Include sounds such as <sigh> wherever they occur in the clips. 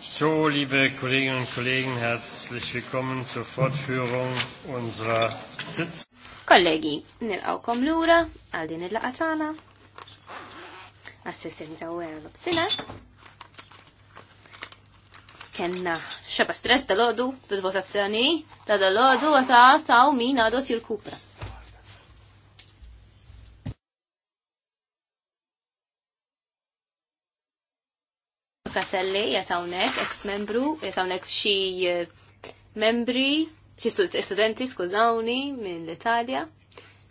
So, liebe Kolleginnen und Kollegen, herzlich willkommen zur Fortführung unserer Sitzung. Kollegi, nil-għawkom l-ura, għaldin il-laqatana, għassessin ta' għera l obsina kena xaba stress dal-ħodu, bil-votazzjoni, ta' ħodu għata' ta' u min għadot il kupra Lukatelli jatawnek, ex-membru, jatawnek xie eh, membri, xie studenti skullawni minn l-Italja.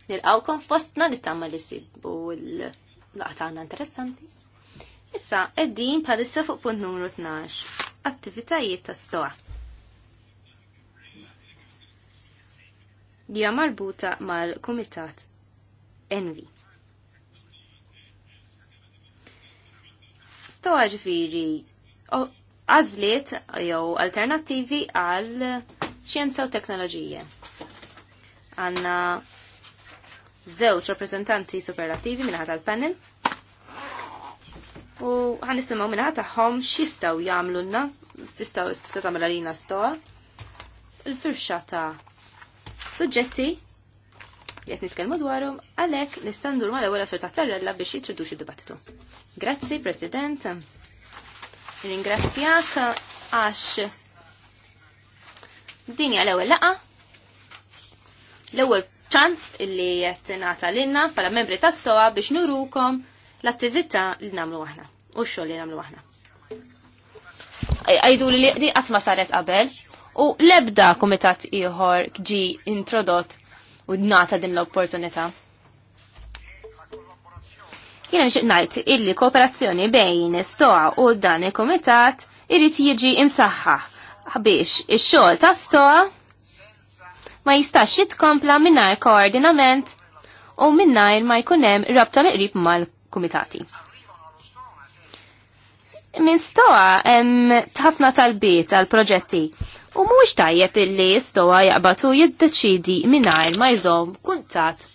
Nil-għawkom fostna li tamma li sibbu l għatana interessanti. Issa, eddin palissa fuq punt numru 12. Attivitajiet ta' stoa. Dija marbuta mal-Kumitat Envi. jeżistoha ġifieri għażliet jew alternattivi għal xjenza u teknoloġija. Għanna żewġ rappreżentanti superlativi minn għal panel u għan nisimaw minn ħadd xistaw jamlunna, jagħmlulna, x'jistgħu tagħmel lina stoa il firxata suġġetti li qed nitkellmu dwarhom għalhekk nista' ndur mal ewwel ta' tarrella biex id dibattitu. Grazzi, President. Ringrazzjak għax dini għal ewwel laqa. L-ewwel ċans illi qed ngħata lilna bħala membri ta' stoa biex nurukom l-attività li nagħmlu aħna u x-xogħol li nagħmlu aħna. Għajdu li li qatt ma saret qabel u l-ebda kumitat ieħor ġi introdott u nata din l-opportunità. Jena nixtieq ngħid illi kooperazzjoni bejn stoa u dan il-kumitat irid jiġi imsaħħa biex ix-xogħol ta' stoa ma jistax jitkompla mingħajr koordinament u mingħajr ma jkun hemm rabta miqrib mal-kumitati. Min stoa hemm ħafna tal-bit tal proġetti U mhux tajjeb illi jistowa jaqbatu jiddeċidi mingħajr ma jżomm kuntat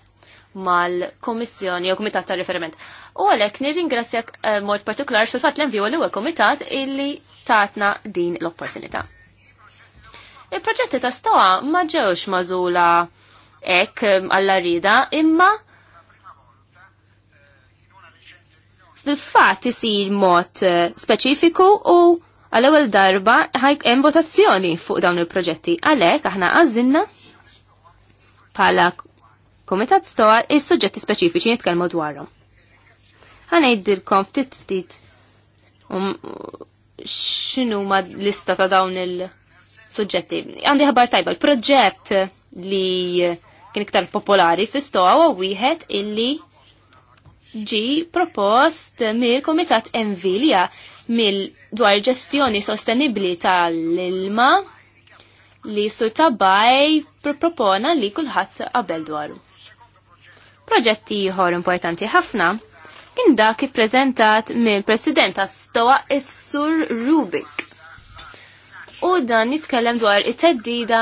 mal-Komissjoni jew Kumitat ta' Referiment. U għalhekk nirringrazzjak eh, mod partikolar fil-fatt l-enviju l ewwel Kumitat illi tatna din l-opportunità. Il-proġetti ta' stoa ma ġewx mażula ek eh, għalla rida imma fil-fat isir mod eh, speċifiku u għal-ewwel darba ħajk hemm votazzjoni fuq dawn il-proġetti. Għalhekk aħna għażilna bħala Komitat Stoa is-suġġetti speċifiċi nitkellmu dwarhom. Ħanejdilkom ftit ftit um, x'inhu ma lista ta' dawn il-suġġetti. Għandi ħabar tajba l-proġett li kien iktar popolari fi Stoa huwa wieħed illi ġi propost mill-Komitat Envilja mill dwar ġestjoni sostenibli tal-ilma li sur tabaj propona li kulħadd qabel dwaru. Proġetti ħor importanti ħafna kien dak ippreżentat mill president tas-Stoa is-Sur Rubik. U dan jitkellem dwar it-teddida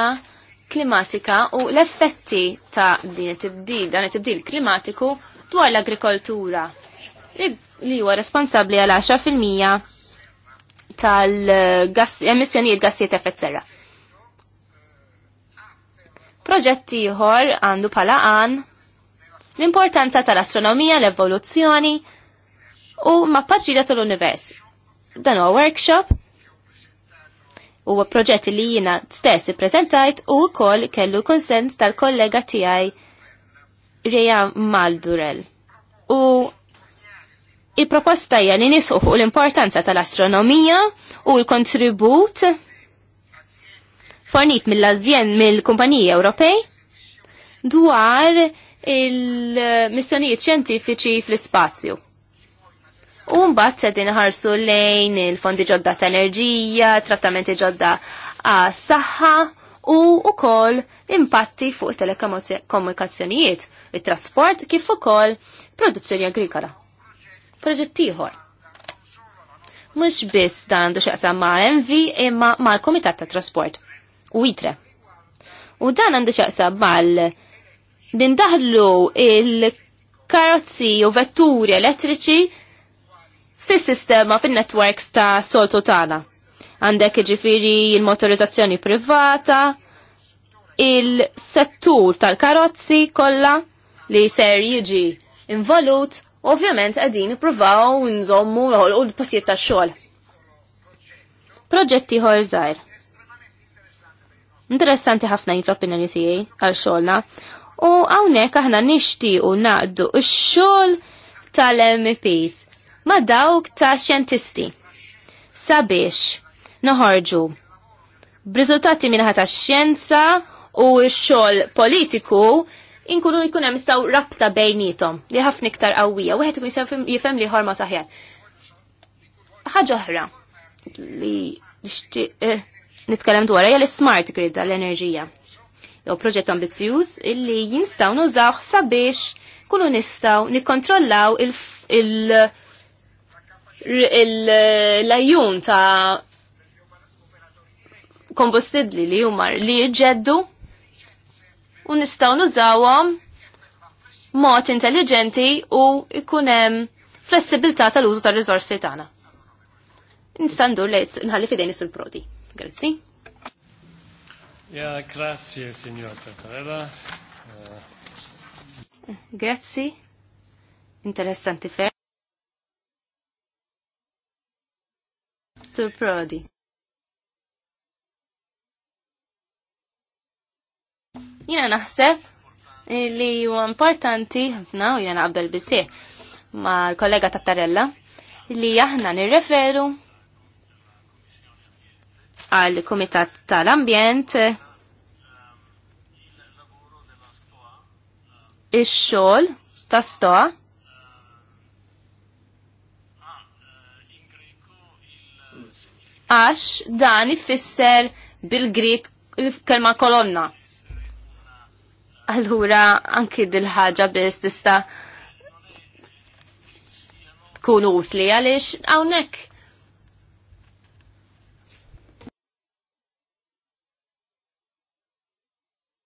klimatika u l-effetti ta' din it-tibdil, dan it-tibdil klimatiku dwar l-agrikoltura li huwa responsabbli għal 10% tal-emissjonijiet gassiet effett serra. Proġetti ieħor għandu bħala għan l-importanza tal-astronomija, l-evoluzzjoni u mappaċida tal-univers. Dan huwa workshop huwa proġetti li jiena stess ippreżentajt u wkoll kellu konsens tal-kollega tiegħi Reja Maldurel. U Il-proposta hija li nisqu l-importanza tal-astronomija u l-kontribut fornit mill-azjen mill-kumpaniji Ewropej dwar il-missjonijiet xjentifiċi fl-ispazju. U mbagħad se inħarsu lejn il-fondi ġodda ta' enerġija, trattamenti ġodda għas saħħa u wkoll impatti fuq telekomunikazzjonijiet, it-trasport kif ukoll produzzjoni agrikola proġett ieħor. Mhux biss dan għandu x'aqsam ma' MV imma mal kumitat tat Trasport u ITRE. U dan għandu x'aqsam mal dindaħlu il-karozzi u vetturi elettriċi fis-sistema fin-networks ta' soltu tagħna. Għandek ġifiri il-motorizzazzjoni privata, il-settur tal-karozzi kollha li ser jiġi involut ovvjament qegħdin ippruvaw nżommu u l-postijiet tax-xogħol. Proġetti ħor żgħir. Interessanti ħafna l-opinjoni tiegħi għal xogħolna u hawnhekk aħna nixtiequ naqdu x-xogħol tal-MPs ma' dawk ta' xjentisti sabiex noħorġu b'riżultati minħata x-xjenza u x-xogħol politiku inkunu jkun hemm staw rabta bejnietom li ħafna iktar qawwija, wieħed ikun jifhem li ħorma taħjar. Ħaġa oħra li nixtieq eh, nitkellem dwarha hija l-smart grid tal-enerġija. Jew proġett ambizzjuż illi jinstaw nużawh sabiex kunu nistaw nikkontrollaw il-lajjun ta' kombustibli li huma li jġeddu u nistgħu nużawhom mod intelligenti u jkun hemm flessibilità tal-użu tar-riżorsi tagħna. Nista' ndur lejs nħalli fidejni, sul prodi. Grazzi. Ja, grazie signor Tatarella. Eh, grazzi. Interessanti fer. Sur Prodi. Jiena naħseb li huwa importanti ħafna u jiena qabel bisih ma' kollega Tattarella li aħna nirreferu għal Kumitat tal-Ambjent ix-xogħol ta' stoa għax dan ifisser bil-Grik kelma kolonna. Allura anki dil-ħaġa biss tista' tkun utli għaliex hawnhekk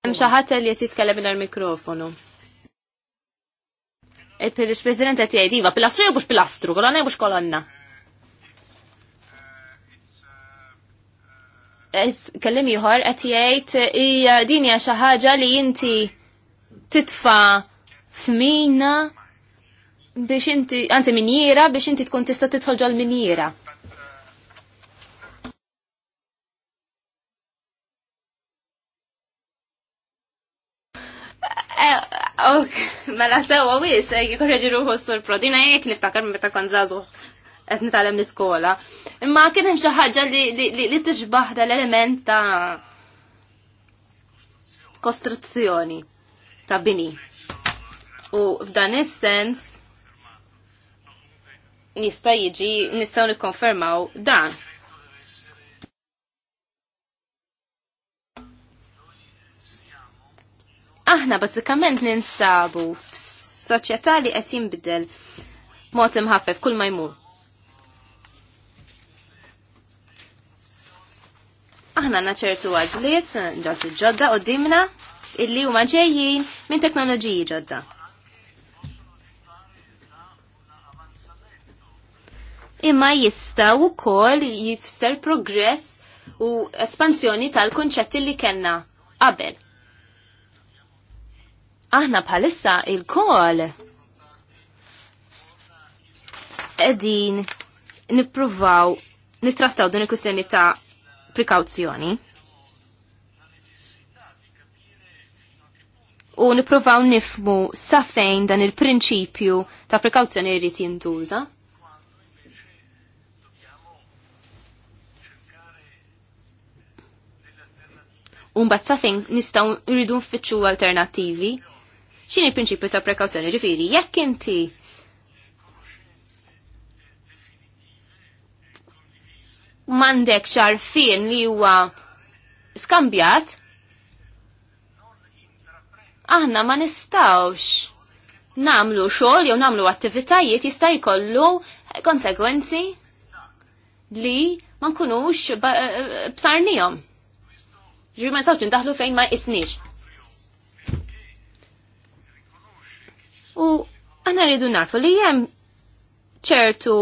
Hemm xi ħadd li qed jitkellem mingħajr mikrofonu. Il-President qed jgħid iva pilastru jew mhux pilastru, kolonna jew mhux kolonna. kellim ieħor qed jgħid din hija xi li jinti titfa' f'mina biex inti għanzi minjera biex inti tkun tista' titħolġa l minjera. Eh, ok, mela sewa wis, eh, jek ruħu s-surprodina jek niftakar mbeta kon zazuħ qed nitgħallem l-iskola. Imma kien hemm xi ħaġa li tixbaħ dal-element ta' kostruzzjoni ta' bini. U f'dan is-sens nista' jiġi nistgħu nikkonfermaw dan. aħna bażikament ninsabu f'soċjetà li qed jinbidel mod imħaffef kull ma jmur. aħna naċertu għazliet, ġaltu ġodda u dimna illi huma ġejjin minn teknoloġiji ġodda. Imma jistaw ukoll jifster progress u espansjoni tal-konċetti li kenna qabel. Aħna bħalissa il-kol edin nippruvaw nitrattaw din il kustjoni ta' prekawzjoni. U niprofaw nifmu safejn dan il-prinċipju ta' prekawzjoni jrid jintuża. Umbat safejn nistaw rridu nfittxu alternativi. Xini il-prinċipju ta' prekawzjoni ġifieri jekk inti mandek xarfien li huwa skambjat, aħna ma nistawx namlu xogħol jew namlu attivitajiet jista' jkollu konsegwenzi li ma nkunux b'sarnihom. Ġri ma nistgħux nindaħlu fejn ma jisniex. U aħna rridu narfu li hemm ċertu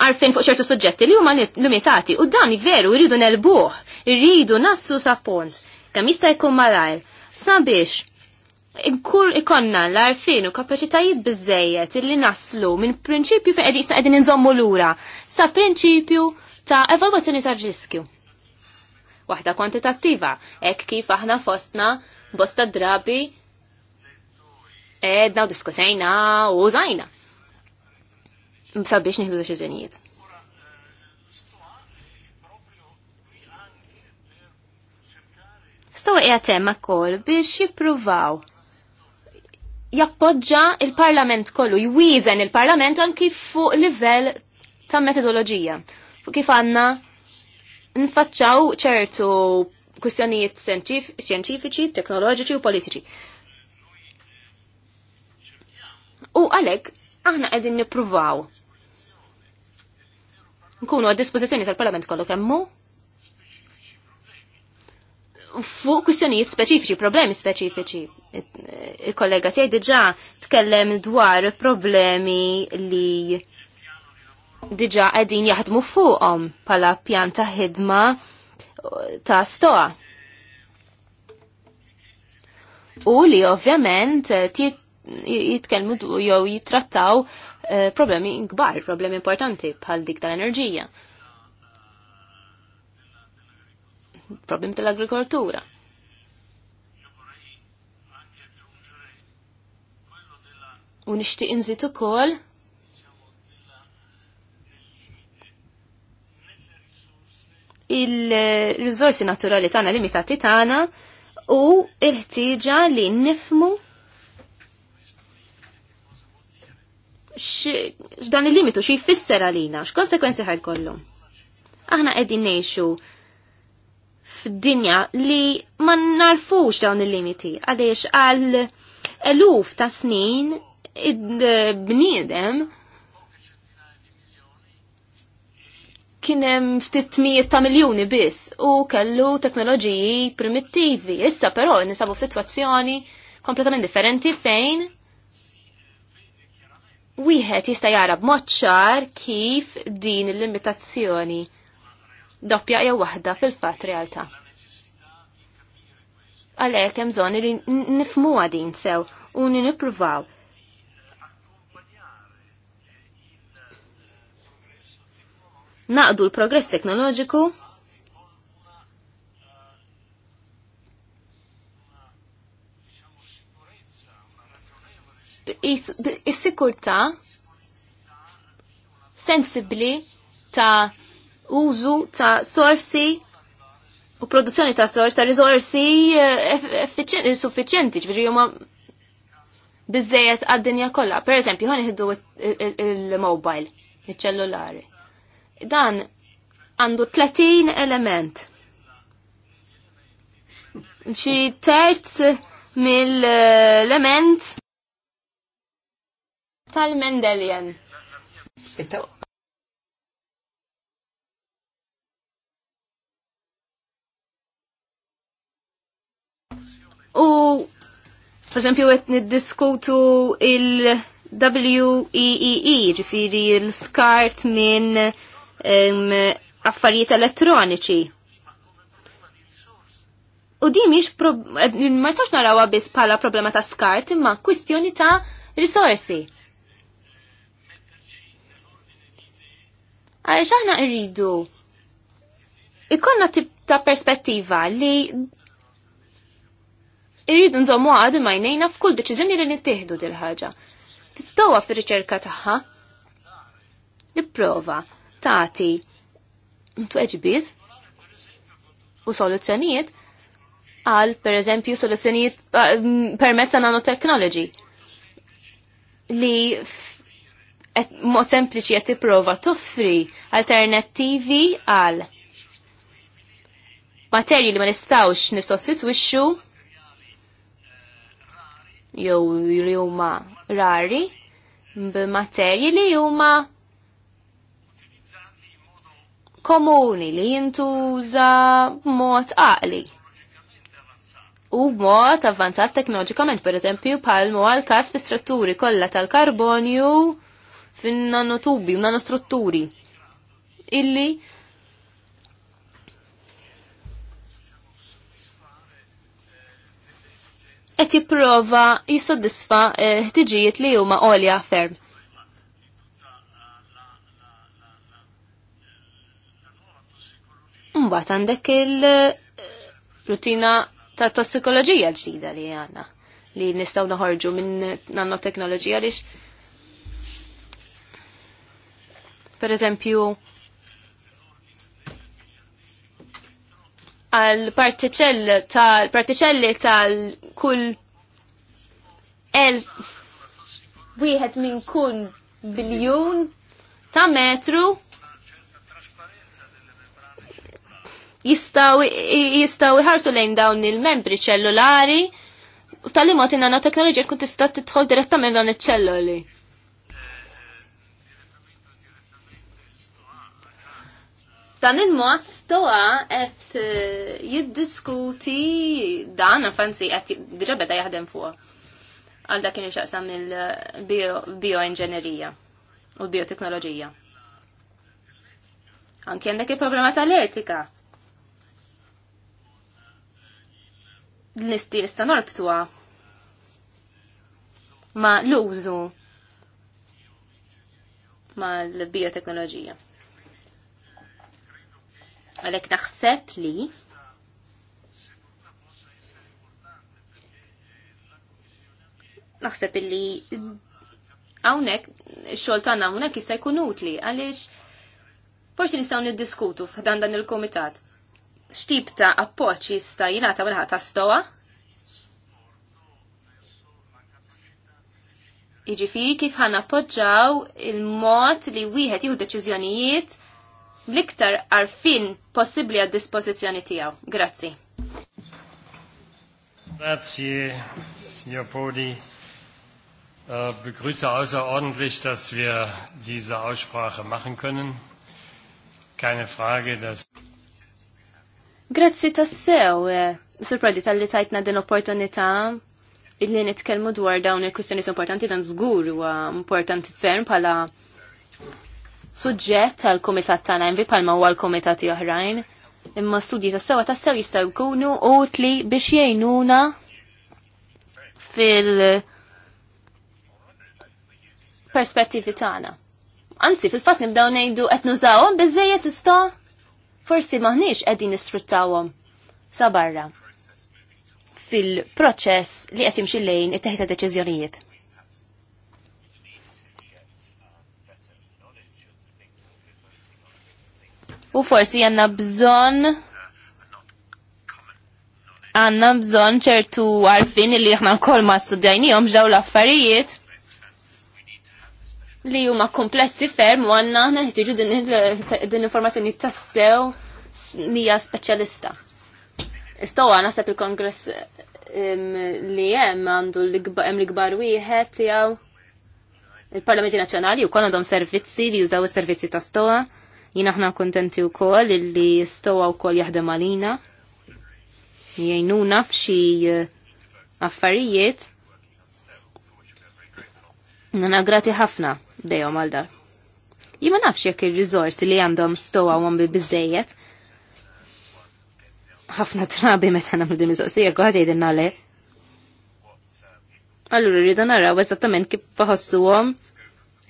għarfin fuq ċertu suġġetti li huma limitati u dan veru jridu nelbuh, jridu nassu sa pont kemm jista' jkun malajr sabiex inkur ikonna l-arfin u kapaċitajiet biżejjed li naslu minn prinċipju fejn qed jista' qegħdin inżommu lura sa prinċipju ta' evalwazzjoni tar riskju. Waħda kwantitattiva, hekk kif aħna fostna bosta drabi edna u diskutejna u użajna sabiex nieħdu deċiżjonijiet. Stawa qiegħed hemm ukoll biex jippruvaw jappoġġa il-Parlament kollu, jwiżen il-Parlament anki fuq livell ta' metodoloġija. Fuq kif għandna nfaċċaw ċertu kwistjonijiet xjentifiċi, teknoloġiċi u politiċi. U għalek, aħna qegħdin nippruvaw nkunu għad dispożizzjoni tal-Parlament kollu kemmu fuq kwistjonijiet speċifiċi, problemi speċifiċi. Il-kollega tiegħi diġà tkellem dwar problemi li diġà qegħdin jaħdmu fuqhom bħala pjan ta' ħidma ta' stoa. U li ovvjament eh, jitkellmu jew jitrattaw Eh, problemi kbar, problemi importanti bħal dik tal-enerġija. Problem tal-agrikoltura. U nixtieq inżid ukoll il-rizorsi naturali tagħna limitati tagħna u l-ħtieġa li nifmu x'dan il-limitu xi jfisser għalina, x'konsekwenzi kollu? Aħna qegħdin ngħixu f'dinja li ma narfux dawn il-limiti għaliex għal eluf ta' snin id-bniedem kienem ftit mijiet ta' miljoni biss u kellu teknoloġiji primittivi. Issa però nisabu f'sitwazzjoni kompletament differenti fejn wieħed jista' jara b'mod ċar kif din il-limitazzjoni doppja jew waħda fil-fatt realtà. Għalhekk hemm bżonn li nifhmuha din sew u nippruvaw naqdu l-progress teknoloġiku is-sikurtà sensibbli ta' użu ta' sorsi u produzzjoni ta' sorsi ta' risorsi eh, suffiċenti ġifiri juma bizzejet għad-dinja kollha. Pereżempju, ħan iħdu il-mobile, il-ċellulari. Dan għandu 30 element. Xi terz mill-element tal-Mendelian. U, per esempio, għet niddiskutu il-WEEE, e e, ġifiri l-skart minn affarijiet elettroniċi. U di miex, ma jistax narawa biss pala problema ta' skart, imma kwistjoni ta' risorsi. Għaliex aħna rridu ikonna tip ta' perspettiva li irridu nżommu għadu majnejna f'kull deċiżjoni li nittieħdu dil-ħaġa. Tistowa fir-riċerka tagħha. Nipprova tagħti tweġbiet u soluzzjonijiet għal per eżempju soluzzjonijiet eh, permezz ta' nanotechnology li mod sempliċi qed tipprova toffri alternattivi għal materji li ma nistawx nissostitwixxu jew li huma rari b'materji li huma komuni li jintuża mod għaqli u mod avvanzat teknoloġikament, per eżempju, palmu għal kas fi strutturi kollha tal-karbonju fin-nanotubi u nanostrutturi illi qed jipprova jissodisfa eh, ħtiġijiet li huma għolja ferm. Mbagħad għandek il-rutina eh, ta' tossikoloġija ġdida li għandna li nistgħu naħorġu minn nanoteknoloġija lix Per eżempju, għal particelli tal particelli tal kull el wieħed minn kull biljun ta' metru jistaw jistaw iħarsu lejn dawn il-membri ċellulari u tal-imot inna teknoloġija kun tista' tidħol direttament dawn iċ-ċelloli. Dan il-mod stoa qed eh, jiddiskuti dan fansi qed diġà beda jaħdem fuq Għal dak kien ixaqsam il-bioinġenerija u bioteknoloġija Anke għandek il-problema tal-etika. L-nisti nista' norbtuha ma l-użu ma l-bioteknoloġija. Għalek naħseb li naħseb li għawnek, xol ta' hawnhekk jista' jkun utli għaliex forsi nistgħu niddiskutu f'dan dan il-kumitat. X'tip ta' appoġġ jista' jingħata minħata ta' stoa? Jiġifieri kif ħan appoġġaw il-mod li wieħed jieħu deċiżjonijiet l-iktar arfin possibli għad dispozizjoni tijaw. Grazzi. Grazie, signor Podi. Uh, äh, begrüße außerordentlich, dass wir diese Aussprache machen können. Keine Frage, dass... Grazzi tassew, eh, surprendi tal-li tajtna din opportunità illi nitkellmu dwar dawn il-kustjoni importanti dan żgur u importanti ferm pala suġġett għal komitat tagħna bi palma huwa l komitat oħrajn. Imma studji ta' sewa ta' sew jistgħu jkunu utli biex jgħinuna fil- perspettivi tagħna. Anzi, fil-fatt nibdaw ngħidu qed nużawhom biżejjed tista' forsi maħniex qegħdin nisfruttawhom sa barra fil-proċess li qed jimxi lejn it-teħita deċiżjonijiet. u forsi għanna bżon għanna bżon ċertu għarfin li aħna kol ma studjajnijom ġdaw l-affarijiet li huma komplessi ferm u għanna ħtiġu din informazzjoni tassew nija hija speċjalista. Istow għana sepp il-kongress li jem għandu l-gbar wieħed jgħu il-Parlamenti Nazzjonali u konna għandhom servizzi li jużaw is-servizzi ta' stoa Jina ħna kontenti u kol illi stowa u kol jahdem għalina. Jajnu nafxi eh, affarijiet. Nana grati ħafna dejjem għal Jima nafx jekk il-rizorsi li għandhom stowa u bi bizzejiet. ħafna trabi meta namlu din miżoqsija għad jgħidinna le. Allura rridu naraw eżattament kif faħossuhom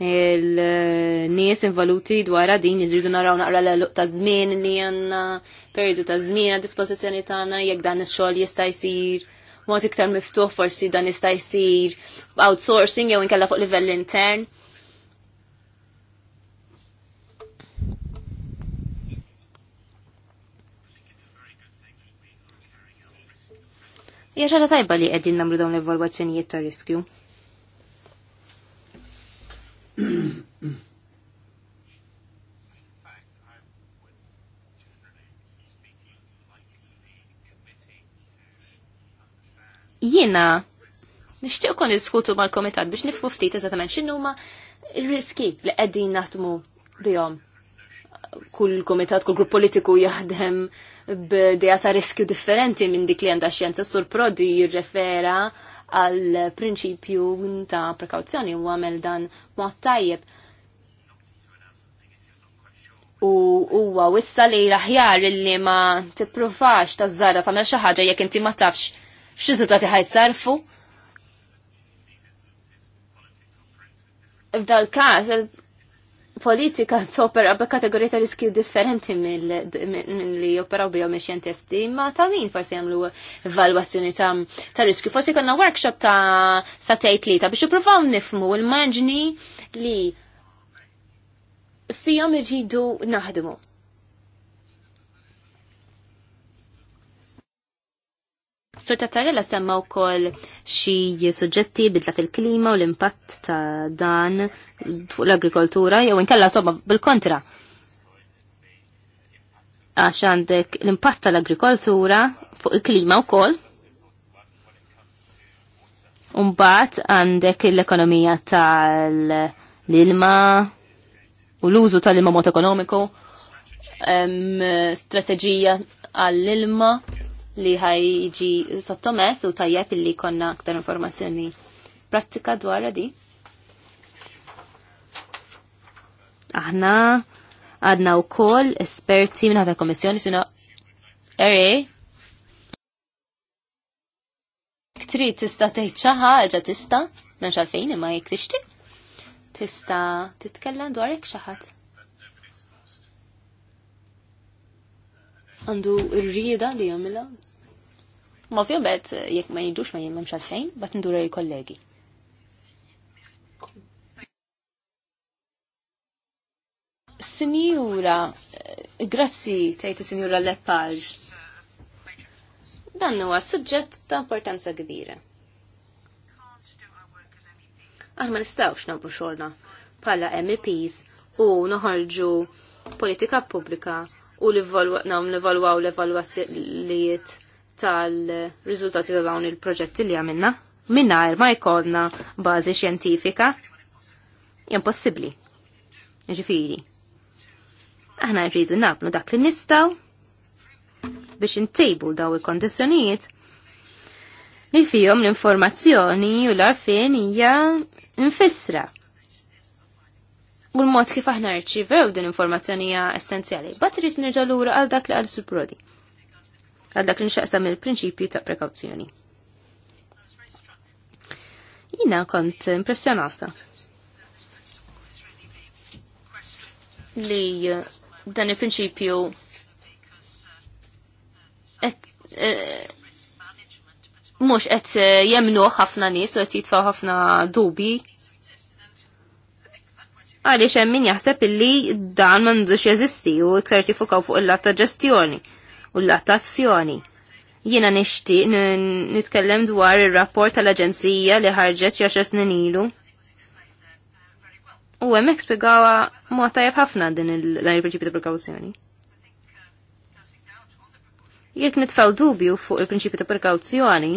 il-nies involuti dwar din jizridu naraw naqra l ta' żmien li għanna periodu ta' żmien għad dispożizzjoni tagħna jekk dan ix-xogħol jista' jsir mod iktar miftuħ forsi dan jista' jsir outsourcing jew inkella fuq livell intern. Hija xaġa tajba li qegħdin nagħmlu dawn l-evalwazzjonijiet ta' riskju. Jina, nishtiq kon diskutu mal komitat biex nifmu ftit eżatament x'inhuma r-riski li qegħdin naħdmu bihom. Kull komitat, kull grupp politiku jaħdem b'dejata riskju differenti minn dik li għanda xjenza sur prodi jirrefera għal prinċipju ta' prekawzjoni u għamel dan mod tajjeb. U huwa wissa li l-aħjar illi ma tippruvax tażżara ta' xi ħaġa jekk inti ma tafx tiħaj sarfu. F'dal każ politika t-opera b'kategorija ta' riski differenti minn li operaw bihom xjentisti, ma ta' min forsi jagħmlu evalwazzjoni ta', ta riski. Forsi konna workshop ta' satajt li ta' biex ippruvaw nifmu l maġni li fihom irridu naħdmu. Sur Tattarella semma wkoll xi suġġetti bidla fil-klima u l-impatt ta' dan fuq l-agrikoltura jew inkella somma bil-kontra. Għax għandek l-impatt tal-agrikoltura fuq il-klima wkoll. Umbat għandek l-ekonomija tal-ilma u l-użu tal-ilma mod ekonomiku, strategija għall-ilma li ħajġi sottomess u tajjeb li konna aktar informazzjoni pratika dwar di. Aħna għadna u koll esperti minn ħata komissjoni suna ere. Ktri tista tgħid xi tista, minn x'alfejn imma jek tixtieq. Tista titkellem dwar hekk xaħat. għandu ir li jagħmilha Ma bet, eh, jekk ma jidux ma jimmemx xejn bat ndura li kollegi. Sinjura, eh, grazzi tejti Sinjura Lepage. Dan huwa suġġett ta' importanza kbira. Aħna nistgħux nagħmlu xogħolna bħala MEPs u noħorġu politika pubblika u nagħmlu l-evalwaw l-evalwazzjonijiet tal-riżultati ta' dawn il-proġetti li għamilna minnar ma jkollna bażi xjentifika impossibbli. Ġifiri. Aħna rridu nabnu dak li nistaw biex intejbu daw il-kondizjonijiet li fihom l-informazzjoni u l-arfin hija infissra. U l-mod kif aħna rċivew din informazzjoni hija essenzjali. Bat rrid nerġa' lura għal dak li għal suprodi għal dak li nxaqsam il-prinċipju ta' prekawzjoni. Jina kont impressjonata li dan il-prinċipju e, mux qed jemnu ħafna nies u qed jitfa' ħafna dubi. Għaliex hemm min jaħseb illi dan m'għandux jeżisti u iktar tifukaw fuq il-lat ta' ġestjoni u l-lattazzjoni. Jiena nishti nitkellem dwar ir-rapport tal-Aġenzija li ħarġet xi snin ilu. U hemmhekk spjegawha mod tajjeb ħafna din il-prinċipju ta' prekawzjoni. Jekk nitfgħu dubju fuq il-prinċipju ta' prekawzjoni,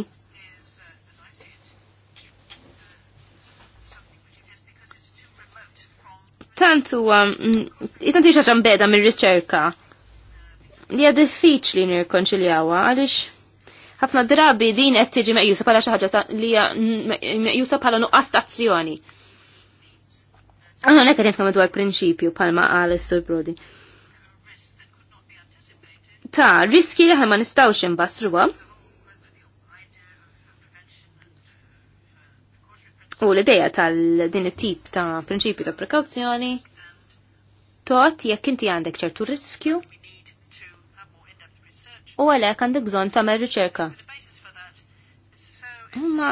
tant huwa tant hija ġambeda mir-riċerka li hija diffiċli nirkonċiljawa għaliex ħafna drabi din qed tiġi meqjusa bħala xi ħaġa li hija meqjusa bħala nuqqas tazzjoni. Aħna hekk qed prinċipju bħalma qal is Brody. Ta' riski li ma nistgħux imbassruha. U l-ideja tal-din it-tip ta' prinċipju ta' prekawzjoni tot jekk inti għandek ċertu riskju u għalhekk għandek bżonn tagħmel riċerka. Ma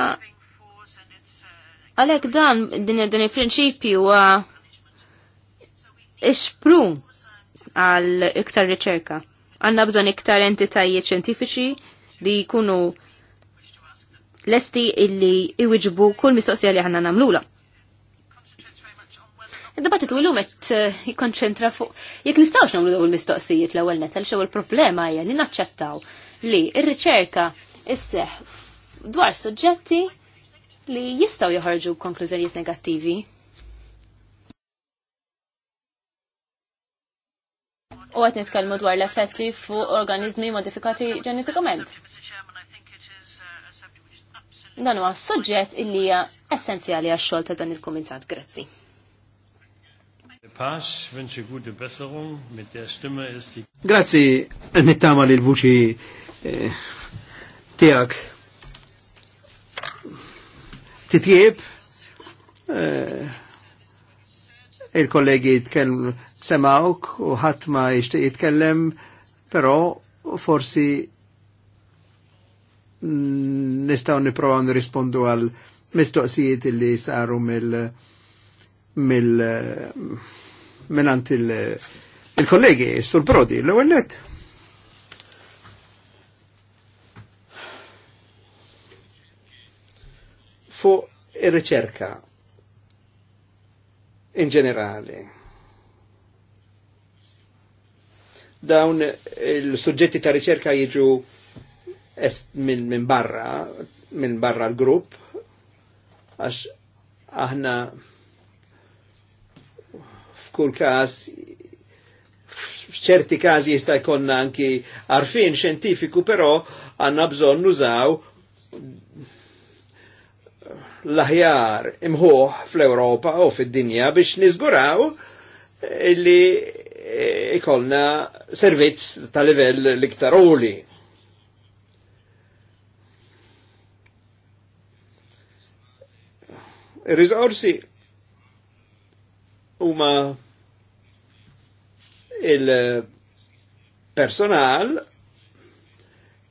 għalhekk dan din din il-prinċipju huwa ixprum għal iktar riċerka. Għanna bżonn iktar entitajiet xjentifiċi li jkunu lesti illi iwiġbu kull mistoqsija li għanna namlula. Id-dibattitu l-lum qed eh, jikkonċentra fuq jekk nistawx nagħmlu dawn l-mistoqsijiet l-ewwel netal xew il problema hija li naċċettaw li r-riċerka isseħ dwar suġġetti li jistgħu joħorġu konklużjonijiet negattivi. u għet nitkellmu dwar l-effetti fuq organizmi modifikati ġenetikament. Dan huwa suġġett illi hija essenzjali għax-xogħol ta' dan il-kumitat. Grazzi. Pasch, wünsche gute Besserung. Mit der Stimme ist die... Grazie, nittama li l-vuċi eh, tijak. Titjib, eh, il-kollegi jitkellem semawk u ħatma jishtiq jitkellem, pero forsi nistaw niprofaw nirrispondu għal mistoqsijiet li saru mill mill menant il-kollegi, il sur Brodi, l ewwelnet Fu il-reċerka in ġenerali. Dawn il-sujġetti ta' riċerka jiġu minn min barra, minn barra l-grupp, għax aħna f'kull każ f'ċerti każi jista' jkollna anki arfin xjentifiku, però għandna bżonn nużaw l-aħjar imħuħ fl-Europa u fid-dinja biex nizguraw li ikolna servizz ta' livell iktar uli. Rizorsi huma il-personal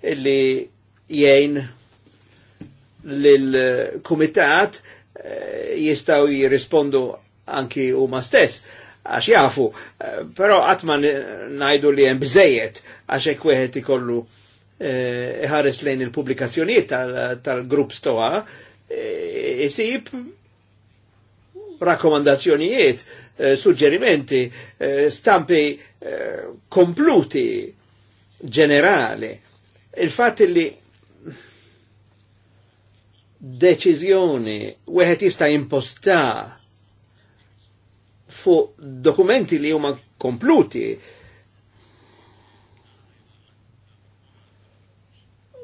illi jgħin l-komitat eh, jistaw jirrispondu anki u ma stess għax jafu, eh, pero għatman najdu li jem bżejiet għax ekweħet ikollu eh, ħares lejn il-publikazzjoniet tal-grupp tal stoa, jisib e, Eh, suggerimenti, eh, stampi eh, kompluti ġenerali. il fat li deċizjoni u għet jista' imposta fu dokumenti li huma kompluti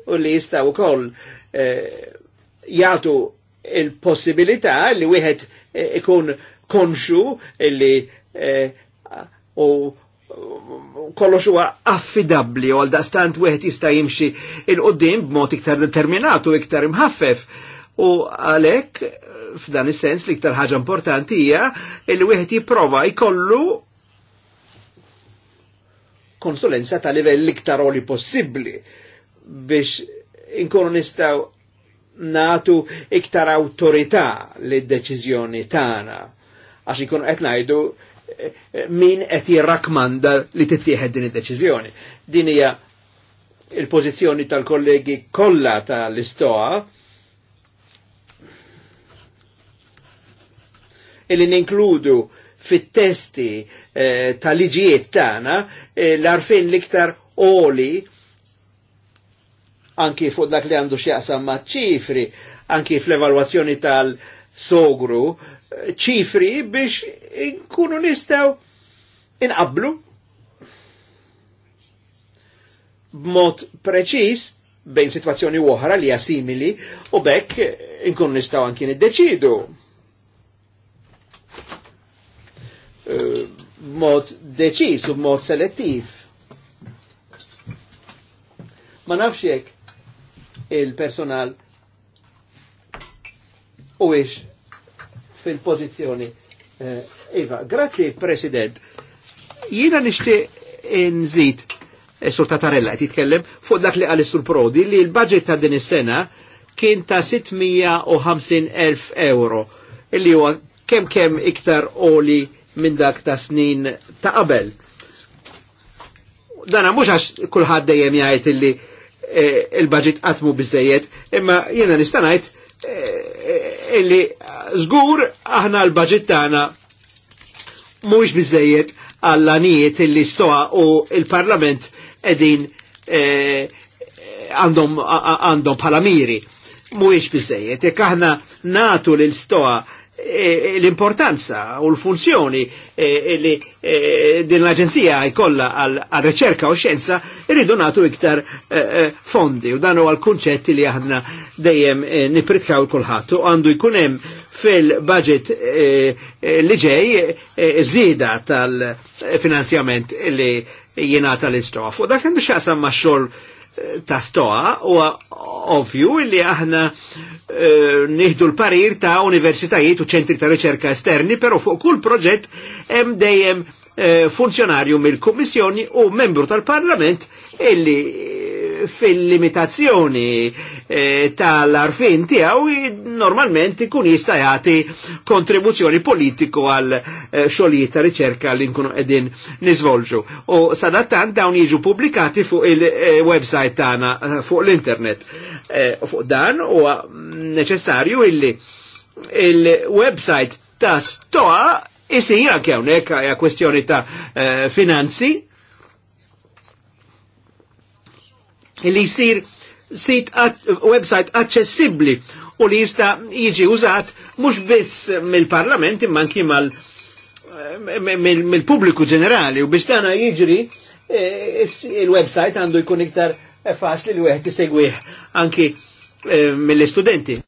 u li jista' wkoll eh, jgħatu il-possibilità li wieħed ikun eh, konxu illi eh, u kollox huwa affidabli u għal daqstant wieħed jista' jimxi il-qudiem b'mod iktar determinatu, iktar imħaffef. U għalhekk f'dan is-sens l-iktar ħaġa importanti hija li wieħed jipprova jkollu konsulenza ta' livell iktar oli possibbli biex inkunu nistgħu natu iktar awtorità li d tagħna. tana għax ikun qed ngħidu eh, eh, min qed jirrakmanda li tittieħed din id-deċiżjoni. Din hija il-pożizzjoni tal-kollegi kollha tal-istoa illi ninkludu fit-testi eh, tal-liġijiet tagħna eh, l-arfin liktar oli anki fuq dak li għandu x'jaqsam ma' ċifri, anki fl-evalwazzjoni tal-sogru, ċifri biex inkunu nistaw inqablu b'mod preċis bejn situazzjoni oħra li simili u bekk inkunu nistaw anki niddeċidu. Eh, b'mod deċis u b'mod selettiv. Ma nafx il-personal u fil-pozizjoni. Eh, iva, grazie President. Jina nishti nżid eh, Sur Tatarella qed jitkellem fuq dak li qal sul Prodi li l-budget ta' din is-sena kien ta' 650,000 euro illi huwa kemm kemm iktar oli minn dak ta' snin ta' qabel. Dana mhux għax kulħadd dejjem jgħid illi eh, il-budget qatmu biżejjed, imma jiena nista' ngħid illi eh, eh, zgur aħna l-budget tagħna mhuwiex biżejjed għall-anijiet illi stoa u il-Parlament edin eh, għandhom eh, bħala miri. Mhuwiex jekk aħna natu l stoa E, e, l-importanza u l-funzjoni e, li din l-Aġenzija jkolla għal riċerka u xjenza irridu nagħtu iktar fondi u dan huwa l-kunċetti li aħna dejjem nipritkaw kulħadd u għandu jkun hemm fil-budget li ġej zida tal-finanzjament li jingħata l-istof. U dak għandu x'aqsam maċxol xogħol ta' stoa u ovvju li aħna eh, nieħdu l-parir ta' universitajiet u ċentri ta' riċerka esterni, pero fuq kull proġett hemm dejjem eh, funzjonarju mill-Kummissjoni u membru tal-Parlament illi fil-limitazzjoni eh, tal-arfin tijaw normalment ikun jista' jagħti kontribuzzjoni politiku għal eh, xogħlijiet ta' riċerka li nkunu edin nizvolġu. U sadattant dawn jiġu pubblikati fuq il-website eh, tana eh, fuq l-internet. Eh, fuq dan u neċessarju illi il-website ta' stoa Isi, anke hawnhekk hija kwestjoni ta' eh, finanzi li jisir sit website accessibli u li jista jiġi użat mhux biss mill-parlament imma anki eh, mill-pubbliku ġenerali u biex dana jiġri eh, il-website għandu jkun iktar faċli li wieħed isegwih anki eh, mill-istudenti.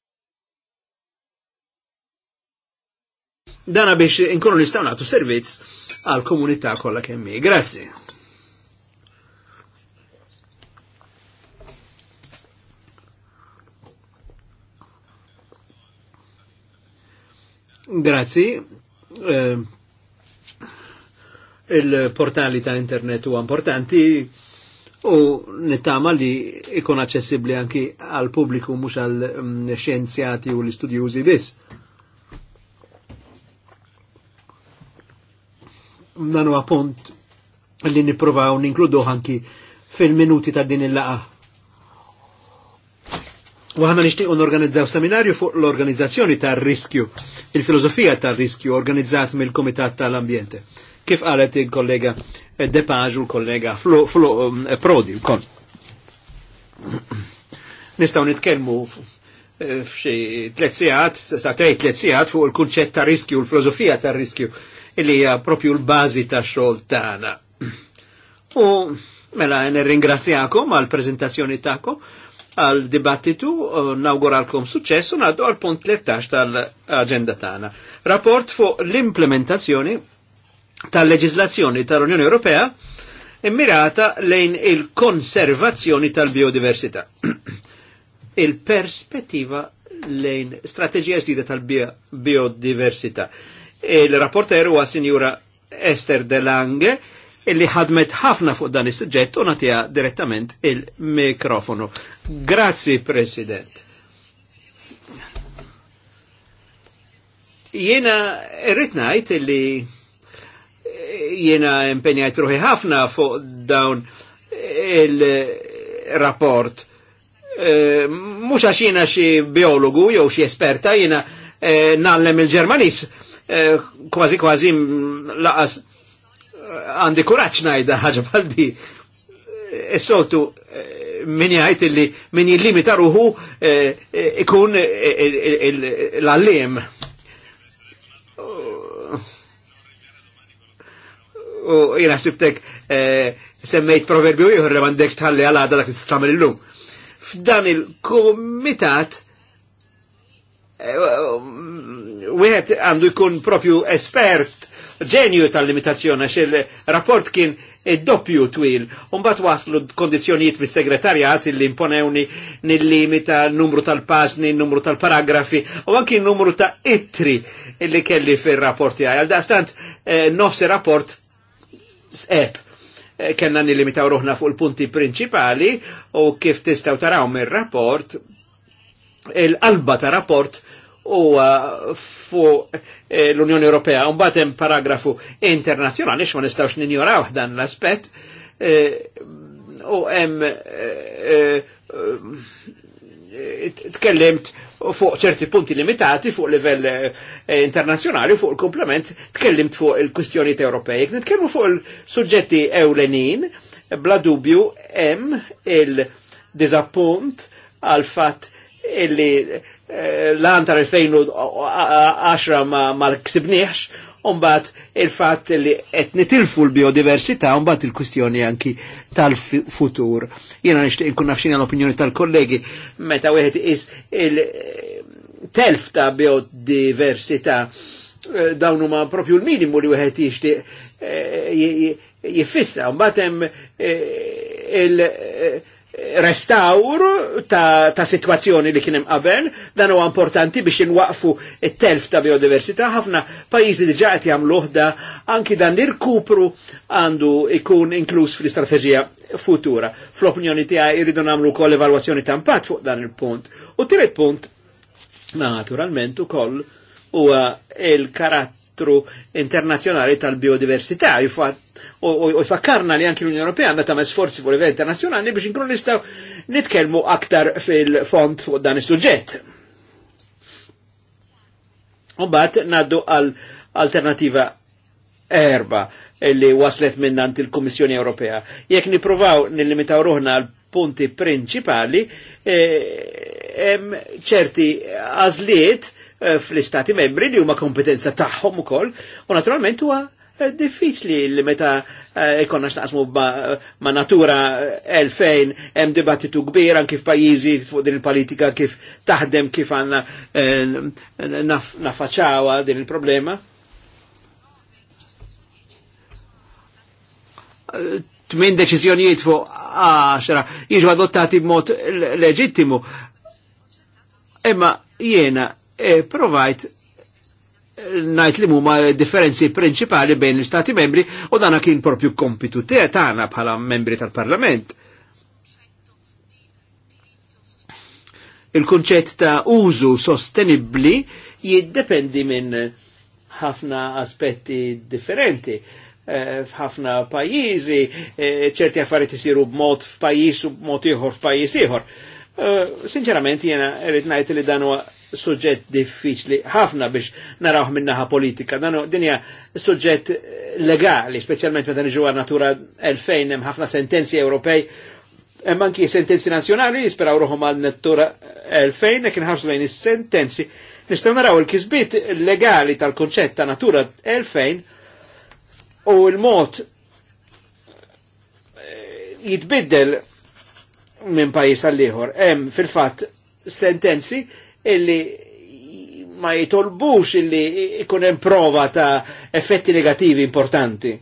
Dana biex inkunu nistgħu nagħtu servizz għal komunità kollha kemm Grazzi. Grazzi. Eh, Il-portali ta' internet huwa importanti u nittama li ikun aċċessibbli anki għal pubbliku mhux għal mm, xjenzjati u l-istudjużi biss. Dan huwa li nippruvaw ninkludu anki fil-minuti ta' din il-laqa Waħna għahna nishtiqu n-organizzaw seminarju fuq l-organizzazzjoni tar riskju il-filosofija tar riskju organizzat mill-Komitat tal-Ambjente. Kif għalet il-kollega DePage, u l-kollega um, Prodi, kon. Nistaw nitkelmu f'xi tliet sigħat, sa tgħid tliet sigħat fuq il-kunċett ta' riskju, l-filosofija ta' riskju illi hija propju l-bażi ta' xogħol tagħna. <clears throat> U mela nirringrazzjakom għall preżentazzjoni tagħkom għal dibattitu uh, nawguralkom suċess naddu għal punt 13 tal-agenda tana. Rapport fuq l-implementazzjoni tal leġizlazzjoni tal-Unjoni Ewropea immirata lejn il-konservazzjoni tal-biodiversità. <clears throat> Il-perspettiva lejn strategija ġdida tal-biodiversità. il rapporteru huwa Sinjura Esther De Lange, illi ħadmet ħafna fuq dan is-suġġett u nagħtiha direttament il-mikrofonu. Grazzi President. Jiena irrid ngħid illi eh, jiena impenjajt ruħi ħafna fuq dawn il-rapport. Eh, mhux għax jiena xi biologu jew xi esperta jiena eh, nallem il-Ġermanis. kważi kważi laqas għandi kuraċ najda ħaġa bħaldi. di. Is-soltu e e, min jgħajt illi min jillimita ruħu e, ikun l-allim. U jina sibtek semmejt proverbju jħor li mandek tħalli għal-għada dak istamil l-lum. F'dan il-komitat u wieħed għandu jkun propju espert ġenju tal-limitazzjoni għax il-rapport kien id-doppju twil. Umbat waslu kondizjonijiet mis segretarjat li imponewni nil-limita numru tal-paġni, numru tal-paragrafi u anki numru ta' ittri li kelli fil rapport għaj. Għal-dastant eh, nofsi rapport s-eb eh, kenna nil nilimitaw ruħna fuq il-punti principali u kif tistaw taraw mir-rapport il-qalba ta' rapport u fu eh, l-Unjoni Ewropea. mbagħad hemm paragrafu internazzjonali x'ma ma nistgħux ninjoraw dan l-aspett eh, u hemm eh, tkellimt fuq ċerti punti limitati fuq livell internazzjonali fuq il-komplement tkellimt fuq il-kustjoni Ewropej. Nitkellmu fuq il-suġġetti ewlenin bla dubju hemm il-dizappunt għal fat illi eh, l-għan tal-2010 ma l ksibniex, Umbat il-fat li qed nitilfu l-biodiversità, umbat il-kwistjoni anki tal-futur. Jena nixtieq inkun nafxina l-opinjoni tal-kollegi meta wieħed is il-telf ta' biodiversità eh, dawn huma propju l-minimu li wieħed jixtieq eh, jifissa. Umbat il- restaur ta', ta situazzjoni li kienem qabel, dan huwa importanti biex inwaqfu it-telf ta' biodiversità, ħafna pajjiżi diġà qed jagħmluh da anki dan l-irkupru għandu ikun inkluż fl-istrateġija futura. Fl-opinjoni tiegħi jridu nagħmlu wkoll evalwazzjoni ta' impatt fuq dan il-punt. U tiret punt naturalment ukoll huwa il-karatt Ministru Internazjonali tal-Biodiversità u jfakkarna li anki l-Unjoni Ewropea għandha tagħmel sforzi fuq livell internazzjonali biex inkunu nistgħu nitkellmu aktar fil-font fuq dan is-suġġett. U mbagħad ngħaddu għal alternativa erba li waslet minnant il-Kummissjoni Ewropea. Jekk nipruvaw nillimitaw ruħna għal punti prinċipali, eh, hemm ċerti għażliet Eh, fl-istati membri li huma kompetenza tagħhom ukoll u naturalment huwa eh, diffiċli li meta eh, ikonna xtaqsmu ma natura 2000 hemm dibattitu kbir anki f'pajjiżi fuq din il-politika kif taħdem kif għandna nafaċawa din il-problema. Tmin deċiżjonijiet fuq għaxra jiġu adottati b'mod leġittimu. Imma jiena e provajt najt li mumma differenzi principali bejn l-Stati membri u dana kien propju kompitu te tana bħala membri tal-Parlament. Il-kunċett ta' użu sostenibli jiddependi minn ħafna aspetti differenti eh, f'ħafna pajjiżi, eh, ċerti affarijiet isiru b'mod f'pajjiż u b'mod ieħor f'pajjiż ieħor. Eh, sinċerament jiena rrid ngħid li dan huwa suġġett diffiċli ħafna biex narawh minnaħa politika. Dan dinja suġġett legali, speċjalment meta niġu għal natura 2000 hemm ħafna sentenzi Ewropej hemm anki sentenzi nazzjonali jisperaw ruħhom għal natura 2000 kien ħarsu lejn is-sentenzi. Nistgħu naraw il-kisbiet legali tal-konċett ta' natura 2000 u l-mod eh, jitbiddel minn pajis għall-ieħor. Hemm fil-fatt sentenzi illi ma jitolbux illi ikun hemm prova ta' effetti negativi importanti.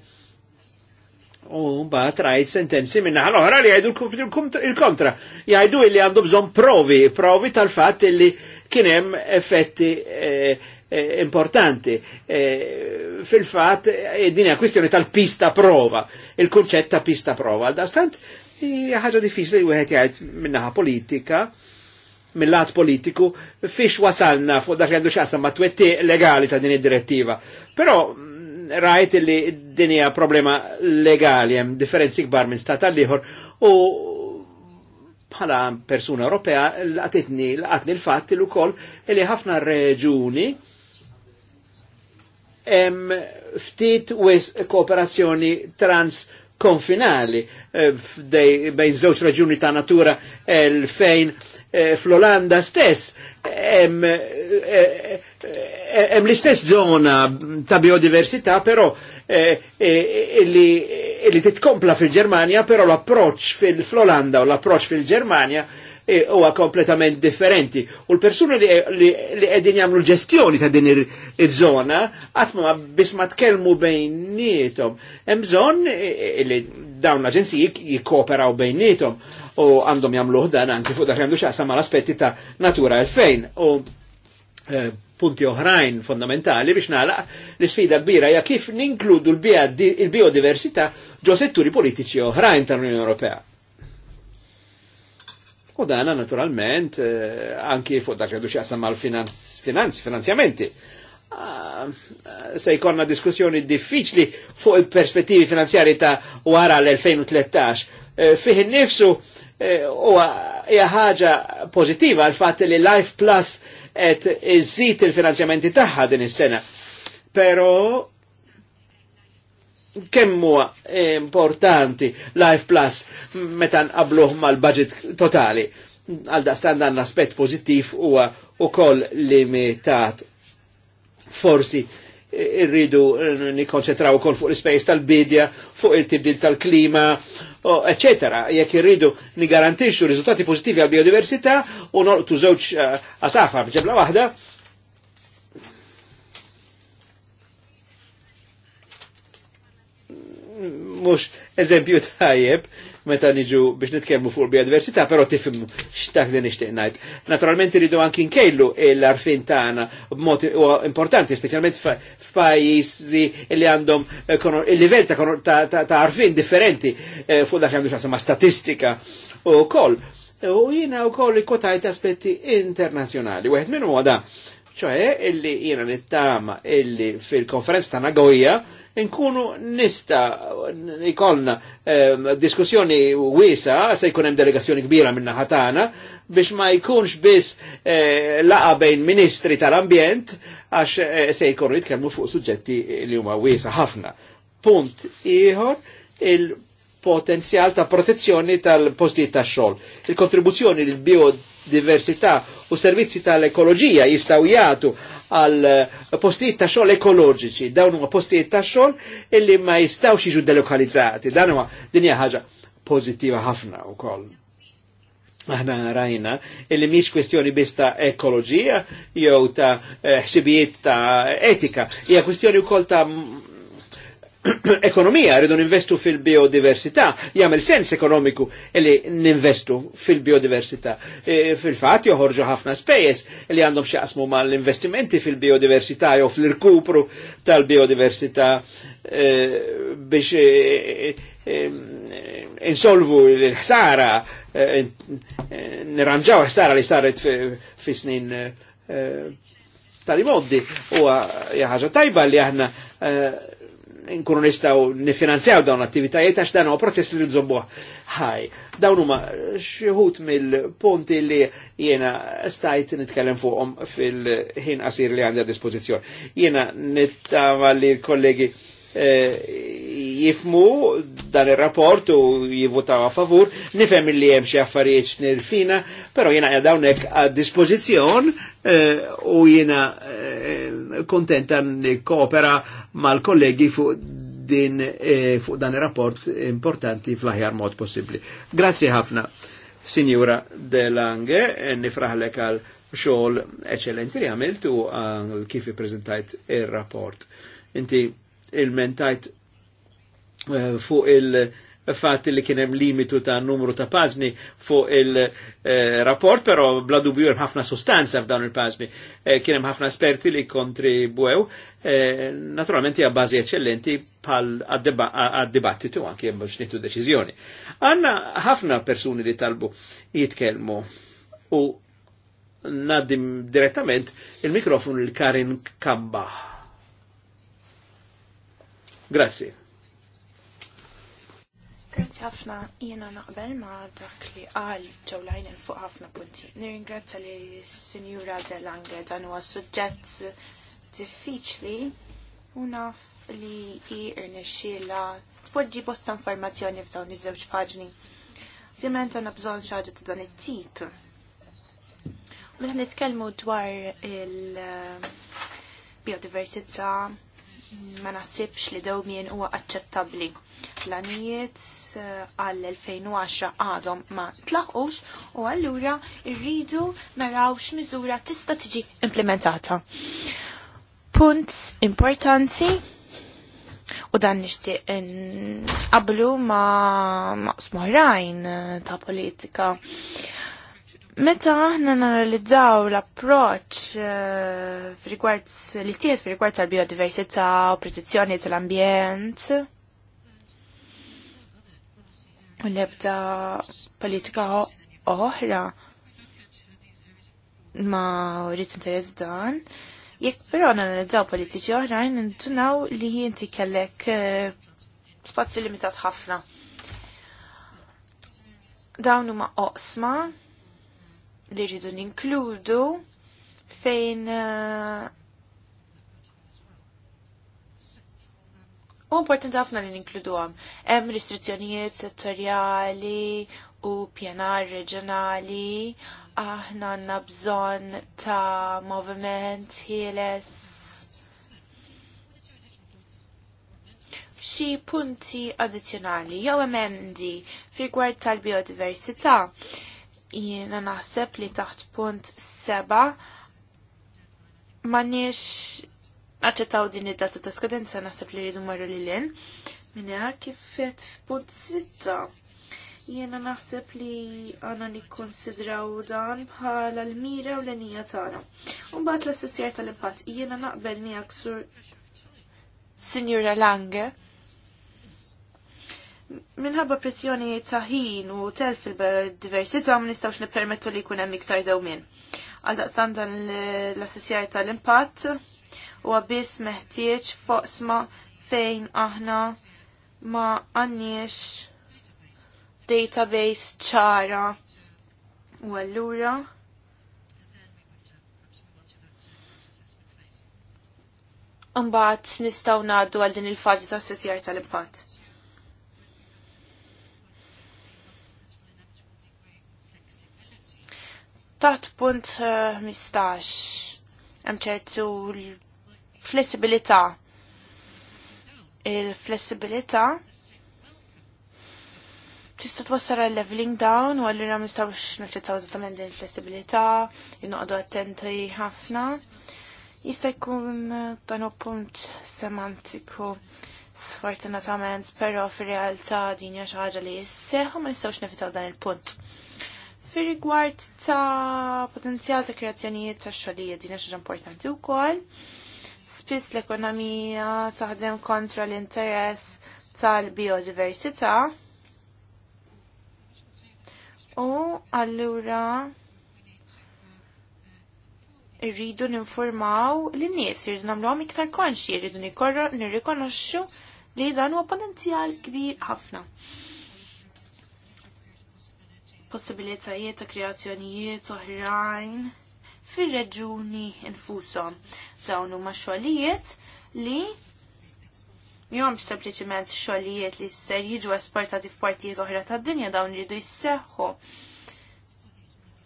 U ba' trajt sentenzi minna l oħra li jgħidu il-kontra. Jgħidu illi għandu bżon provi, provi tal-fatt illi kien hemm effetti eh, eh importanti. E, eh, Fil-fat, e, eh, din hija kwistjoni tal-pista prova, il-kunċett ta' pista prova. Għaldastant, ħaġa diffiċli wieħed jgħid minnaħa politika mill-lat politiku fiex wasalna fuq dak li għandu xaqsam ma' twetti legali ta' din id-direttiva. Però mm, rajt li din hija problema legali hemm differenzi kbar minn stat għal ieħor u bħala persuna Ewropea laqtitni laqatni l-fatt li wkoll li ħafna reġuni hemm ftit wis kooperazzjoni transkonfinali Eh, bejn żewġ raġuni ta' natura l eh, fejn eh, fl-Olanda stess hemm l-istess zona ta' biodiversità, però li titkompla fil-Germania, però l-approċ fil-Olanda u l-approċ fil-Germania huwa kompletament differenti. U l-persuni li qegħdin jagħmlu ġestjoni ta' din iż-żona qatt ma biss ma tkellmu bejnietom. Hemm bżonn li dawn l-aġenziji jikkooperaw bejnietom u għandhom jagħmluh dan anki fuq dak għandu xaqsam mal aspetti ta' natura fejn u eh, punti oħrajn fondamentali biex nagħlaq l-isfida kbira hija kif ninkludu l-biodiversità ġo setturi politiċi oħrajn tal-Unjoni Ewropea. U dana naturalment eh, anki fuq dak għandu xaqsam mal-finanzjamenti. -finanz, Ah, se jkollna diskussjoni diffiċli fuq il-perspettivi finanzjari ta' wara l-2013. Eh, fih nifsu eh, u hija ħaġa pożittiva għal fatt li Life Plus qed iżid il-finanzjamenti tagħha din is-sena. Però kemm huwa importanti Life Plus meta nqabluh mal-budget totali. Għal daqstan dan l-aspett pożittiv huwa ukoll limitat forsi irridu nikkonċentraw kol fuq l-ispejs tal-bidja, fuq il-tibdil tal-klima, eccetera. Jek irridu nigarantixu rizultati pozitivi għal biodiversità u norqtu żewġ eh, asafa b'ġebla wahda. mux eżempju tajjeb meta niġu biex nitkellmu fuq biodiversità, però tifhim x'dak din nixtieq ngħid. Naturalment iridu anki nkejlu l-arfin tagħna b'mod importanti, speċjalment f'pajjiżi li għandhom eh, il-livell ta' arfin differenti eh, fuq dak li għandu xasama statistika u koll. U jina u koll ikotajt aspetti internazjonali. Wieħed minn huwa ċoħe illi jina nittama illi fil-konferenza ta' Nagoya nkunu nista ikolna eh, diskussjoni wisa, se jkun hemm delegazzjoni kbira minna ħatana, biex ma jkunx biss eh, laqa bejn ministri tal-ambjent, għax eh, se jkunu jitkellmu fuq suġġetti li huma wisa ħafna. Punt ieħor il-potenzjal ta' protezzjoni tal-postijiet tax-xogħol. Il-kontribuzzjoni l bio diversità u servizzi tal-ekoloġija jistaw jgħatu għal eh, postijiet ta' xogħol ekoloġiċi, dawn huma postijiet ta' xogħol illi ma jistawx jiġu delokalizzati, dan huwa din hija ħaġa pożittiva ħafna wkoll. Aħna rajna illi mhix kwestjoni biss ta' ekoloġija jew ta' eh, ħsibijiet ta' etika, hija kwestjoni wkoll ta' <clears throat> ekonomija, rridu ninvestu fil-biodiversità, jagħmel sens ekonomiku li ninvestu fil-biodiversità. E, Fil-fatt joħorġu ħafna spejjeż li għandhom x'jaqsmu mal-investimenti fil-biodiversità jew fil-rkupru tal-biodiversità e, biex e, e, e insolvu l-ħsara, e, nirranġaw ħsara li saret fi snin tal-imoddi u ħaġa tajba li aħna nkunu nistaw nifinanzjaw dawn attivitajiet għax dan huwa protest li nżommu ħaj. Dawn huma xieħut mill-punti li jiena stajt nitkellem fuqhom fil-ħin qasir li għandi a dispożizzjoni. Jiena nittama li l-kollegi eh, jifmu dan il-rapport u jivvotaw a favur, nifem li hemm xi affarijiet pero però jiena qiegħed hawnhekk għad eh, u jiena kontentan eh, kontenta koopera mal-kollegi fuq din eh, fuq dan ir-rapport importanti fl-aħjar mod possibbli. Grazzi ħafna, Signora De Lange, e nifraħlek għal xogħol eċċellenti li għamilt u għal kif ippreżentajt ir-rapport. Inti il-mentajt Eh, fuq il- eh, fatt li kienem limitu ta' numru ta' pażni fuq il-rapport, eh, però pero bla dubju ħafna sostanza f'dan il-pażni. kienem ħafna esperti li kontribwew, naturalment hija bażi eccellenti pal għad-dibattitu anki hemm biex deċiżjoni. Għanna ħafna persuni li talbu jitkellmu u naddim direttament il-mikrofonu l-Karin Kamba. Grazie. Grazzi ħafna jiena naqbel ma dak li qal ġewlajn il fuq ħafna punti. Nirringrazzja li Sinjura Zelange dan huwa suġġett diffiċli u naf li hi irnexxiela tpoġġi bosta informazzjoni f'dawn iż-żewġ paġni. Ovvjament għandna bżonn xi ħaġa ta' dan it-tip. Meta nitkellmu dwar il-biodiversità eh, ma nasibx li min huwa aċċettabbli l eh, għall-2010 għadhom ma tlaħqux u għallura rridu naraw x'miżura tista' tiġi implementata. Punt importanti u dan nixtieq qablu ma' maqsmoħrajn eh, ta' politika meta aħna nanalizzaw l-approċ uh, li tiet f'rigward tal-biodiversità u protezzjoni tal-ambjent, u l-ebda politika oħra ma rrit interess dan. Jekk però nanalizzaw politiċi oħrajn nintunaw li jinti kellek eh, spazju limitat ħafna. Dawn huma oqsma li rridu ninkludu fejn uh, U importanti ħafna li ninkludu għam. Hemm restrizzjonijiet settorjali u pjanar reġjonali, aħna għandna bżonn ta' moviment ħieles. Xi punti addizzjonali jew emendi rigward tal-biodiversità. Jiena naħseb li taħt punt seba' ma Aċċettaw din id-data ta' skadenza naħseb li jridu marru li l-en. Minna kifet f'punt sitta. Jiena naħseb li għana nikkonsidraw dan bħala l-mira u l-enija tagħna. Umbagħad l-assistjar tal-impatt jiena naqbel miegħek sur Sinjura Lange minħabba pressjoni ta' ħin u telf il-diversità ma nistawx nippermettu li jkun hemm iktar dewmien. Għal dan l-assessjar tal-impatt u għabis meħtieċ foqsma fejn aħna ma għanniex database ċara u għallura Mbagħad nistgħu ngħaddu għal din il-fażi ta' sessjar tal-impatt. Tat punt eh, mistax hemm ċertu flessibilità. Il-flessibilità tista' twassara għal leveling down u allura nistgħux naċċettaw eżattament din il-flessibilità, jinnoqgħdu attenti ħafna. Jista' jkun dan punt semantiku sfortunatament, però fir-realtà din hija xi ħaġa li jisseħ ma nistgħux nefitaw dan il-punt. Fi rigward ta' potenzjal ta' kreazzjonijiet ta' xogħlijiet din xaġa importanti wkoll. Spiss l-ekonomija taħdem kontra l-interess tal-biodiversità. U allura irridu ninformaw li nies irridu nagħmluhom iktar konxi, irridu nirrikonoxxu li dan huwa potenzjal kbir ħafna possibilitajiet ta' kreazzjonijiet oħrajn fir-reġuni infushom. Dawn huma xogħlijiet li jom sempliċiment xogħlijiet li ser jiġu esportati f'partijiet oħra tad-dinja dawn iridu jisseħħu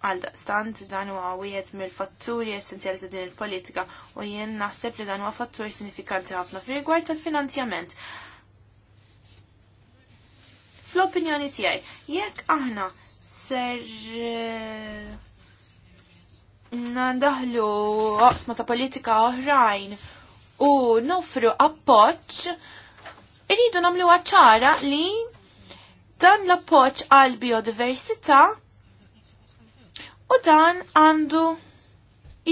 għal daqstant dan huwa wieħed mill-fatturi essenzjali ta' din il-politika u jien naħseb li dan huwa fattur sinifikanti ħafna fir-rigward tal-finanzjament. Fl-opinjoni tiegħi, jekk aħna ser eh, nandahlu oqsma ta' politika oħrajn u nofru appoċ, irridu namlu ċara li dan l-appoċ għal biodiversità u dan għandu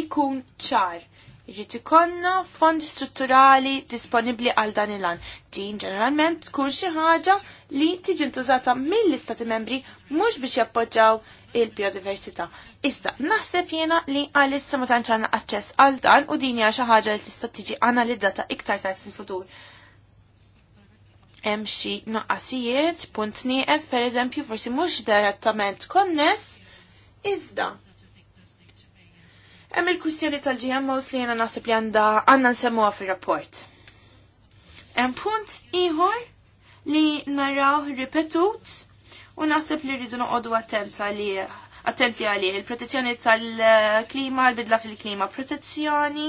ikun ċar. Jrid ikollna fond strutturali disponibbli għal dan il-an. Din ġeneralment tkun xi ħaġa li tiġi ntużata mill-Istati membri mhux biex jappoġġaw il-biodiversità. Issa naħseb jiena li għalissa ma tantx għandna aċċess għal dan u din hija xi ħaġa li tista' tiġi analizzata iktar tard fil-futur. Hemm xi nuqqasijiet, punt nieqes pereżempju forsi mhux direttament konness, iżda Hemm il-kwistjoni tal-GMOs li jena nasib li għanda għanna nsemmuha fir-rapport. Hemm punt ieħor li naraw ripetut u naħseb li rridu noqogħdu attenta li attenti għalih il-protezzjoni tal-klima, l-bidla fil-klima, protezzjoni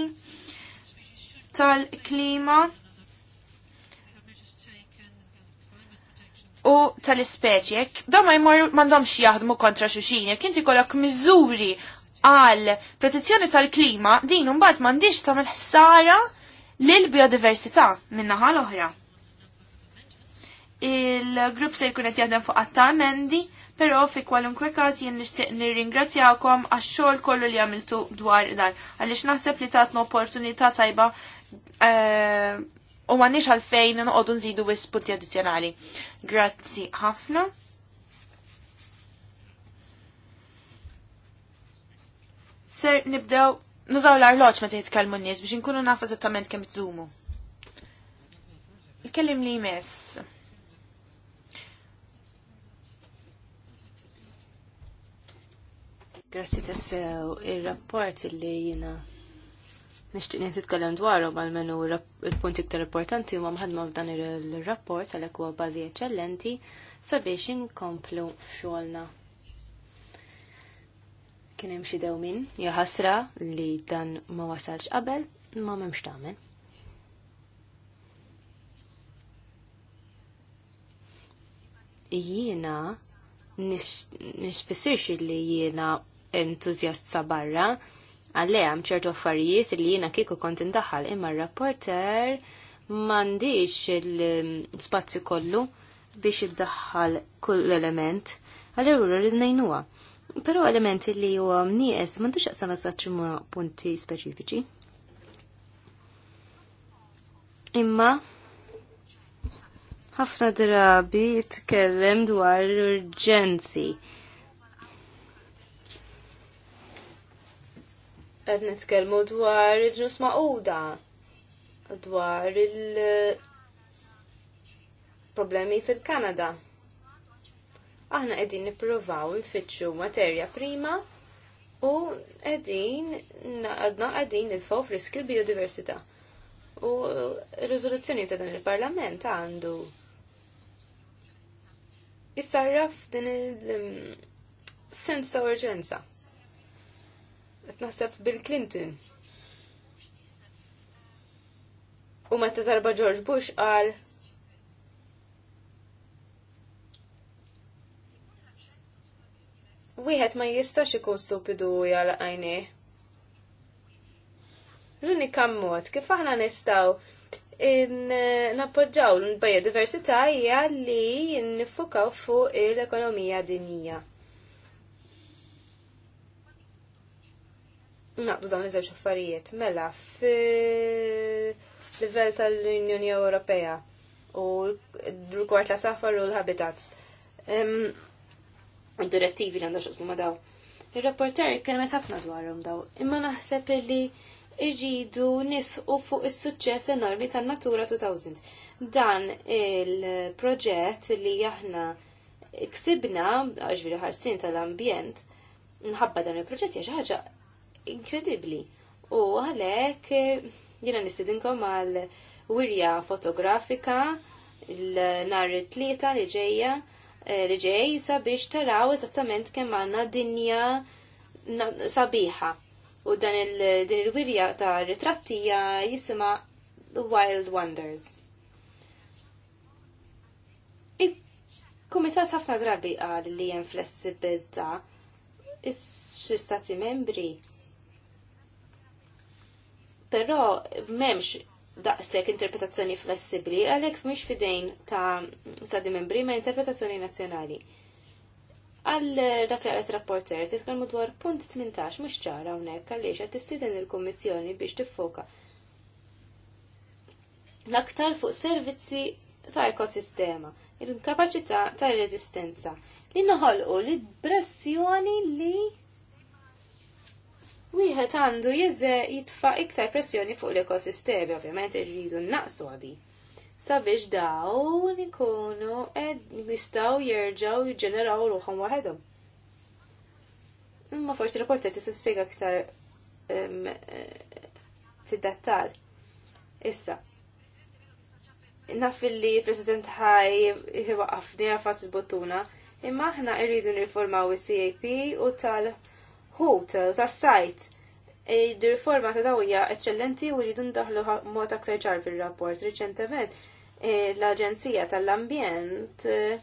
tal-klima u tal-ispeċi. Da ma jmorru mandomx jaħdmu kontra xuxin, jek inti kolok miżuri għal protezzjoni tal-klima din mbagħad m'għandix tagħmel ħsara lil biodiversità min-naħa l-oħra. Il-grupp se jkun qed jaħdem fuq atta' però fi kwalunkwe każ jien nixtieq nirringrazzjakom għax-xogħol kollu li għamiltu dwar dan għaliex naħseb li tatna opportunità tajba eh, u m'għandniex għalfejn noqogħdu nżidu wis punti addizzjonali. Grazzi ħafna. ser nibdew nużaw l-arloċ meta jitkellmu n-nies biex inkunu nafu eżattament kemm tdumu. Il-kellim li jmiss. Grazzi tassew il-rapport li jina nishtiq nitkellem dwaru għal-menu il-punti iktar importanti huma mħadma f'dan ir rapport għalhekk huwa bażi eċċellenti sabiex inkomplu xogħolna kien hemm xi dewmin ja ħasra li dan ma wasalx qabel ma m'hemmx tagħmel. Jiena nispissirx li jiena entuzjast sa barra għalleja hemm ċertu affarijiet li jiena kieku kont indaħħal imma r-rapporter m'għandix l-spazju kollu biex iddaħħal kull element. Allura rridnejnuha. Però elementi li huwa nijes, m'għandux aqsam eżatt ma' punti speċifiċi. Imma ħafna drabi t-kellem dwar urġenzi. Qed nitkellmu dwar il-ġnus ma'uda, dwar il-problemi fil-Kanada aħna qegħdin nippruvaw nfittxu materja prima u qegħdin għadna qegħdin nidfgħu l biodiversità. U r-riżoluzzjoni ta' dan il-Parlament għandu jissarraf din il-sens ta' urġenza. Qed naħseb Bill Clinton U meta tarba George Bush qal wieħed ma jistax ikun stupidu jala għajni. L-unika mod kif aħna nistaw nappoġġaw l-bajja hija li nifukaw fuq l-ekonomija dinjija. Naqdu dawn iż-żewġ affarijiet mela fil-livell tal-Unjoni Ewropea u rigward l safar u l-habitats u direttivi li għandha xaqsmu ma' daw. Il-rapporter kelmet ħafna dwarhom daw, imma naħseb li irridu nisqu fuq is-suċċess enormi tan-Natura 2000. Dan il-proġett li aħna ksibna għaxviri ħarsin tal-ambjent, nħabba dan il-proġett hija xi ħaġa inkredibbli. U għalhekk jiena nistidinkom għal wirja fotografika l-nar it-tlieta li ġejja Eh, li sabiex taraw eżattament kemm għandna dinja sabiħa. U dan il-din il-wirja ta' ritrattija jisima Wild Wonders. il komitat ħafna drabi qal li hemm flessibilità is-sistati membri. Però m'hemmx daqsek interpretazzjoni flessibli għalhekk mhux fidejn ta' stadi membri ma' interpretazzjoni nazzjonali. Għal dak li għalet rapporter titkellmu dwar punt 18 mhux ċara hawnhekk għaliex qed tistieden il-Kummissjoni biex tiffoka l-aktar fuq servizzi ta' ekosistema, il-kapaċità ta' resistenza li noħolqu l pressjoni li wieħed għandu jizze jitfa iktar pressjoni fuq l-ekosistemi, ovvjament irridu naqsu għadi. Sabiex dawn ikunu ed nistaw jerġaw jġeneraw ruħom waħedhom. Imma forsi rapporter tista' spjega aktar fid-dettal. Issa, naf li President ħaj waqafni għafas il-bottuna, imma aħna irridu nirriformaw is-CAP u tal- ħut tas E di riforma ta' dawija eccellenti u jridu ndaħlu mod aktar ċar fil-rapport. Riċentement, eh, l-Aġenzija tal-Ambjent eh,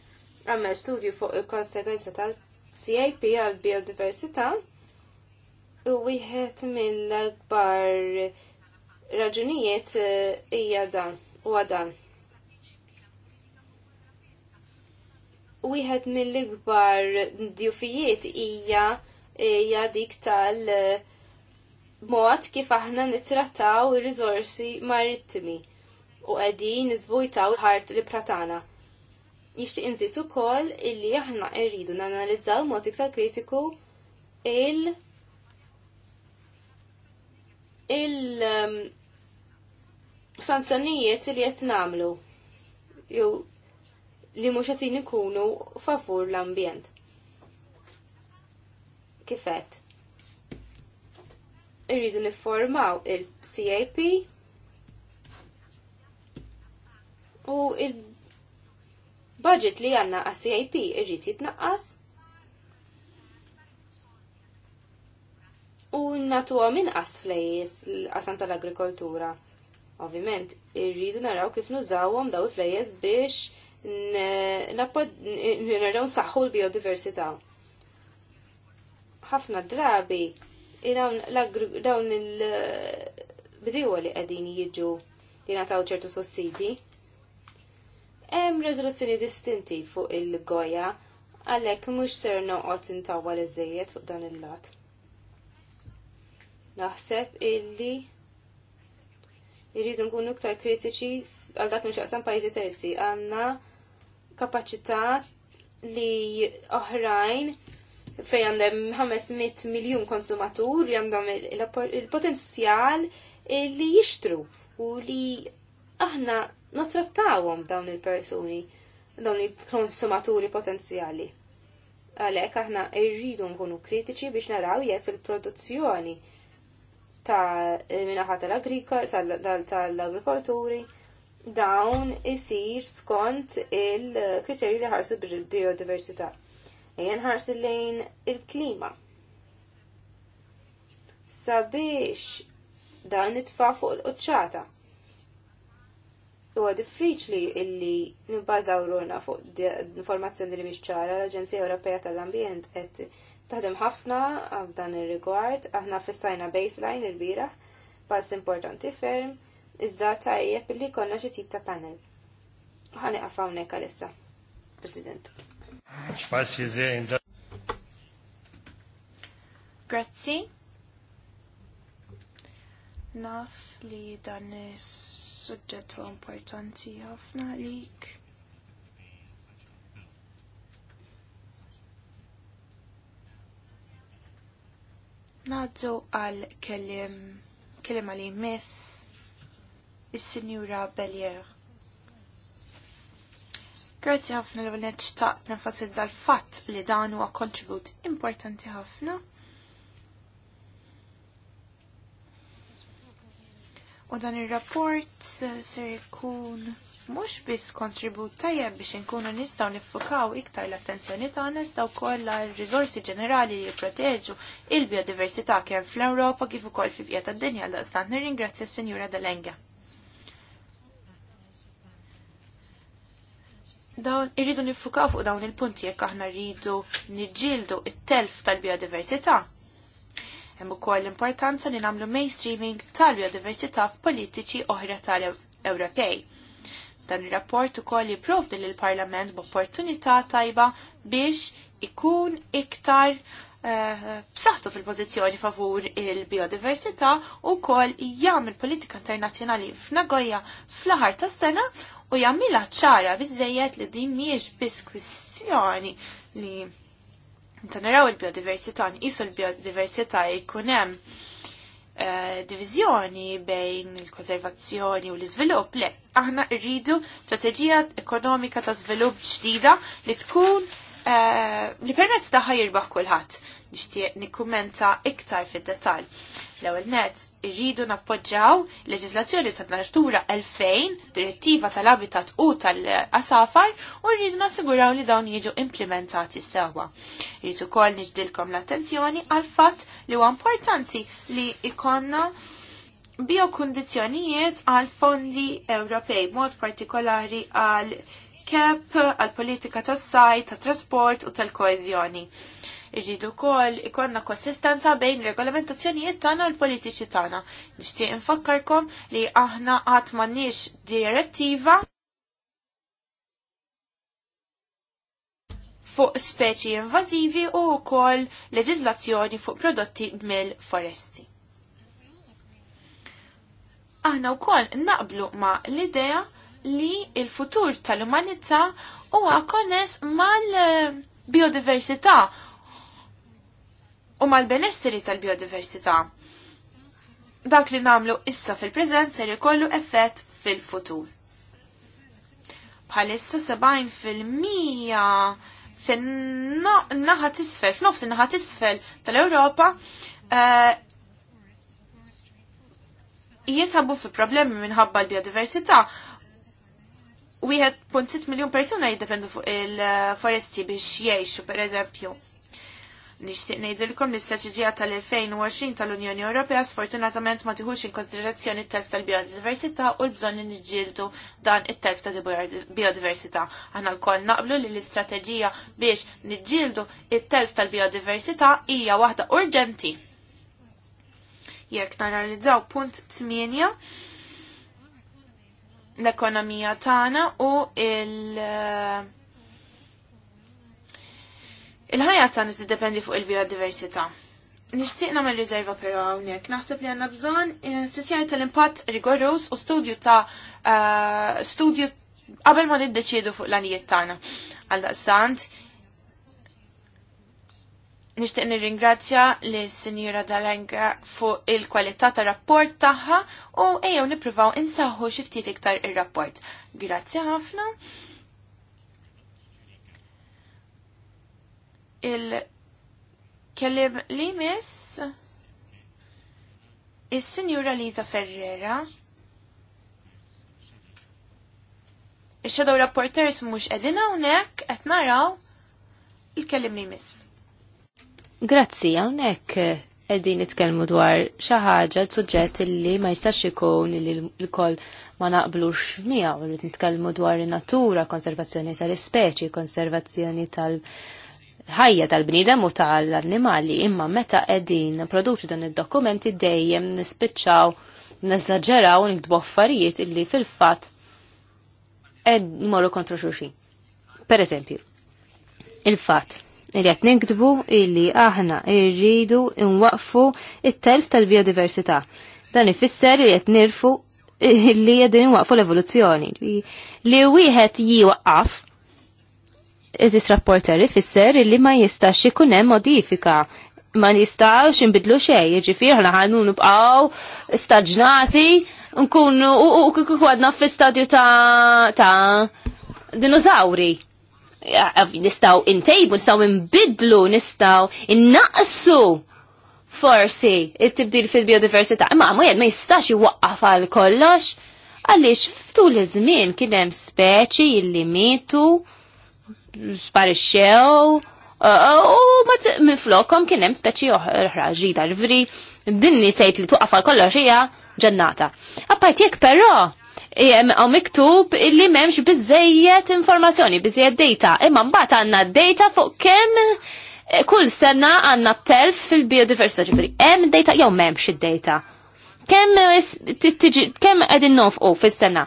għamel studju fuq il-konsekwenza tal-CAP għal-biodiversità u wieħed mill-akbar raġunijiet eh, hija dan u għadan. Wieħed mill-ikbar djufijiet hija hija dik tal mod kif aħna nittrattaw ir-riżorsi marittimi u qegħdin niżvujtaw ħart li pratana. Jixtieq inżid ukoll illi aħna rridu nanalizzaw mod iktar kritiku il il um, sanzjonijiet li qed nagħmlu jew li mhux qed ikunu favur l-ambjent kifet. Irridu niformaw il-CAP u il-budget li għanna għas-CAP irrid jitnaqqas u natu inqas flejjes l-qasam tal-agrikoltura. Ovviment, irridu naraw kif nużawhom daw il-flejjes biex naraw saħħu l-biodiversità ħafna drabi dawn il-bidiwa eh, li qegħdin jiġu jingħataw ċertu sussidi. Hemm riżoluzzjoni distinti fuq il-goja għalhekk mhux ser noqgħod intawwa iżejjed fuq dan il-lat. Naħseb illi irridu nkunu iktar kritiċi għal dak nxaqsam pajjiżi terzi. għandna kapaċità li oħrajn fej għandem 500 miljon konsumatur li għandhom il-potenzjal li jixtru u li aħna natrattawhom dawn il-persuni, dawn il-konsumaturi potenzjali. Għalek aħna irridu nkunu kritiċi biex naraw jekk fil-produzzjoni ta' minaħat tal-agrikolturi dawn isir skont il-kriterju li ħarsu bil-biodiversità. Ejja nħarsu lejn il-klima. Sabiex dan nitfa' fuq il-qoċċata. Huwa diffiċli illi nibbażaw runa fuq informazzjoni li miċċara ċara l-Aġenzija Ewropea tal-Ambjent qed taħdem ħafna f'dan ir-rigward, aħna fissajna baseline il-bira, pass importanti ferm, iżda tajjeb li konna xi tip ta' panel. Ħani għafawnek għalissa, President. Ich weiß Grazzi. Naf li dan is-suġġett importanti ħafna lik. Nadżu għal kelim kellim għal miss is-Sinjura Bellier. Grazzi ħafna li għonet xtaq nefasizza l-fatt li dan huwa kontribut importanti ħafna. U dan il-rapport ser jkun mhux biss kontribut tajjeb biex inkunu nistgħu niffukaw iktar l-attenzjoni tagħna iżda wkoll għar-riżorsi ġenerali li jipproteġu il-biodiversità kemm fl-Ewropa kif ukoll fi bqija tad-dinja daqstant nirringrazzja s-Sinjura Delenga. dawn irridu nifukaw fuq dawn il-punti jekk aħna rridu niġġieldu it-telf tal-biodiversità. Hemm ukoll l-importanza li nagħmlu mainstreaming tal-biodiversità f'politiċi oħra tal-Ewropej. Dan ir-rapport ukoll jipprovdi lil parlament b'opportunità tajba biex ikun iktar eh, b'saħħtu fil-pożizzjoni favur il-biodiversità u kol jagħmel politika internazzjonali f'Nagoya fl-aħar tas-sena u jagħmilha ċara bizzejiet li din mhijiex biss li ta' naraw il-biodiversità, nqisu l-biodiversità jkun hemm eh, divizjoni bejn il-konservazzjoni u l-iżvilupp, le, aħna rridu strateġija ekonomika ta' żvilupp ġdida li tkun eh, li permezz taħħa jirbaħ kulħadd nixtieq nikkumenta iktar fid-detalj. L-ewwel net irridu nappoġġjaw leġiżlazzjoni ta' natura 2000, direttiva tal-abitat u tal-asafar u rridu nassiguraw li dawn jiġu implementati sewwa. Rridu ukoll niġdilkom l-attenzjoni għal fatt li huwa importanti li ikonna biokondizjonijiet għal fondi Ewropej, mod partikolari għal kep għal politika tas saj ta' trasport u tal-koezjoni. Irridu kol ikonna konsistenza bejn regolamentazzjonijiet tagħna u l-politiċi tagħna. Nixtieq infakkarkom li aħna qatt m'għandniex direttiva fuq speċi invażivi u wkoll leġiżlazzjoni fuq prodotti mill-foresti. Aħna wkoll naqblu ma' l-idea li il-futur tal-umanità huwa konness mal-biodiversità u mal-benesseri tal-biodiversità. Dak li namlu issa fil-preżent ser jkollu effett fil-futur. Bħalissa 70 fil-mija fin-naħa tisfel, f'nofs in-naħa tisfel tal-Ewropa eh, jisabu fi problemi minħabba l-biodiversità. Wieħed punt 1.6 miljon persuna jiddependu fuq il-foresti biex jgħixu, per eżempju. Nixtieq ngħidilkom l-istraċiġija tal-2020 tal-Unjoni Ewropea sfortunatament ma tieħux in konsiderazzjoni t-telf tal-biodiversità u l-bżonn li niġġieldu dan it-telf ta' biodiversità. Aħna lkoll naqblu li l-istrateġija biex niġġieldu it-telf tal-biodiversità hija waħda urġenti. Jekk naralizzaw punt 8 l-ekonomija tagħna u il- Il-ħajja tagħna tiddependi fuq il-biodiversità. Nixtieq nagħmel riserva però hawnhekk. Naħseb li għandna bżonn eh, sisjar tal-impatt rigorus u studju ta' eh, studju qabel ma niddeċiedu fuq l-anijiet tagħna. Għal daqstant, nishtiq nirringrazzja li s-Sinjura Dalenga fuq il-kwalità ta' rapport tagħha u ejjew nippruvaw insaħħu xi ftit iktar ir-rapport. Grazzi ħafna. il-kellim li miss il-Sinjura Liza Ferrera. Il-Shadow Rapporters mux edina unek, et naraw il-kellim li miss. Grazzi, unek edin nitkelmu dwar xaħġa suġġett li ma jistax ikun li l-koll ma naqblux miegħu rrid nitkellmu dwar in-natura, konservazzjoni tal-ispeċi, konservazzjoni tal-, -ispeċi, konservazzjoni tal ħajja tal-bniedem u tal-annimali, imma meta qegħdin produċu dan id-dokumenti dejjem nispiċċaw nezzaġeraw nikdbu affarijiet illi fil fat ed moru kontra xuxin. Per eżempju, il-fatt illi għat ninkdbu illi aħna rridu nwaqfu it-telf tal-biodiversità. Dan ifisser li qed nirfu li qegħdin waqfu l-evoluzzjoni. Li wieħed jiwaqqaf Iżis rapporteri fisser illi ma jistax ikun hemm modifika ma nistax nbidlu xej, ġifir ħna ħannu nibqaw staġnati, nkunu u kikwadna fi stadju ta' ta' dinozauri. Nistaw intejbu, nistaw nbidlu, nistaw innaqsu forsi it-tibdil fil-biodiversità. Ma ma ma jistax iwaqqaf għal kollox, għaliex ftul iż-żmien kien hemm speċi illi mietu sparixxew uh, u minn flokom kien hemm speċi oħra ġida ġifri dinni tgħid li tuqaf għal kollox hija ġennata. Apparti jekk però għaw miktub illi m'hemmx biżejjed informazzjoni, biżejjed data. Imma mbagħad għandna data fuq kemm eh, kull sena għandna telf fil-biodiversità ġifri. Hemm data jew m'hemmx id-data. Kemm kemm qegħdin nofqu fis-sena?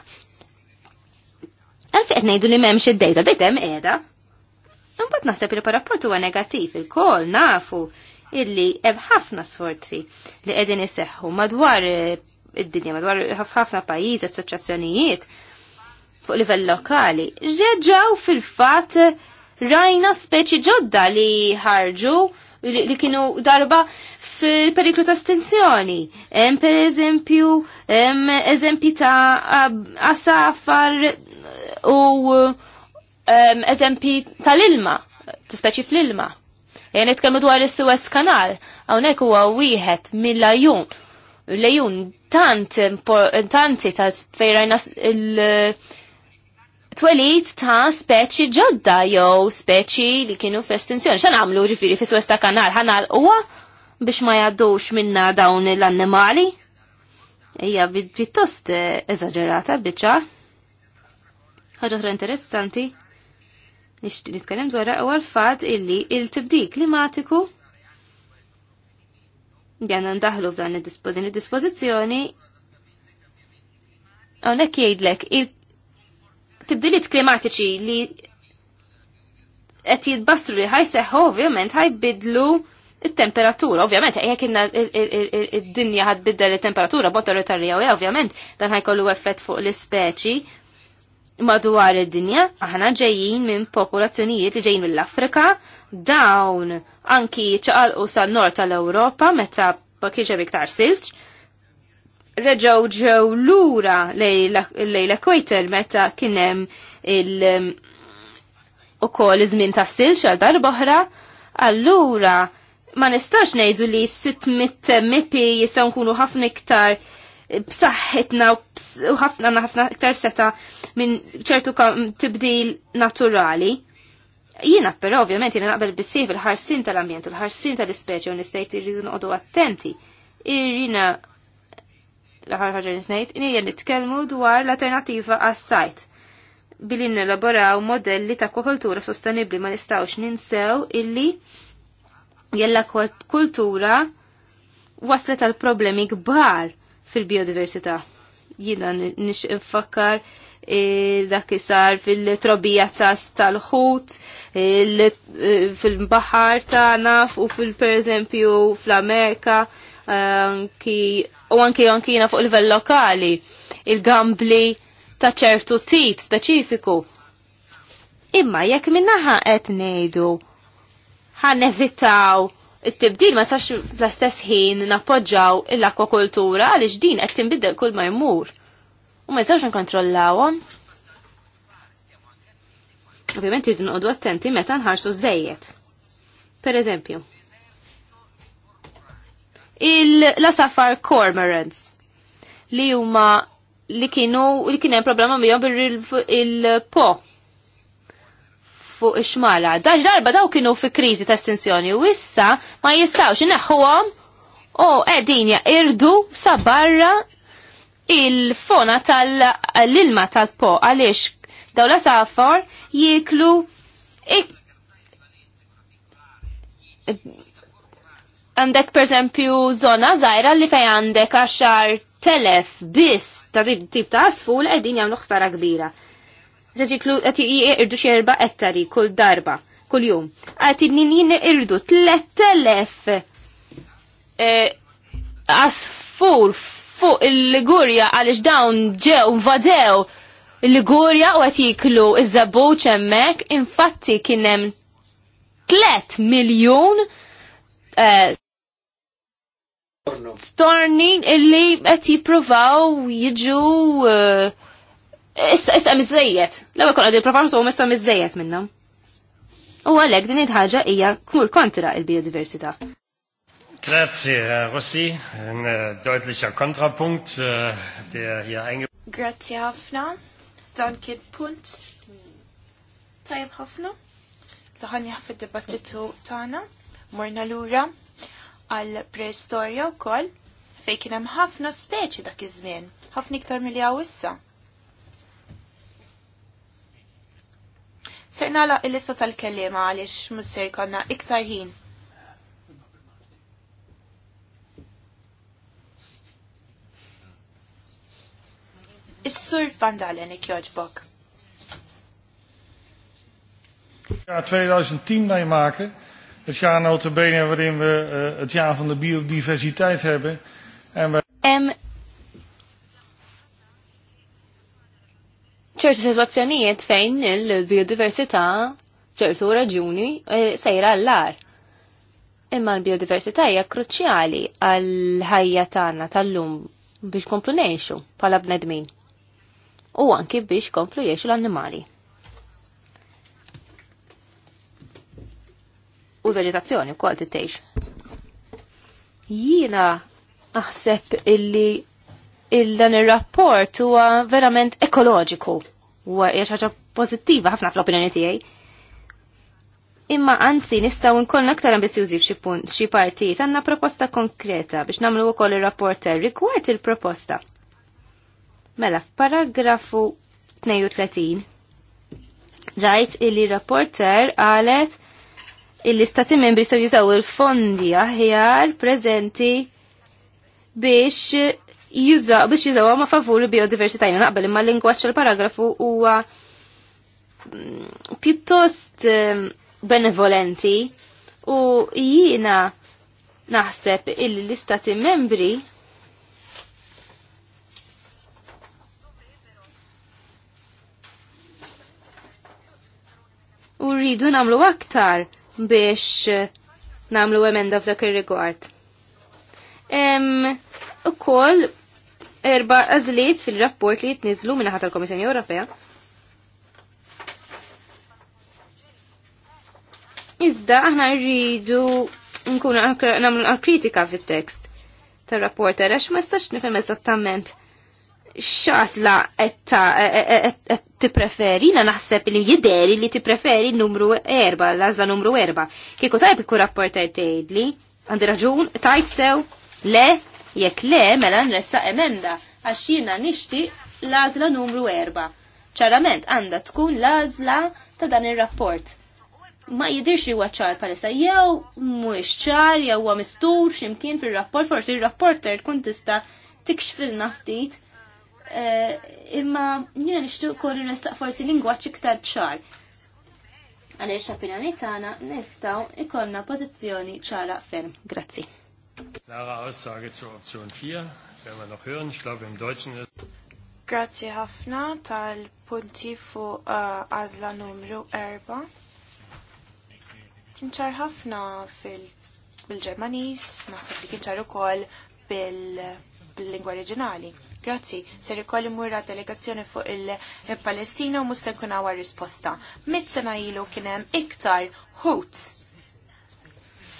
Għalfejn qed ngħidu li m'hemmx id-data, dejta hemm qiegħda. Mbagħad naħseb li rapport huwa negattiv, il-kol nafu illi hemm ħafna sforzi li qegħdin iseħħu madwar eh, id-dinja madwar ħafna pajjiż, assoċjazzjonijiet fuq livell lokali. Ġeġaw fil-fatt rajna speċi ġodda li ħarġu li kienu darba fil-periklu ta' stenzjoni. Hemm per eżempju, hemm eżempji ta' asafar u Ehm, eżempi tal-ilma, speċi fl-ilma. Jen nitkellmu dwar is-Suez Kanal, hawnhekk huwa wieħed mill-ajun. L-ajun tant importanti ta' fejrajna il- twelit ta' speċi ġodda jew speċi li kienu f'estinzjoni. Xan għamlu ġifiri fi Suez ta' Kanal? Ħanal huwa biex ma jaddux minna dawn l-annimali? Ija pittost eżagġerata bieċa. Ħaġa interessanti nitkellem dwar huwa l-fatt illi il-tibdil klimatiku għanna ndaħlu f'dan id-dispożizzjoni għonek jgħidlek il-tibdiliet klimatiċi li qed jitbassru li ħajseħħu ovvjament ħajbidlu il-temperatura, ovvjament, jek inna id-dinja ħadbiddel il-temperatura, botta ritarrija, ovvjament, dan ħajkollu effett fuq l-speċi madwar id-dinja, aħna ġejjin minn popolazzjonijiet li ġejjin mill-Afrika, dawn anki ċaqalqu san nord tal-Ewropa meta kieġeb iktar silġ, reġaw ġew lura lej l-ekwater meta kienem il- u um, kol iż-żmien ta' silġ għal darboħra, allura ma nistax ngħidu li 600 mipi jistgħu nkunu ħafna iktar b'saħħitna u ħafna ħafna iktar seta minn ċertu tibdil naturali. Jiena però ovvjament jiena naqbel bissieħ il-ħarsin tal-ambjent u l-ħarsin tal-ispeċi u nistajt irridu noqogħdu attenti. Irrina l-ħar ħaġa nitnejt, inija nitkellmu dwar l-alternativa għas-sajt billi nilaboraw modelli ta' akwakultura sostenibli ma nistawx ninsew illi jella kultura waslet għal problemi kbar fil-biodiversità. Jina nix infakkar eh, dak isar fil-trobija tal-ħut, eh, fil-bahar ta' naf u fil per eżempju fl-Amerika, u anki anki fuq il-vel lokali, il-gambli ta' ċertu tip speċifiku. Imma jekk minnaħa qed ngħidu evitaw it-tibdil ma sax fl-istess ħin nappoġġaw l-akwakultura għaliex din qed tinbidel kull ma jmur. U ma jistgħux nkontrollawhom. Ovvjament jridu noqogħdu attenti meta nħarsu żejjed. Per eżempju, il-lasafar cormorants li huma li kienu li kien hemm problema bihom il-po fuq ix-xmala. Dax darba daw kienu fi kriżi ta' estensjoni u issa ma jistawx ineħħuhom u qegħdin irdu sa barra il-fona tal-ilma tal-po għaliex daw la safar jiklu għandek per esempio zona zaħira li fej għandek għaxar telef bis ta' tip ta' sful għedin jamlu ħsara kbira reċiklu għati jirdu irdu erba ettari kull darba, kull jum. Għati n-nin irdu 3000 e, asfur fuq il-Ligurja għalix dawn ġew vadew il-Ligurja u għati jiklu iż-żabuċ emmek, infatti kienem 3 miljon e, storni illi għati jiprovaw jiġu e, Issa, issa mizzejiet. Lawa kon għadil profan so issa mizzejiet minnom. U għalek din id ħagġa hija kmur kontra il-biodiversità. Grazie, eh, Rossi. Ein eh, deutlicher Kontrapunkt, eh, der hier einge... Grazie, Hafna. Dan kien punt. Tajib, Hafna. Taħan jaff il-dibattitu tana. Morna l-ura għal preistorja u koll Fejkinem kienem ħafna speċi dak iż-żmien, ħafna iktar milja issa. Serna la il-lista tal-kellima għalix musser konna iktar ħin. Is-sur Vandalen ikjoġbok. Ja, 2010 meemaken. Het jaar notabene waarin we uh, het jaar van de biodiversiteit hebben. En we... Em ċertu situazzjonijiet fejn il-biodiversità ċertu raġuni eh, sejra l ar Imma l-biodiversità hija kruċjali għall-ħajja tagħna tal-lum biex komplu ngħixu bħala bnedmin. U anki biex komplu jgħixu l-annimali. U l-veġetazzjoni wkoll tittejx. Jiena naħseb illi il-dan il-rapport huwa verament ekoloġiku u hija ħaġa pożittiva ħafna fl-opinjoni tiegħi. Imma anzi nistgħu nkollna aktar ambizjużi f'xi punt xi partit għandna proposta konkreta biex nagħmlu wkoll ir-rapporter rigward il-proposta. Mela f'paragrafu 32 rajt illi rapporter għalet il-istati membri jistaw jużaw il-fondi aħjar prezenti biex jizza, biex jizza ma favur il-biodiversità jina naqbel imma l-lingwaċ l-paragrafu huwa mm, pjuttost eh, benevolenti u jiena naħseb il-listati istati membri u rridu namlu aktar biex eh, namlu emenda f'dak ir-rigward. Ukoll erba' għażliet fil-rapport li jitniżlu minna ħat tal-Komissjoni Ewropea. Iżda aħna rridu nkunu nagħmlu kritika fit-tekst tar-rapporter għax ma stax nifhem eżattament x'asla qed e-, e-, e-, tippreferi, na naħseb li jideri li tippreferi numru erba, l-għażla numru erba. Kieku tajb rapport rapporter tgħidli, għandi raġun, tajt sew, le, Jekk le, mela nressa emenda, għax jiena lazla l-għażla numru erba'. Ċarament għandha tkun l-għażla ta' dan ir-rapport. Ma jidirx li huwa ċar palissa jew mhuwiex ċar jew huwa mistur x'imkien fir-rapport, forsi ir-rapporter tkun tista' tikxfilna ftit eh, imma jina nishtu kol nressa forsi lingwaċ iktar ċar. Għaliex opinjoni tagħna nistgħu ikollna pożizzjoni ċara ferm. Grazzi. Klare Aussage zur Option 4, werden wir noch hören. Ich glaube, im Deutschen ist... Grazie ħafna tal-punti fuq uh, äh, azla numru erba. Kinċar ħafna fil-Ġermanis, naħseb li kinċar ukoll bil-lingwa reġinali. Grazzi, ser ikolli murra delegazzjoni fuq il-Palestina u mustenkun għar risposta. Mit ilu kienem iktar hoots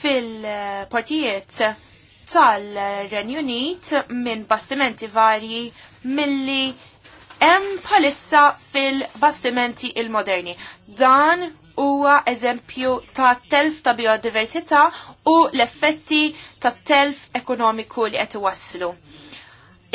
fil-partijiet tal-Renju Unit minn bastimenti varji milli hemm bħalissa fil-bastimenti il-moderni. Dan huwa eżempju ta' telf ta' biodiversità u l-effetti ta' telf ekonomiku li qed iwasslu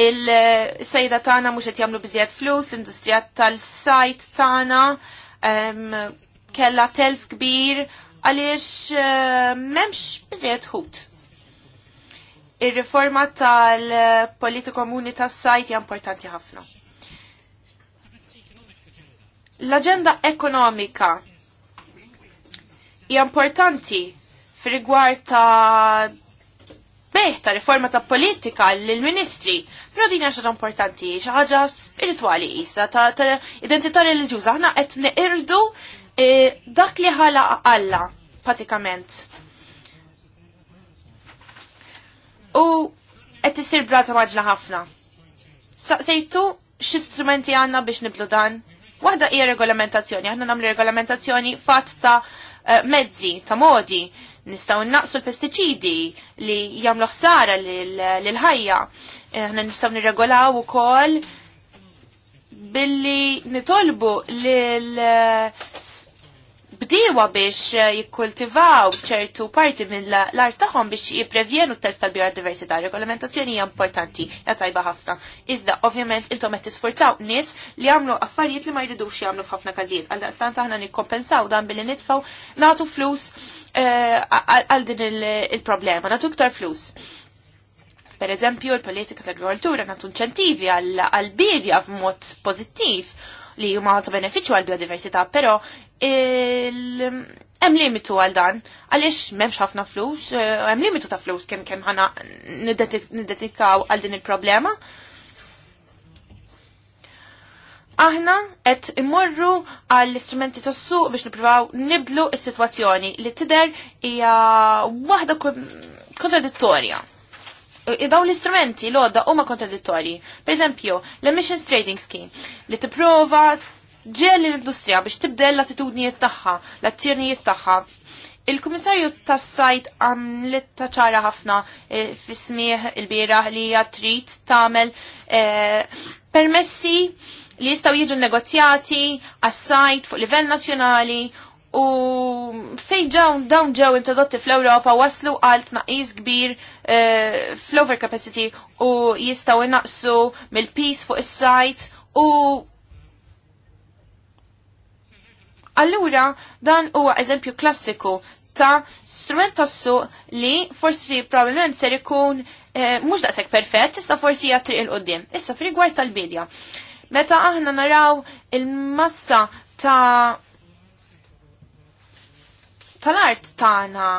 il-sejda tana mux jagħmlu biżjed flus, l-industrija tal-sajt tana um, kella telf kbir, għaliex eh, memx biżiet hut. Ir-riforma tal-politi komuni tas-sajt hija importanti ħafna. L-aġenda ekonomika hija importanti fir-rigward ta' beħ ta' riforma ta' politika lill-ministri però din ta' importanti, xaħġa spirituali jisa, ta', ta identità religjuża, ħna qed neqirdu e, dak li ħala Alla, patikament. U qed isir brata maġla ħafna. Saqsejtu x'istrumenti għandna biex niblu dan? Waħda hija regolamentazzjoni, aħna nagħmlu regolamentazzjoni fatt ta' e, mezzi, ta' modi, nistgħu naqsu l-pestiċidi li jagħmlu ħsara lil-ħajja. E, aħna nistgħu nirregolaw ukoll billi nitolbu lil bdiewa biex eh, jikkultivaw ċertu parti minn l-art tagħhom biex jipprevjenu t-telf tal-biodiversità. Regolamentazzjoni hija importanti, hija tajba ħafna. Iżda ovvjament intom qed tisforzaw nies li jagħmlu affarijiet li ma jridux jagħmlu f'ħafna każijiet. Għal daqstant aħna nikkompensaw dan billi nitfgħu nagħtu flus eh, għal din il-problema, nagħtu iktar flus. Per eżempju, il-politika tal-agrikoltura nagħtu inċentivi għal-bidja b'mod pożittiv li huma ta' beneficju għal biodiversità, però Hemm limitu għal dan, għaliex m'hemmx ħafna flus, eh, hemm limitu ta' flus kemm kemm ħana niddetikaw għal din il-problema. Aħna qed immorru għall istrumenti tas-suq biex nippruvaw nibdlu s-sitwazzjoni li tidher hija waħda kontradittorja. Dawn l-istrumenti l-għodda huma kontradittorji. Per eżempju, l-emissions trading scheme li tipprova Ġel l-industrija biex tibdel l-attitudnijiet tagħha, l-azzjonijiet tagħha. Il-Kummissarju tas-sajt għamlet ta' ċara ħafna eh, fi smieħ il-bieraħ li hija trid tagħmel eh, permessi li jistgħu jiġu negozjati għas-sajt fuq livell nazzjonali u fej ġew dawn ġew introdotti fl-Ewropa waslu għal tnaqis kbir eh, fl overcapacity capacity u jistgħu innaqsu mill-peace fuq is-sajt u Allura dan huwa eżempju klassiku ta' strument tassu li forsi probablement ser ikun eh, mhux daqshekk perfett, issa forsi hija triq il qudiem Issa f'rigward tal-bidja. Meta aħna naraw il-massa ta' tal-art tagħna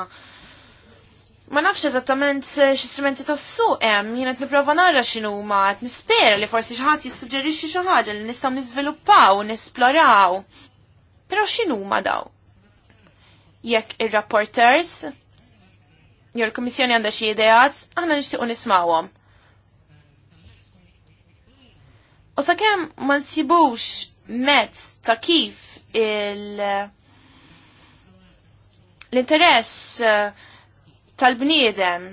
ma nafx eżattament eh, strumenti tas-suq hemm, jien qed nipprova nara x'inhu ma nispera li forsi xi ħadd jissuġġerixxi xi ħaġa li nistgħu niżviluppaw, nisploraw. Pero x'inhuma daw? Jekk ir-rapporters jew il-Kummissjoni għandha xi ideat, aħna nixtiequ nismawhom. U sakemm ma nsibux mezz ta' kif il l-interess eh, tal-bniedem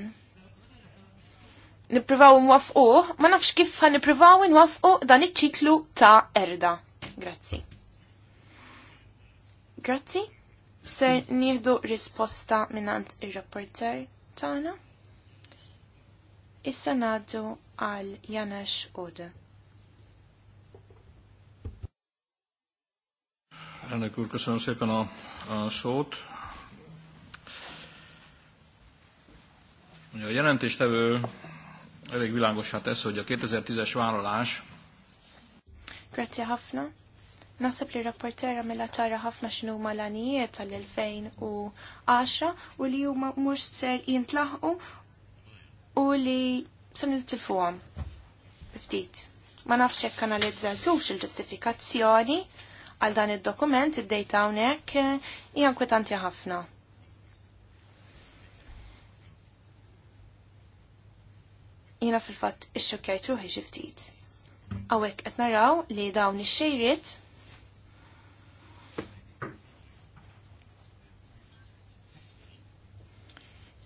niprivaw nwafquh, ma nafx kif ħan niprivaw nwafquh dan iċ-ċiklu ta' erda. Grazzi. Grazzi. Ser nieħdu risposta minnant ir-rapporter tagħna. Issa ngħaddu għal Janesh Ode. Ennek úr, köszönöm szépen a, a A jelentéstevő elég világosá tesz, hogy a 2010-es vállalás Grazie ħafna. Nasab li rapportera mela ċara ħafna xinu huma l-għanijiet tal-2010 u li huma mhux ser jintlaħu u li se nitilfuhom ftit. Ma nafx jekk kanalizzatux il-ġustifikazzjoni għal dan id-dokument id-dejta hawnhekk hija inkwetanti ħafna. Jiena fil-fatt ix-xokkjajt ruħi xi ftit. Għawek qed naraw li dawn ix-xejriet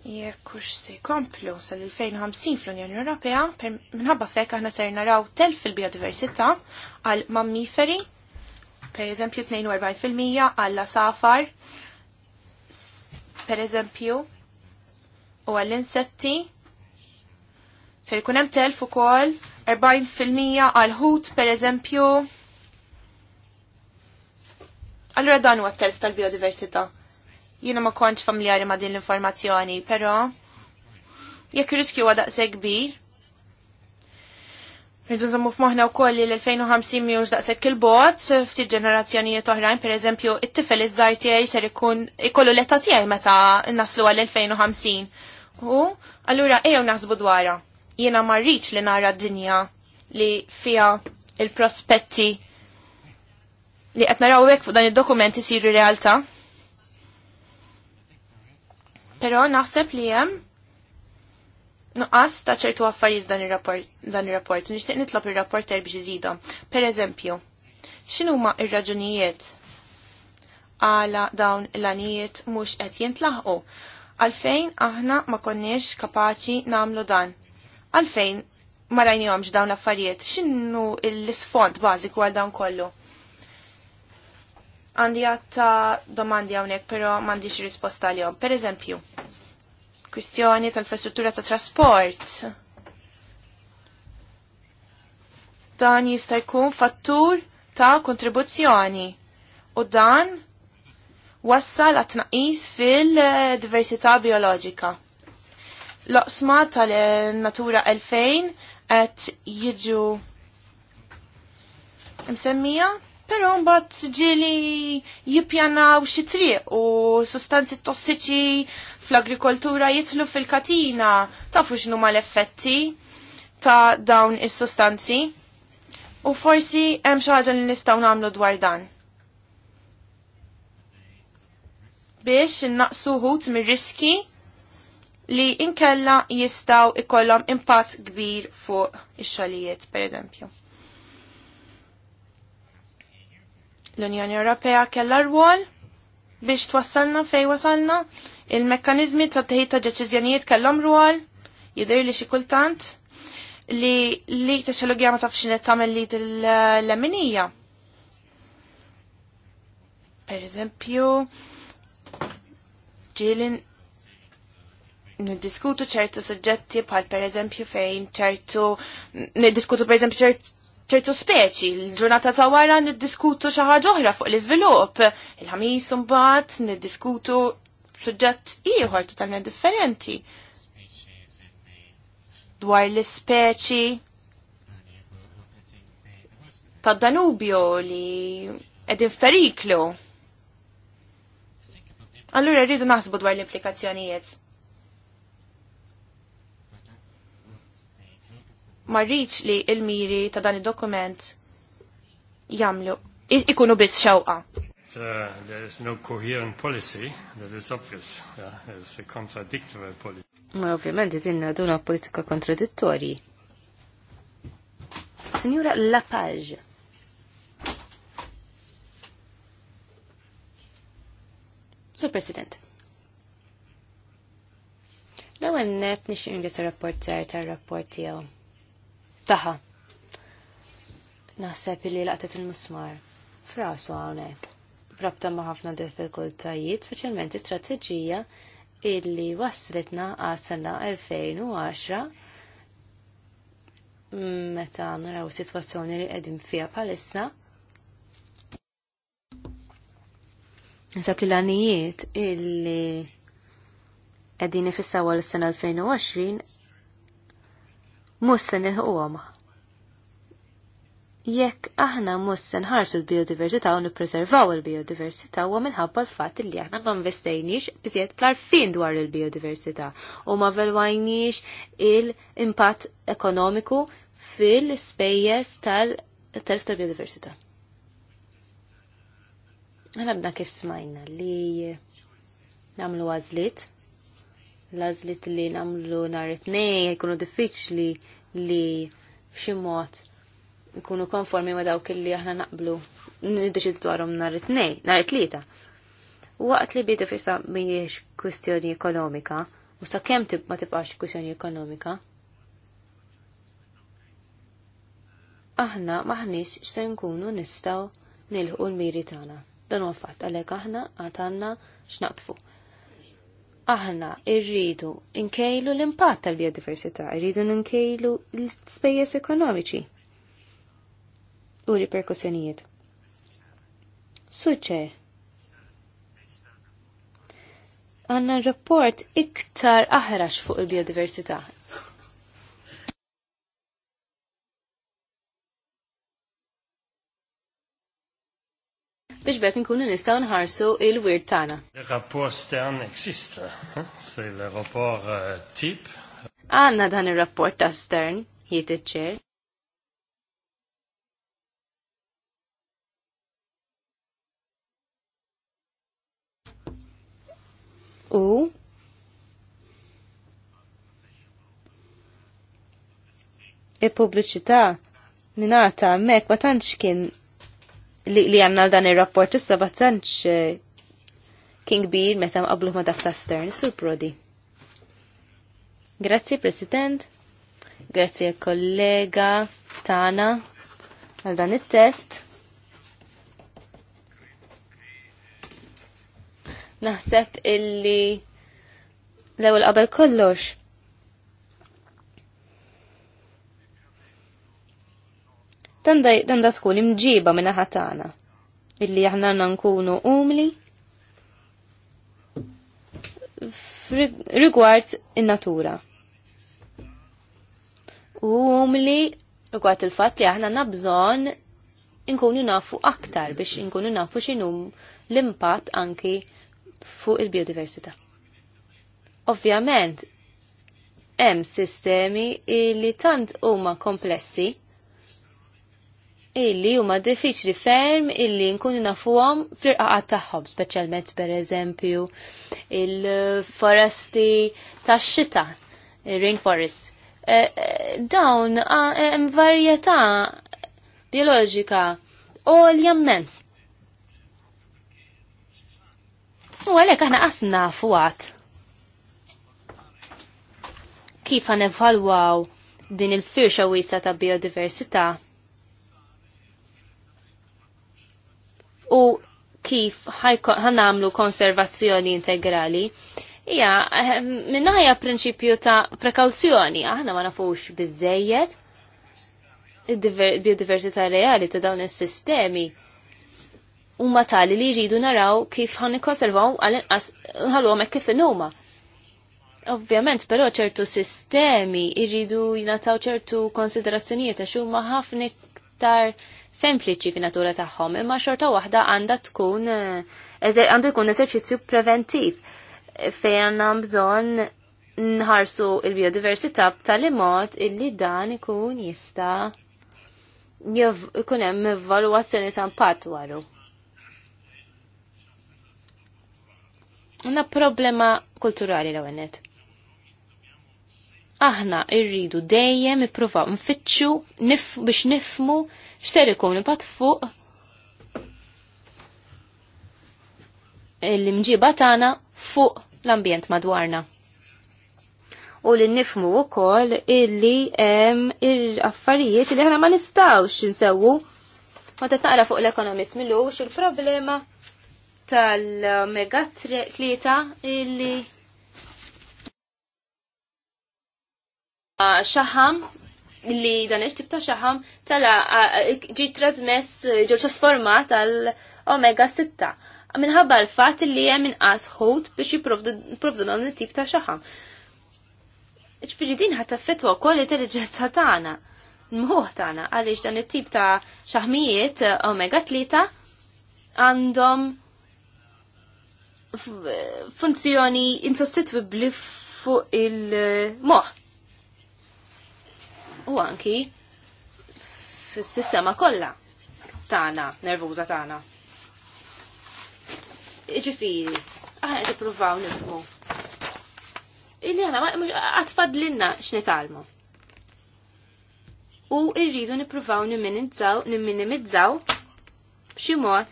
jekk hux se jkomplu sal-2050 fl-Unjoni Ewropea, minħabba fek aħna ser naraw telf fil-biodiversità għal mammiferi, per eżempju 42% għal safar, per eżempju, u għall insetti se jkun hemm telf ukoll 40% għal ħut per eżempju. Allura dan huwa telf tal-biodiversità. Jiena ma kontx familjari ma din l-informazzjoni, però jekk riskju għadak se kbir, Rridu nżommu f'moħna wkoll li l-2050 miux daqshekk il-bot ftit ġenerazzjonijiet oħrajn, pereżempju, it-tifel iż-żgħar tiegħi ser ikun ikollu l-età tiegħi meta naslu għal 2050 U allura ejjew naħsbu dwarha. Jiena ma rridx li nara d-dinja li fiha il-prospetti li qed naraw hekk fuq dan id dokumenti siru realtà. Pero naħseb li hemm nuqqas ta' ċertu affarijiet dan ir-rapport, nixtieq nitlob ir-rapporter biex iżidhom. Per eżempju, x'inhuma il raġunijiet għala dawn l-anijiet mhux qed jintlaħqu? Għalfejn aħna ma konniex kapaċi namlu dan? Għalfejn ma għomx dawn l-affarijiet? X'inhu l-isfond bażiku għal dawn kollu? Għandi għatta domandi għonek, pero mandiċ risposta għal-jom. Per eżempju, kwistjoni tal-infrastruttura ta' trasport. Dan jista' jkun fattur ta' kontribuzzjoni u dan wassal għat tnaqqis fil-diversità biologika. L-oqsma tal-Natura 2000 qed jiġu msemmija, però mbagħad ġieli jippjanaw xi triq u sustanzi tossiċi fl-agrikoltura jitlu fil-katina tafu x'nu mal-effetti ta' dawn is-sustanzi u forsi hemm xi ħaġa li nistgħu nagħmlu dwar dan. Biex innaqsu ħut mir-riski li inkella jistaw ikollhom impatt kbir fuq ix-xogħlijiet, pereżempju. L-Unjoni Ewropea kellha rwol biex twassalna fej wasalna, il-mekkanizmi ta' teħid ta' deċiżjonijiet kellhom rwol, jidher li xi kultant li li ta' ma tafx li tagħmel li l-leminija. Per eżempju, ġilin niddiskutu ċertu suġġetti bħal per eżempju fejn ċertu niddiskutu per eżempju ċertu ċertu speċi, l-ġurnata ta' wara niddiskutu xi ħaġa oħra fuq l-iżvilupp, il-ħamis mbagħad niddiskutu suġġett ieħor totalment differenti dwar l-speċi ta' Danubio li edin feriklu. Allura rridu naħsbu dwar l-implikazzjonijiet. marriċ li il-miri ta' dan il-dokument jamlu, ikunu bis xawqa. Uh, there is no coherent policy, that is obvious. Yeah, it's a contradictory policy. Ma ovvjament dinna duna politika kontradittori. Signora Lapage. Sir President. L-ewwel net nixtieq ringrazzja rapport tar-rapport tijaw. Taha Naħseb li laqtet il-musmar. Frasu hawnhekk. Rabta ma' ħafna diffikultajiet, speċjalment istrateġija illi waslitna għas sena 2010 meta naraw situazzjoni li qegħdin fiha bħalissa. Nisab li l-għanijiet illi għedini ifissaw għal sena 2020 mhux se ħuqom Jekk aħna mhux se nħarsu l-biodiversità u nipreservaw il-biodiversità huwa minħabba l-fatt li aħna ma investejniex biżjed bl dwar il-biodiversità u ma velwajniex il-impatt ekonomiku fil spejjes tal-telf tal-biodiversità. Għalabna kif smajna li namlu għazlit Lażlit li namlu nhar it-tnejn jkunu diffiċli li f'xi mod ikunu konformi ma dawk li aħna naqblu niddeċidu dwarhom nhar it-tnejn, nhar it-tlieta. Waqt li bidu fissa mhijiex kwistjoni ekonomika, u sa kemm ma tibqax kwistjoni ekonomika, aħna maħniex se nkunu nistgħu nilħu l-miri tagħna. Dan huwa fatt għalhekk aħna għatanna x'naqtfu aħna irridu nkejlu l-impatt tal-biodiversità, irridu nkejlu l-spejjeż ekonomiċi u riperkussjonijiet. Suċe. Għanna rapport iktar aħrax fuq il-biodiversità. biex bekk nkunu nistgħu nħarsu il-wirt tagħna. Ir-rapport stern eksista, se l-rapport euh, tip. Għanna dan ir-rapport ta' stern, jiet iċ-ċer. U il-pubbliċità ninata mek ma tantx kien li għanna dan il-rapport issa battanċ eh, King Bir meta qablu ma dak ta' Stern, sur Prodi. Grazzi, President. Grazzi kollega tana għal dan it-test. Naħseb illi l-ewwel qabel kollox Danda tkun imġiba minna ħatana illi aħna nkunu umli rigward in-natura. umli rigward il-fatt li aħna nabżon inkunu nafu aktar biex inkunu nafu x'inhum l-impatt anki fuq il-biodiversità. Ovvjament, hemm sistemi li tant huma komplessi illi huma diffiċli ferm illi nkunu nafuhom fl-irqaqat tagħhom, speċjalment pereżempju il-foresti tax-xita, il-rainforest. Eh, eh, dawn ah, eh, hemm varjetà bioloġika għolja imment. U għalhekk aħna qasna fuqat kif għan evalwaw din il-firxa wisa ta' biodiversità u kif ħanamlu konservazzjoni integrali. Ija, eh, minnaja prinċipju ta' prekawzjoni, aħna ma nafux bizzejiet, biodiversità reali ta' dawn is-sistemi u matali li jridu naraw kif ħan ikkonservaw għal-inqas ħalhom hekk kif inhuma. Ovvjament, però ċertu sistemi jridu jingħataw ċertu konsiderazzjonijiet għaxu huma ħafna iktar sempliċi fi natura tagħhom, imma xorta waħda għandha tkun eh, għandu jkun eżerċizzju preventiv eh, fejn għandna bżonn nħarsu il-biodiversità b'tali mod illi dan ikun jista' ikun hemm evalwazzjoni ta' impatt waru. Una problema kulturali l-għennet aħna irridu dejjem ippruvaw nfittxu nif biex nifmu x'ser ikun impatt fuq l-imġiba tagħna fuq l-ambjent madwarna. U li nifmu wkoll illi hemm il affarijiet li aħna ma nistgħux insewwu ma naqra fuq l-ekonomist mill il-problema tal-mega tlieta illi xaħam li dan ix tibta xaħam tala ġi trasmess ġi trasformat tal omega 6 minħabba l-fat li hemm inqas ħut biex jipprovdu non it-tip ta' xaħam. Ġifieri din ħadd taffettwa wkoll l-intelliġenza tagħna, l-mħuħ tagħna għaliex dan it-tip ta' xaħmijiet omega 3 għandhom funzjoni insostitwibli fuq il-moħħ u anki fis-sistema kollha tagħna, nervuża tagħna. Ġifieri, aħna qed ippruvaw nifhmu. Iljana, għatfadlinna x'nitalmu. U irridu nippruvaw nimminimizzaw, nimminimizzaw b'xi mod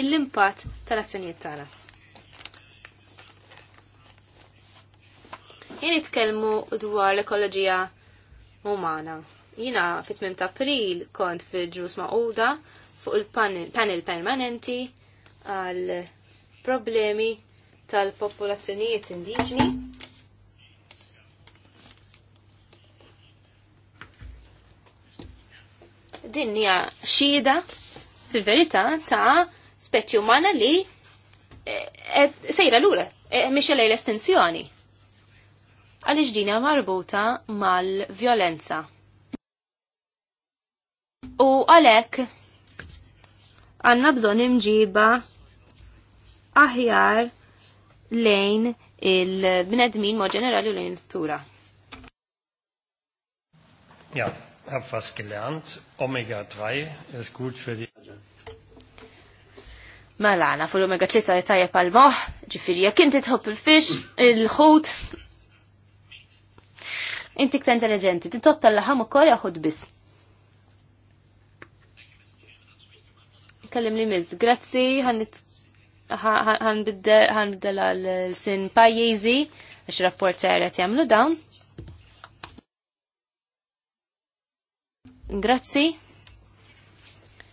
l-impatt tal-azzjonijiet tagħna. Jien itkellmu dwar l-ekoloġija umana. Jina fit ta' april kont fi ġus ma'uda fuq il-panel permanenti għal problemi tal-popolazzjonijiet indiġni. Din hija xhieda fil-verità ta' speċi umana li eh, eh, sejra lura, eh, mhix l estensjoni għaliex din hija marbuta mal-vjolenza. U għalhekk għandna bżonn imġiba aħjar lejn il-bnedmin mod ġenerali u lejn il-tura. Ja, hab was gelernt. Omega 3 is gut für die Mela, nafu l-omega 3 tajja pal-moħ, ġifiri, jek inti tħobb il-fish, il-ħut, Inti kta intelligenti, tintot tal-laħam u kol jaħud bis. Kellim li miz, grazzi, bidda għal-sin pajjiżi, għax rapport għet jamlu dawn. Grazzi.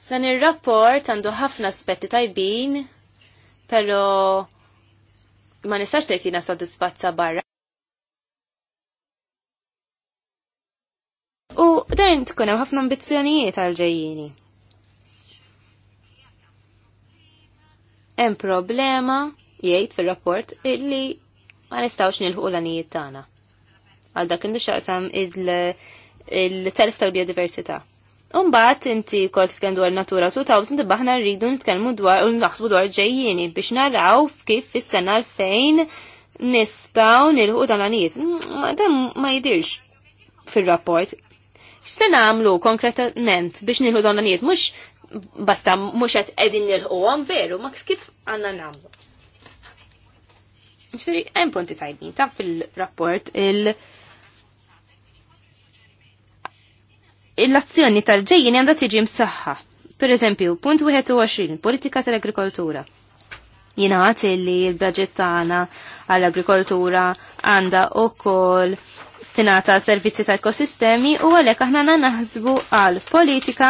Dan il-rapport għandu ħafna aspetti tajbin, pero ma nistax tgħid jiena sodisfazza barra. U dan tkun hemm ħafna ambizzjonijiet għal ġejjini. Hemm problema jgħid fir-rapport illi ma nistgħux nilħu l għanijiet tagħna. Għal dak indu xaqsam il-telf tal-biodiversità. Umbat inti kol tkendu għal Natura 2000 aħna rridu nitkellmu dwar u naħsbu dwar ġejjini biex naraw kif fis-sena fejn nistaw nilħu dan għanijiet. Dan ma jidirx fil-rapport x'se nagħmlu konkretament biex nilħu dawn l-anijiet mhux basta mhux qed qegħdin nilħuhom veru ma kif għandna nagħmlu. Ġifieri hemm punti tajbin ta' fil-rapport il- l-azzjoni tal ġejjini għandha tiġi msaħħa. Per eżempju, punt 21, politika tal-agrikoltura. Jina għat li l-budget tagħna għall-agrikoltura għandha ukoll tingħata servizzi ta' ekosistemi u għalhekk aħna naħsbu għal politika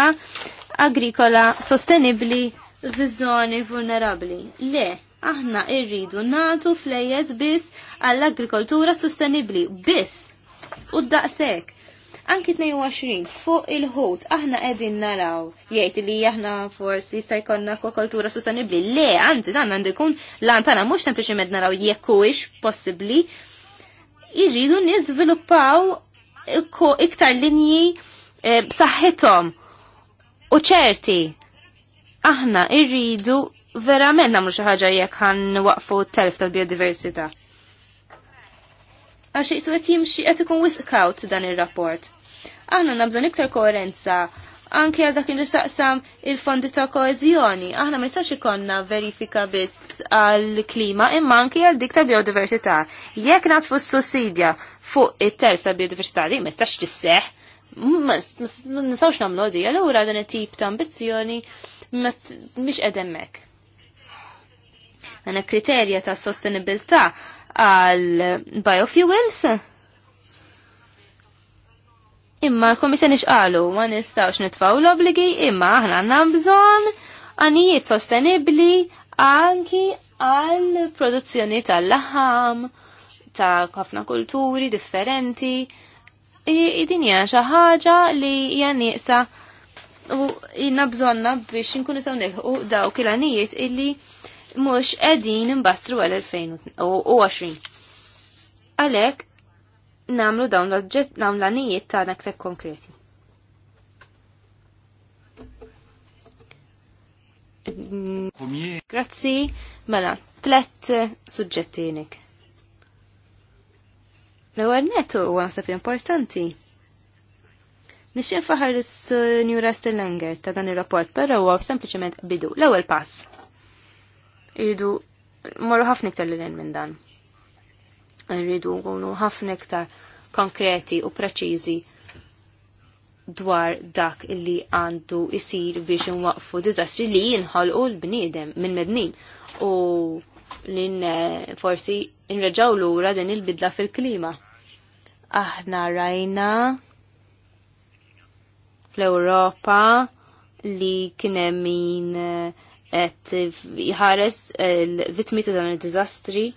agrikola sostenibbli f'żoni vulnerabli. vulnerabbli. Le, aħna irridu nagħtu flejes biss għall-agrikoltura sostenibbli biss. U daqshekk anki 22 fuq il-ħut aħna qegħdin naraw jgħid li aħna forsi jista' jkollna akwakoltura sostenibbli. Le, anzi dan għandu jkun lan tagħna mhux sempliċement naraw jekk huwiex possibbli irridu niżviluppaw iktar linji eh, b'saħħithom u ċerti. Aħna irridu verament nagħmlu xi ħaġa jekk ħan waqfu telf tal-biodiversità. Għax jisu qed jimxi qed ikun wiskawt dan ir-rapport. Aħna nabżon iktar koerenza anke għal dak nistaqsam il-fondi ta' koezjoni. Aħna ma jistax ikonna verifika biss għall klima imma anke għal dik ta' biodiversità. Jekk nat fuq sussidja fuq it-telf ta' biodiversità li ma jistax tisseħ, ma nistawx namlu di, għallura dan it-tip ta' ambizjoni mhix edemmek. Għana kriterja ta' sostenibilità għal biofuels imma l-Komissjoni xqalu ma nistgħux nitfaw l-obligi imma aħna għandna bżonn għanijiet sostenibbli anki għal produzzjoni tal-laħam ta' ħafna kulturi differenti. Idin hija xi ħaġa li hija nieqsa u jina bżonna biex nkunu taw nilħu daw kilanijiet illi mux edin imbastru għal 2020. Għalek, namlu dawn l-ġet namlu l-anijiet ta' naktar konkreti. Grazzi, mela, tlet eh, suġġettinik. L-ewwel netu u għasaf importanti. Nixin faħar is-Njura Stellenger ta' dan ir-rapport, però huwa sempliċement bidu l-ewwel pass. Iridu morru ħafna iktar lil minn dan Irridu nkunu ħafna iktar konkreti u preċiżi dwar dak illi għandu jisir biex nwaqfu dizastri li jinħolqu l-bniedem minn mednin u li eh, forsi nreġaw lura din il-bidla fil-klima. Aħna rajna fl-Europa li kienem min eh, et jħares eh, l-vitmi ta' dan il-dizastri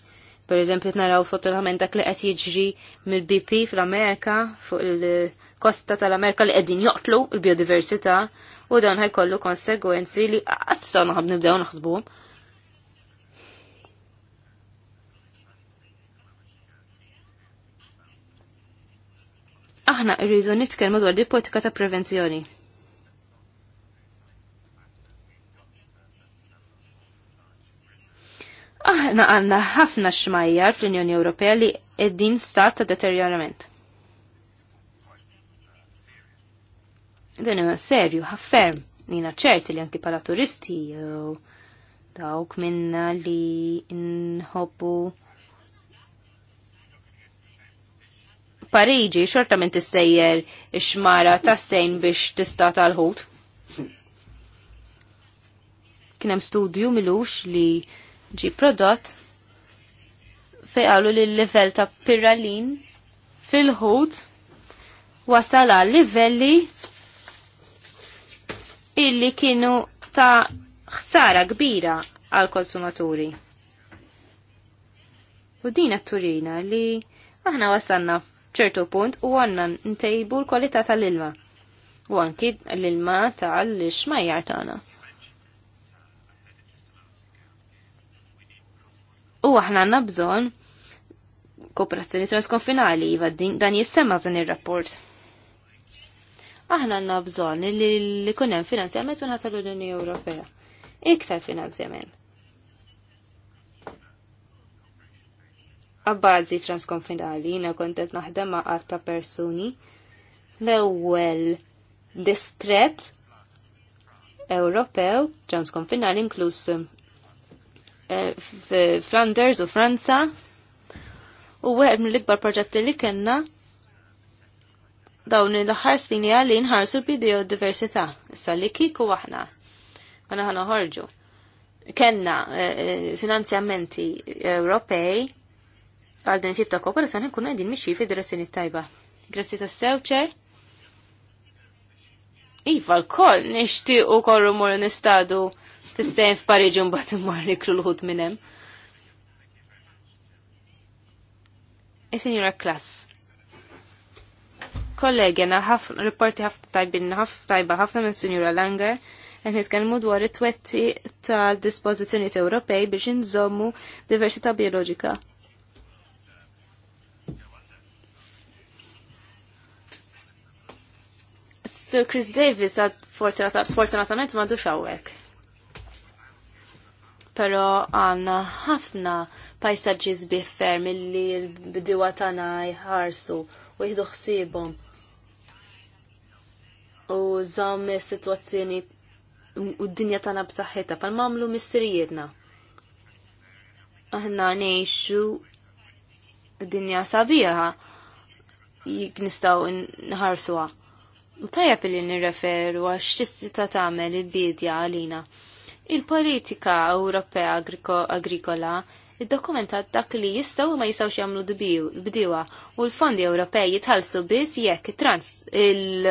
Per eżempju, naraw fotolament dak li qed jiġri mill-BP fl-Amerika fuq il-kosta tal-Amerika li qegħdin joqtlu l-biodiversità u dan ħajkollu konsegwenzi li għastisaw naħab nibdew naħsbu. Aħna rridu nitkellmu dwar di politika ta' prevenzjoni. Aħna għanna ħafna xmajjar fl-Unjoni Ewropea li eddin stat ta' deterjorament. Dan huwa serju, ħafferm, nina ċerti li anki pala turisti jew dawk minna li nħobbu Pariġi xorta minn tissejjer ix-xmara tas-sejn biex tista' tal-ħut. Kien hemm studju milux li ġi prodott fej għalu li l-level ta' piralin fil-ħud wasala l livelli illi kienu ta' ħsara kbira għal konsumaturi. U din turina li aħna wasanna ċertu punt u għanna ntejbu l-kwalità tal-ilma. U anki l-ilma tal-xmajjar tagħna. Ta U aħna għandna bżonn kooperazzjoni transkonfinali iva dan jissemma f'dan ir-rapport. Aħna għanna bżonn li jkun hemm finanzjament minn ħadd l-Unjoni Ewropea. Iktar finanzjament. għabbażi transkonfinali, jina kontet naħdem ma' għatta personi. L-ewel distret Ewropew transkonfinali inkluż Eh, Flanders u Franza u għed mill-ikbar proġetti li kena dawn l-ħar linja li nħarsu l-biodiversità. Issa li kiku waħna, għana ħana ħorġu. kena eh, eh, finanzjamenti Ewropej għal din xif ta' kooperazzjoni kuna għedin mixi fi direzzjoni tajba. Grazzi ta' sewċer. Iva l-koll nishti u korru mor nistadu fis f'Pariġi mbagħad bat niklu l-ħut minn hemm. klas. E, Klass. Kollegi, għana ħafna riporti ħafna tajbin, ħafna tajba ħafna minn Sinjura Langer, għan nitkellmu dwar it-twetti ta' dispożizzjonijiet Ewropej biex inżommu diversità biologika. Sir Chris Davis għad fortunatament mandux għawek pero għanna ħafna pajsaġġi sbieħ ferm illi l-bidiwa tagħna jħarsu u jieħdu ħsiebhom. U żomm situazzjoni sitwazzjoni u d-dinja tagħna b'saħħitha bħal mamlu mistrijedna. Aħna ngħixu dinja sabiħa jik nistgħu nħarsuha. U tajjeb li nirreferu għax tista' tagħmel il-bidja għalina. Il-politika Ewropea agrikola id-dokumentat dak li jistaw ma jistaw jagħmlu bdiwa u l-fondi Ewropej jitħalsu biss jekk trans il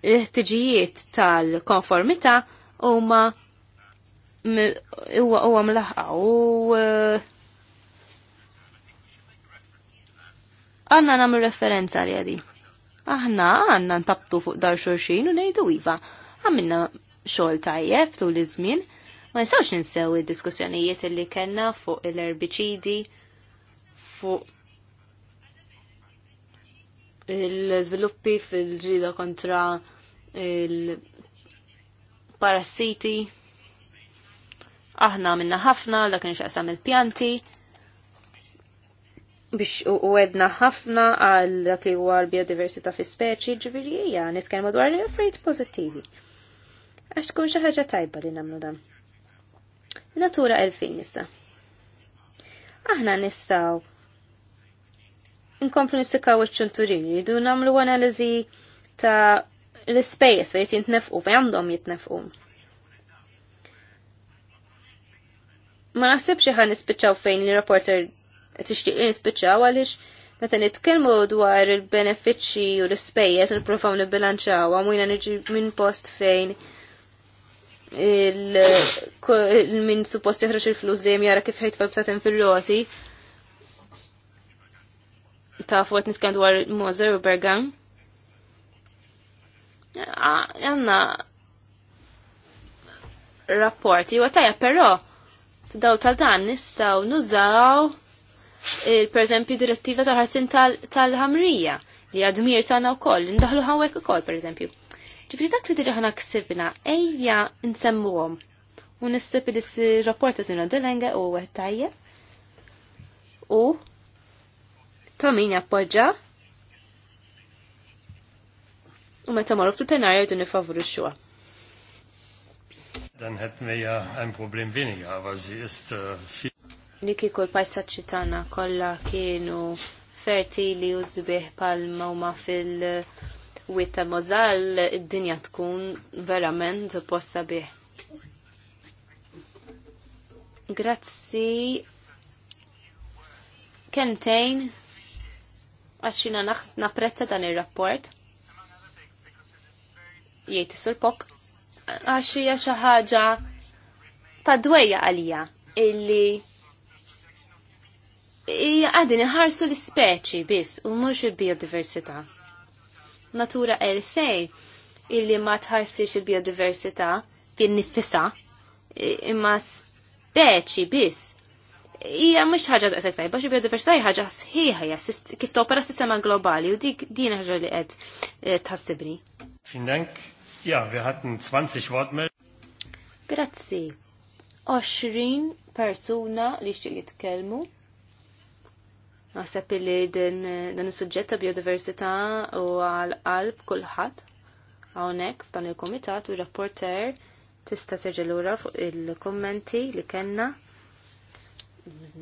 ħtiġijiet tal-konformità huma għam laħqa u eh, għanna namlu referenza li għadi. Aħna għanna ntabtu fuq dar xurxin u nejdu iva. Għamminna xogħol tajjeb tul iż-żmien, ma nistgħux ninsew id-diskussjonijiet li kellna fuq il-erbiċidi, fuq il-żviluppi fil-ġrida kontra il-parassiti. Aħna minna ħafna, dak xaqsam il-pjanti, biex u għedna ħafna għal dak li huwa l-biodiversità fi speċi ġifieri hija nitkellmu dwar l-affarijiet pożittivi għax tkun xi ħaġa tajba li nagħmlu dan. Natura 2000 issa. Aħna nistgħu nkomplu nistikaw iċ ċunturin jridu nagħmlu analiżi ta' l-ispejjeż fejn jitnefqu, fejn għandhom jitnefqu. Ma naħsibx ħan nispiċċaw fejn il-rapporter tixtieq nispiċċaw għaliex meta nitkellmu dwar il-benefiċċji u l-ispejjeż u nippruvaw nibbilanċaw mujna niġi minn post fejn il-min suppost joħroġ il-flus dejjem jara kif ħejt fil fil-roti. Ta' fuqet niskan dwar Mozer u Bergan. Għanna rapporti, u għatajja, pero daw ta' dan nistaw nużaw per eżempju direttiva ta' ħarsin tal-ħamrija li għadmir tagħna wkoll, ndaħlu hawnhekk ukoll per eżempju. Ġifri dak li diġa ħana ksibna, ejja nsemmuhom. U nissib li s rapporta ta' d delenga u għed tajjeb. U ta' min jappoġġa. U meta marru fil-plenarja jdu nifavru xua. Dan ħed meja għem problem weniger, aber jist eh, ist viel. Li kieku l kollha kienu fertili u zbieħ palma huma fil- with ta' id-dinja tkun verament posta bih. Grazzi kentejn għaxina naprezza dan il-rapport jgħid sul pok għax hija xi ħaġa ta' għalija illi għadin iħarsu l speċi biss u mhux il-biodiversità natura elfej illi ma tħarsix il-biodiversità fin nifisa imma speċi biss. Ija mhux ħaġa daqshekk tajba xi biodiversità hija ħaġa sħiħa kif topera sistema globali u dik din ħaġa li qed eh, tħassibni. Vielen Dank. Ja, wir hatten 20 Wortmeldungen. Grazzi. 20 persuna li xtieq jitkellmu. Naħseb li din dan is-suġġett ta' biodiversità u għal-qalb kulħadd hawnhekk f'dan il-kumitat u rapporter tista' terġa' lura fuq il-kummenti li kellna.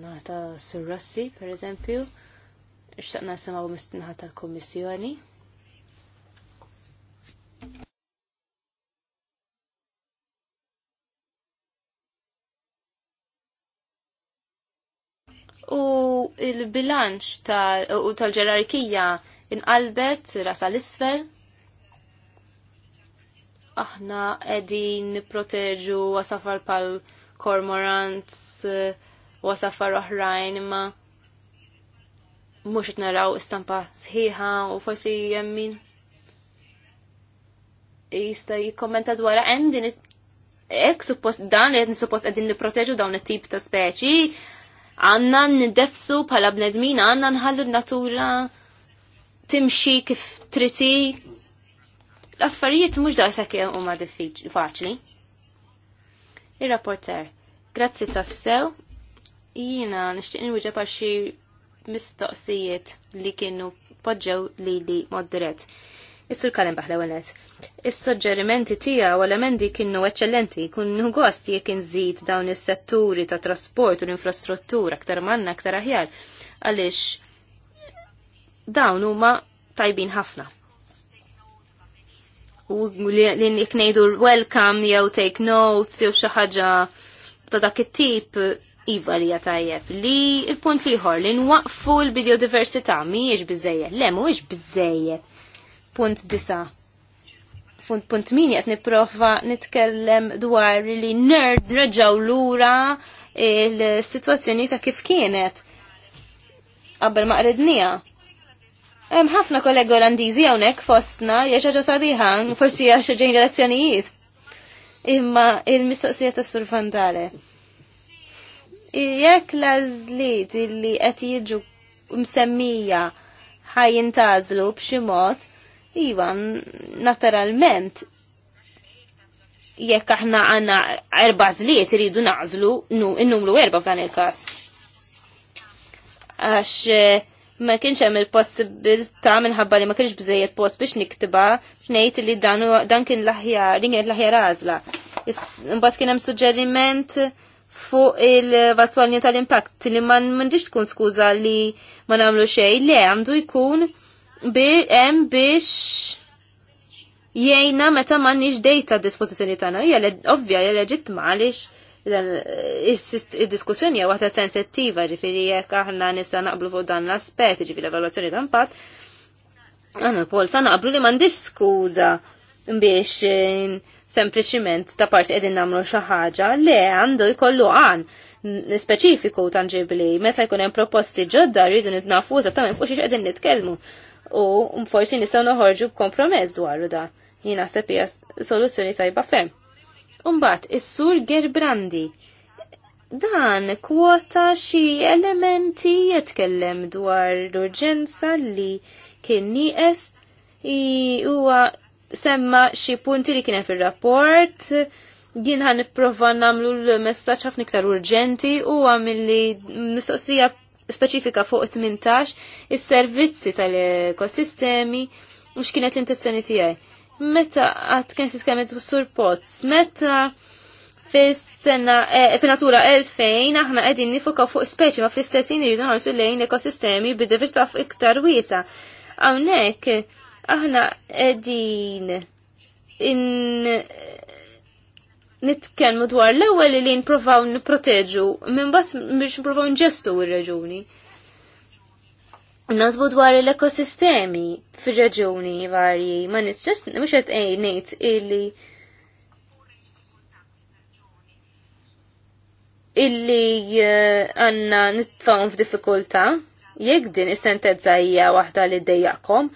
Naħta Sir Rossi, pereżempju, s-semaw mistinħa tal-Kummissjoni. U il-bilanċ u tal-ġerarkija inqalbet rasa l-isfel. Aħna edin proteġu wasafar pal kormorants wasafar oħrajn imma mux naraw istampa sħiħa u forsi jemmin jista jikkommenta dwara hemm din ek suppost dan qed suppost qegħdin nipproteġu dawn it-tip ta' speċi Għanna n-defsu bħala bnedmin, għanna nħallu natura timxi kif triti. L-affarijiet mux da' sekk huma faċli. Il-rapporter, grazzi tassew, jina nishtiq n-wġa xi mistoqsijiet li kienu poġġew li li moddiret. Is-sur kalem baħla għalet. Is-soġġerimenti tija u l-emendi kienu eccellenti, kunnu gost jek nżid dawn is-setturi ta' trasport u l-infrastruttura aktar manna aktar aħjar, għalix dawn huma tajbin ħafna u li niknejdu welcome jew take notes jew xi ħaġa ta' dak it-tip iva li tajjeb li il-punt liħor li nwaqfu l-biodiversità mhijiex biżejjed, le mhuwiex biżejjed punt Punt min jgħat niprofa nitkellem dwar li nerd reġaw lura il-situazzjoni ta' kif kienet qabel ma rednija. Hemm ħafna kollegi Olandiżi hawnhekk fostna hija xi ħaġa sabiħa, forsi hija xi ġejn relazzjonijiet. Imma il-mistoqsija ta' Sur Fandale. Jekk l-għażliet li qed jiġu msemmija ħajjin tażlu b'xi mod, Iva, naturalment, jekk aħna għanna erba zliet iridu naqżlu n erba f'dan il-kas. Għax eh, ma kienx hemm il-possibilità minħabba li ma kienx bżejjed post biex niktiba f'ngħid li dan kien l-aħjar, din kienet l-aħjar għażla. Imbagħad kien hemm suġġeriment fuq il vaswalni tal-impatt li ma m'għandix tkun skuża li ma nagħmlu xejn, le għandu jkun hemm biex jiejna meta m'għandniex dejta dispożizzjoni tagħna hija ovvja hija leġittima għaliex id-diskussjoni hija waħda sensittiva ġifiri jekk aħna nista' naqblu fuq dan l aspet ġifiri l evaluazzjoni ta' impatt. Għanna l-pol sa' naqblu li m'għandix skuża biex eh, sempliciment ta' parsi qegħdin nagħmlu xi ħaġa, le għandu jkollu għan speċifiku tanġibli meta jkun hemm proposti ġodda rridu nitnafu eżattament fuq xi qegħdin nitkellmu u forsi nistgħu noħorġu b'kompromess dwaru da. Jien naħseb hija soluzzjoni tajba ferm. Umbat, is-sur Gerbrandi dan kwota xi elementi jitkellem dwar l-urġenza li kien nieqes huwa semma xi punti li kien fir-rapport jien ħan nipprova nagħmlu l-messaġġ ħafna iktar urġenti u għamilli mistoqsija speċifika fuq 18 is-servizzi tal-ekosistemi u x'kienet l-intenzjoni tiegħi. Meta qatt kien titkellmet sur Potts, meta fis-sena eh, fin-natura 2000 aħna qegħdin nifokaw fuq speċi ma fl-istess jien irridu nħarsu lejn ekosistemi b'diversità iktar wiesa. Hawnhekk aħna qegħdin in nitkellmu dwar l-ewwel li nipprovaw nipproteġu minn mbagħad biex nipprovaw nġestu r-reġuni. Nazbu dwar l-ekosistemi fir-reġuni varji, ma nisġest mhux qed ngħid illi illi eh, għanna nitfawn f'diffikultà jek din is-sentenza hija waħda li ddejjaqkom,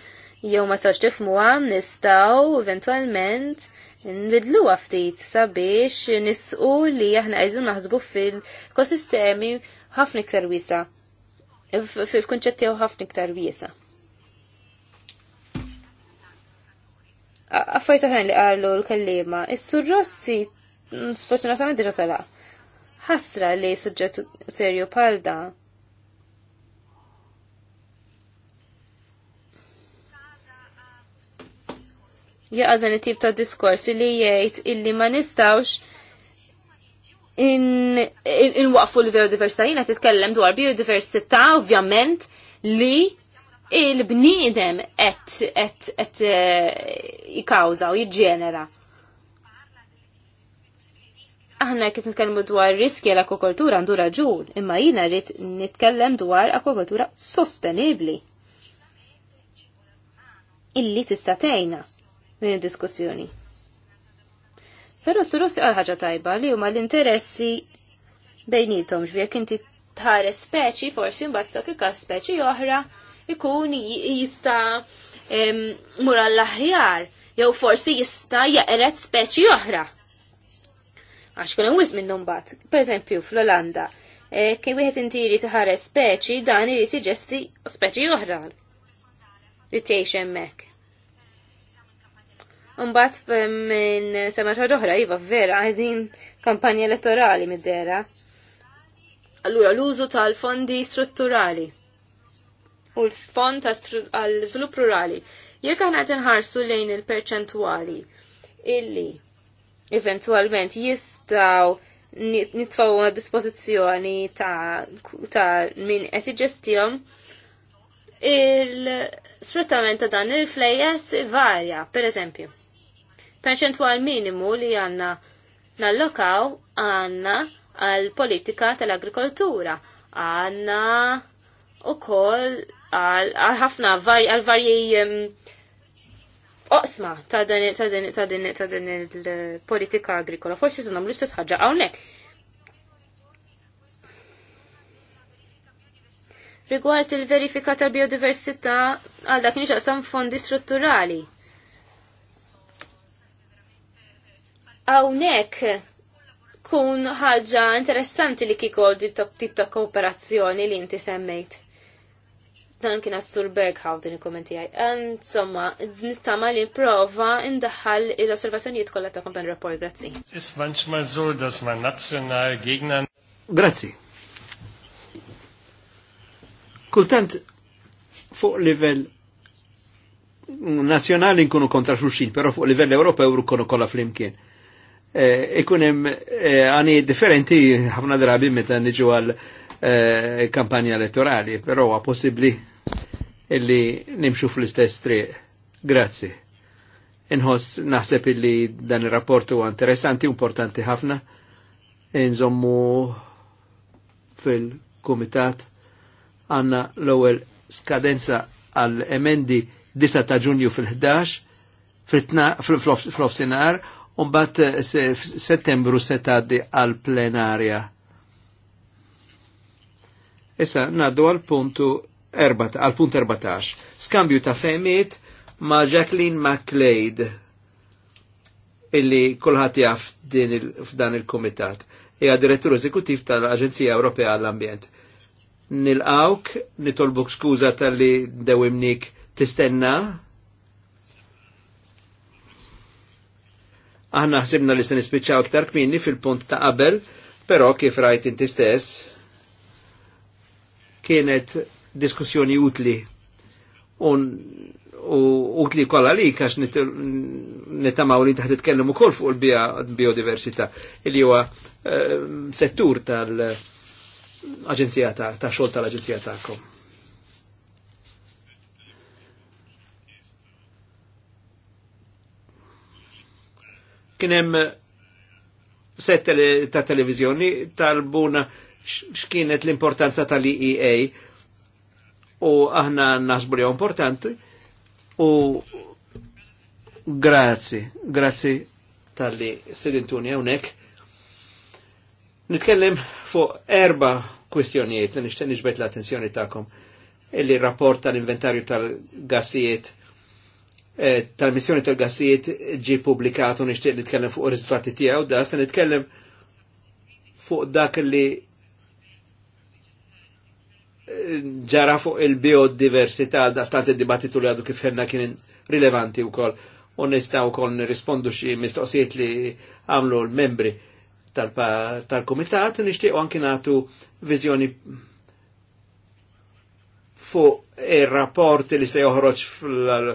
jew ma sarx tifmuha nistgħu eventwalment nbidlu ftit sabiex nisqu li aħna għajżu naħzgu fil kosistemi ħafna iktar wiesa. Fil-kunċetti ħafna iktar wiesa. Affarijiet oħrajn li qalu l-kellima, is-sur Rossi mm, sfortunatament ġatala, tala. Ħasra li suġġett serju pal dan jaqa' dan it-tip ta' diskors li jgħid illi ma nistawx inwaqfu in, in l-biodiversità jina titkellem dwar biodiversità ovvjament li il-bniedem qed et, eh, jikawza u jiġġenera. Aħna kif nitkellmu dwar riski għal akwakultura għandu raġun, imma jina rrit nitkellem dwar akwakultura sostenibli. Illi tistatejna din id-diskussjoni. Però s-surossi għalħaġa tajba li huma l-interessi bejnietom ġvijek inti tħares speċi, forsi mbagħad sa kika speċi oħra ikun jista' mur l-aħjar, jew forsi jista' jaqret speċi oħra. Għax hemm wis minnhom bat. Pereżempju fl-Olanda, e, kien wieħed inti jrid tħares speċi dan irid jiġesti speċi oħra. li tgħix hemmhekk. Unbat eh, minn sema xi oħra iva vera għedin kampanja elettorali mid-dera. Allura l-użu tal-fondi strutturali u l-fond għall svilupp rurali. Jek aħna qed lejn il-perċentwali illi eventwalment jistaw nitfaw għad dispozizjoni ta', ta min qed il-sfruttament ta' dan il-flejes varja, per eżempju perċentwal minimu li għanna nallokaw għanna għal politika tal-agrikoltura. Għanna u koll għal ħafna għal varji oqsma ta' din il-politika agrikola. Forsi tunom l-istess ħagġa għawnek. Rigward il-verifika ta' biodiversità għal dak nixaqsam fondi strutturali Hawnhekk kun ħaġa interessanti li kikol di tip ta' kooperazzjoni li inti semmejt. Dan kien Astur Berghaw din il-kommenti għaj. Ehm, insomma, nittama li prova indaħal l-osservazzjonijiet kollha ta' kompen rapport, grazzi. Grazzi. Kultant fuq livell nazzjonali nkunu kontra xulxin, però fuq livell Ewropew nkunu kollha flimkien ikunem hemm għani differenti ħafna drabi meta niġu għal kampanja elettorali, però għa possibbli illi nimxu fl-istess triq. Grazzi. Inħoss naħseb illi dan ir-rapport huwa interessanti, importanti ħafna. Inżommu fil komitat għanna l ewel skadenza għal emendi 9 ta' Ġunju fil-11 fl-ofsinhar Umbat eh, settembru se taddi għal plenarja. Issa naddu għal puntu għal punt 14. Skambju ta' femiet ma' Jacqueline MacLeod illi kolħat jaf il, f'dan il-komitat. Hija direttur eżekutiv tal-Aġenzija Ewropea għall-Ambjent. Nilqawk, nitolbuk skuża tal-li dewimnik tistenna Aħna ħsibna li se nispiċċaw aktar kmini fil-punt ta' qabel, però kif rajt inti stess kienet diskussjoni utli un u utli kolla li għax nittamaw li taħt titkellem ukoll fuq il-biodiversità il huwa eh, settur tal-aġenzija ta' xogħol tal-aġenzija tagħkom. kienem eh, set ta' televizjoni talbuna x'kienet l-importanza tal-EEA u aħna nasbu li importanti u grazzi, grazzi tal-li sedintuni għonek. Nitkellem fuq erba kwistjonijiet li nixtieq l-attenzjoni tagħkom illi rapport tal-inventarju tal-gassijiet Eh, tal-missjoni tal-gassijiet ġi publikat u nishtiq nitkellem fuq ir-riżultati da se nitkellem fuq dak li eh, ġara fuq il-biodiversità da stant dibattitu li għadu kif ħenna kien rilevanti wkoll u nistgħu kol nirrispondu xie mistoqsijiet li għamlu l-membri tal nishtiq u anki natu vizjoni fuq il rapport li se joħroġ fl-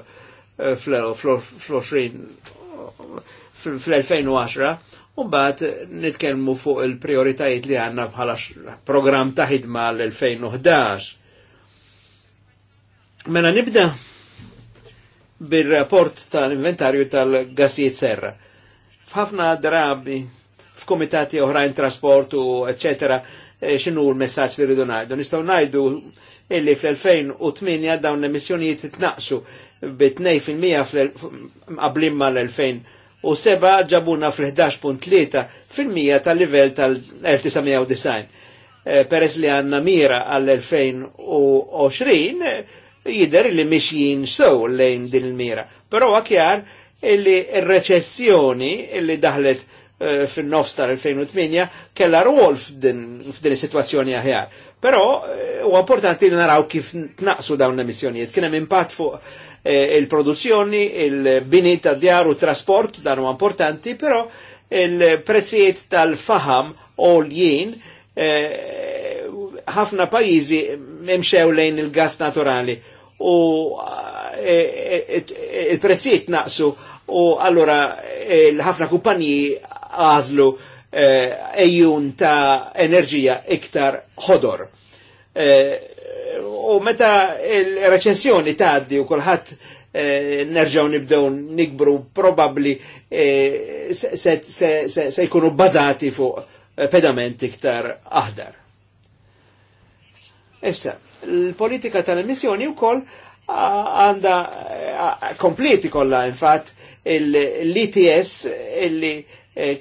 fl-2010 u mbagħad nitkellmu fuq il-prioritajiet li għandna bħala programm ta' ħidma l-2011. Mela nibda bil-rapport tal-inventarju tal-gassijiet serra. F'ħafna drabi f'komitati oħrajn trasportu, eccetera, xinu l-messagġ li rridu najdu. Nistaw najdu illi fl-2008 dawn l-emissjonijiet tnaqsu bi 2% qablim mal-2007 ġabuna fl-11.3 fil-mija tal-livell tal-1990. E, peress li għanna mira għall-2020 jider li miexjien sew lejn din il-mira. Però għakjar illi il-reċessjoni illi daħlet e, fin-nofs tal-2008 kella rwol f'din is-sitwazzjoni aħjar. Però e, huwa importanti li naraw kif tnaqsu dawn l-emissjonijiet. Kien hemm impatt fuq Eh, il-produzzjoni, il-bini ta' djar u trasport, danu importanti, però il prezziet tal-faham all jien eh, ħafna eh, pajizi memxew lejn il-gas naturali u eh, il prezziet naqsu u allora ħafna kumpanji għazlu ejjun ta' enerġija iktar ħodor. U meta il-reċessjoni tgħaddi u kolħat eh, nerġaw nibdew nikbru probabli eh, se jkunu bazati fuq eh, pedamenti iktar aħdar. Issa, l-politika tal-emissjoni u koll għanda kompleti kollha infat l its illi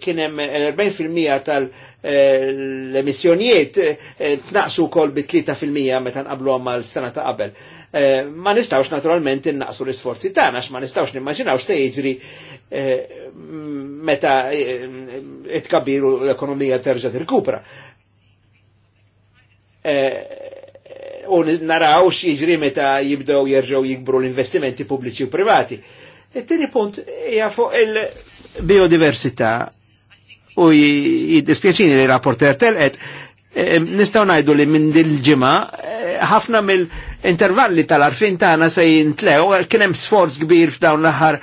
kienem 40% tal- l-emissjonijiet eh, tnaqsu kol bi 3% meta qablu għamma l-sena ta' qabel. Eh, ma nistawx naturalment n-naqsu l-isforzi tagħna għax ma nistawx nimmaġinaw se jiġri eh, meta it-kabiru l-ekonomija terġa' tirkupra. U naraw x'jiġri meta jibdew jerġgħu jikbru l-investimenti pubbliċi u privati. It-tieni e punt hija fuq il-biodiversità u jiddispjaċini li rapporter telqet e, nistaw najdu li minn dil-ġima e, ħafna mill-intervalli tal-arfin tagħna se jintlew e, kien hemm sforz kbir f'dawn l-aħħar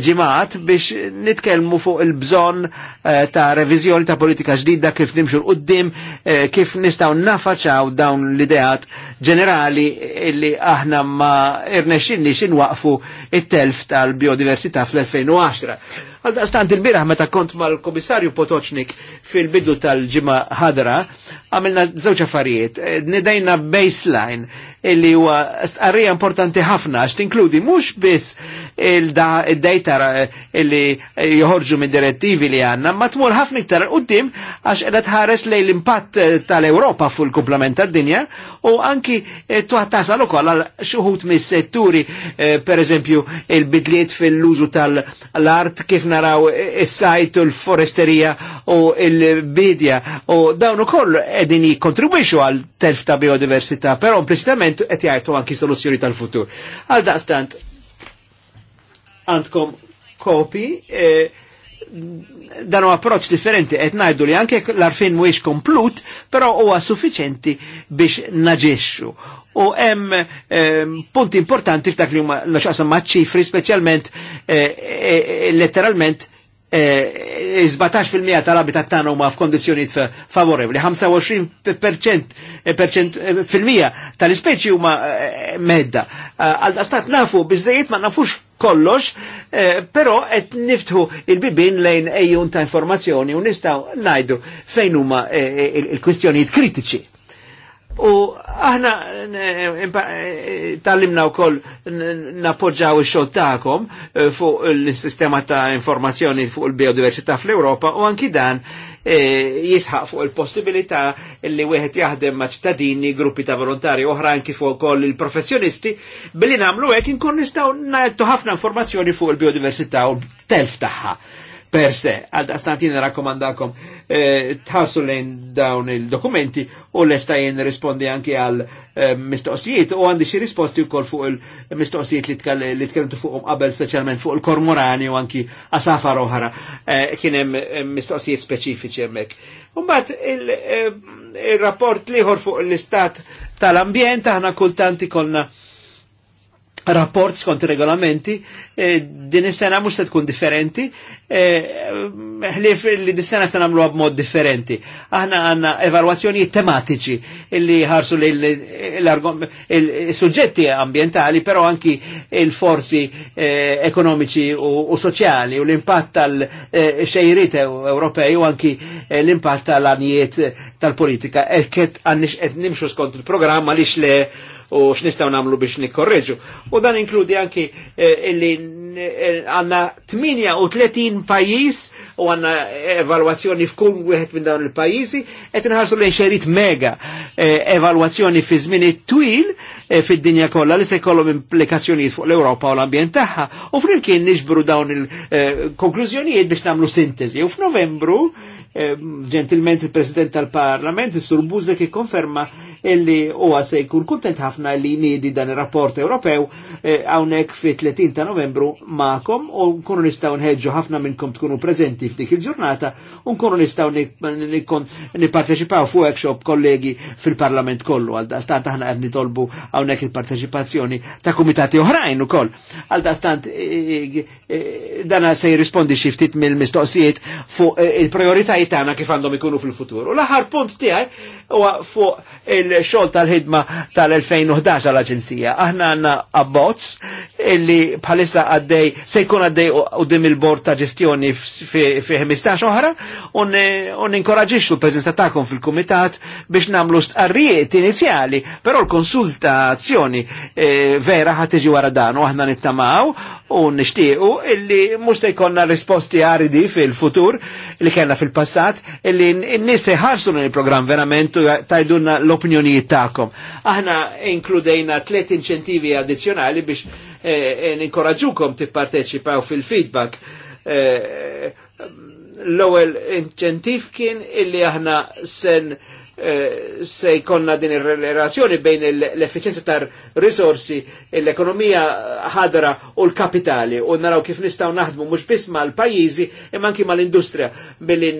ġimat biex nitkellmu fuq il-bżonn ta' reviżjoni ta' politika ġdida kif nimxu l-qoddim, kif nistaw nafaċaw dawn l-ideat ġenerali li aħna ma irnexxinni xin waqfu it-telf tal-biodiversità fl-2010 Għal daqstant il-biraħ meta kont mal-komissarju Potoċnik fil-bidu tal ġima ħadra, għamilna żewġ affarijiet, eh, nidajna baseline illi huwa stqarrija importanti ħafna għax tinkludi mhux biss il-data illi joħorġu minn direttivi li għandna, ma tmur ħafna iktar qudiem għax qiegħda tħares lej l-impatt tal-Ewropa fuq il-kumplament tad-dinja u anki tasal ukoll għal xuħut mis-setturi eh, pereżempju il-bidliet fil lużu tal-art kif naraw is-sajt u l-foresterija u l-bidja u dawn ukoll qegħdin jikkontribwixxu għal telf ta' biodiversità, però implicitament qed jgħidu anki soluzzjoni tal-futur. Għal daqstant għandkom kopi e, Dan dan approċ differenti qed ngħidu li anke l-arfin mhuwiex komplut, però huwa suffiċenti biex naġexxu. U hemm e, punti importanti f'dak li huma l-xaqsam ma' ċifri, speċjalment eh, eh, letteralment 17% eh, eh, tal-abitat tagħna huma f'kondizzjonijiet favorevoli, 25% eh, fil-mija tal-ispeċi huma medda. Għal stat nafu biżejjed ma nafux kollox, però qed niftħu il-bibin lejn ejjun ta' informazzjoni u nistgħu ngħidu fejn huma il-kwistjonijiet kritiċi U aħna eh, eh, tal-limna u koll napoġġaw il-xol ta'kom eh, fuq il-sistema ta' informazzjoni fuq il-biodiversità fl-Europa u anki dan jisħaq fuq il-possibilità li wieħed jaħdem ma' ċittadini, gruppi ta' volontari anki fuq ukoll il-professjonisti billi nagħmlu hekk inkun nistgħu nagħtu ħafna informazzjoni fuq il-biodiversità u telf tagħha per se. Għal daqstant jien rakkomandakom eh, tħassu lejn dawn il-dokumenti u l-esta jen rispondi anki għal eh, mistoqsijiet u għandi xi risposti wkoll fuq il-mistoqsijiet li tkellimtu fuqom qabel speċjalment fuq il-kormorani u anki għasafar oħra eh, kien hemm eh, mistoqsijiet speċifiċi hemmhekk. Mbagħad eh, il-rapport il liħor fuq l-istat tal-ambjent aħna kultanti konna rapport skont regolamenti e, din is-sena mhux se tkun differenti, e, ħlief eh, li dis-sena se nagħmluha b'mod differenti. Aħna għandna evalwazzjonijiet tematiċi li ħarsu l-suġġetti ambientali, però anki il-forzi e, ekonomiċi u, u soċjali u l-impatt tal-xejrit Ewropej u anki l-impatt tal-anijiet tal-politika. Ekket għandix qed nimxu skont il-programma li le u x'nistgħu nagħmlu biex nikkorreġu. U dan inkludi anki eh, illi għanna 38 pajis u għanna evalwazzjoni f'kun wieħed minn dawn il-pajjiżi qed inħarsu lejn xerit mega eh, evalwazzjoni fi żmien twil eh, fid-dinja kollha li se jkollhom implikazzjonijiet fuq l-Ewropa u l-ambjent tagħha u flimkien niġbru dawn il-konklużjonijiet eh, biex nagħmlu sintesi u f'Novembru ġentilment il-President tal-Parlament, il-Sur Buzek, konferma illi huwa se jkun kuntent ħafna li nidi dan ir-rapport Ewropew hawnhekk fi 30 ta' Novembru ma'kom u nkunu nistaw nħedġu ħafna minnkom tkunu prezenti f'dik il-ġurnata u nkunu nistaw nipparteċipaw fuq workshop kollegi fil-parlament kollu għal stant aħna qed nitolbu hawnhekk il-parteċipazzjoni ta' uħrajn oħrajn ukoll. Għal stant dana se jirrispondi xi ftit mill-mistoqsijiet fuq eh, il-prioritajiet tagħna kif għandhom ikunu fil-futur. U l-aħħar punt tiegħi huwa fuq il xol tal-ħidma tal-2011 għall-Aġenzija. Aħna għandna abbozz illi bħalissa għadde għaddej, se jkun għaddej u dim il-bord ta' ġestjoni fi 15 oħra, un inkoraġiċ l-prezenza ta'kom fil-komitat biex namlu stqarrijiet inizjali, però l-konsultazzjoni eh, vera ħatiġi wara dan u aħna nittamaw u nishtiqu illi mux se jkonna risposti aridi fil-futur li kellna fil-passat illi n-nis ħarsu l-program verament u tajdunna l-opinjonijiet ta'kom. Aħna inkludejna tlet inċentivi addizjonali biex E, e ninkoraġukom tipparteċipaw fil-feedback. E, l-ewwel inċentiv kien illi aħna sen Eh, se jkonna din il-relazzjoni bejn l-efficienza tar risorsi, l-ekonomija ħadra u l-kapitali u naraw kif nistaw naħdmu mux biss ma l-pajizi imma anki ma l industria billi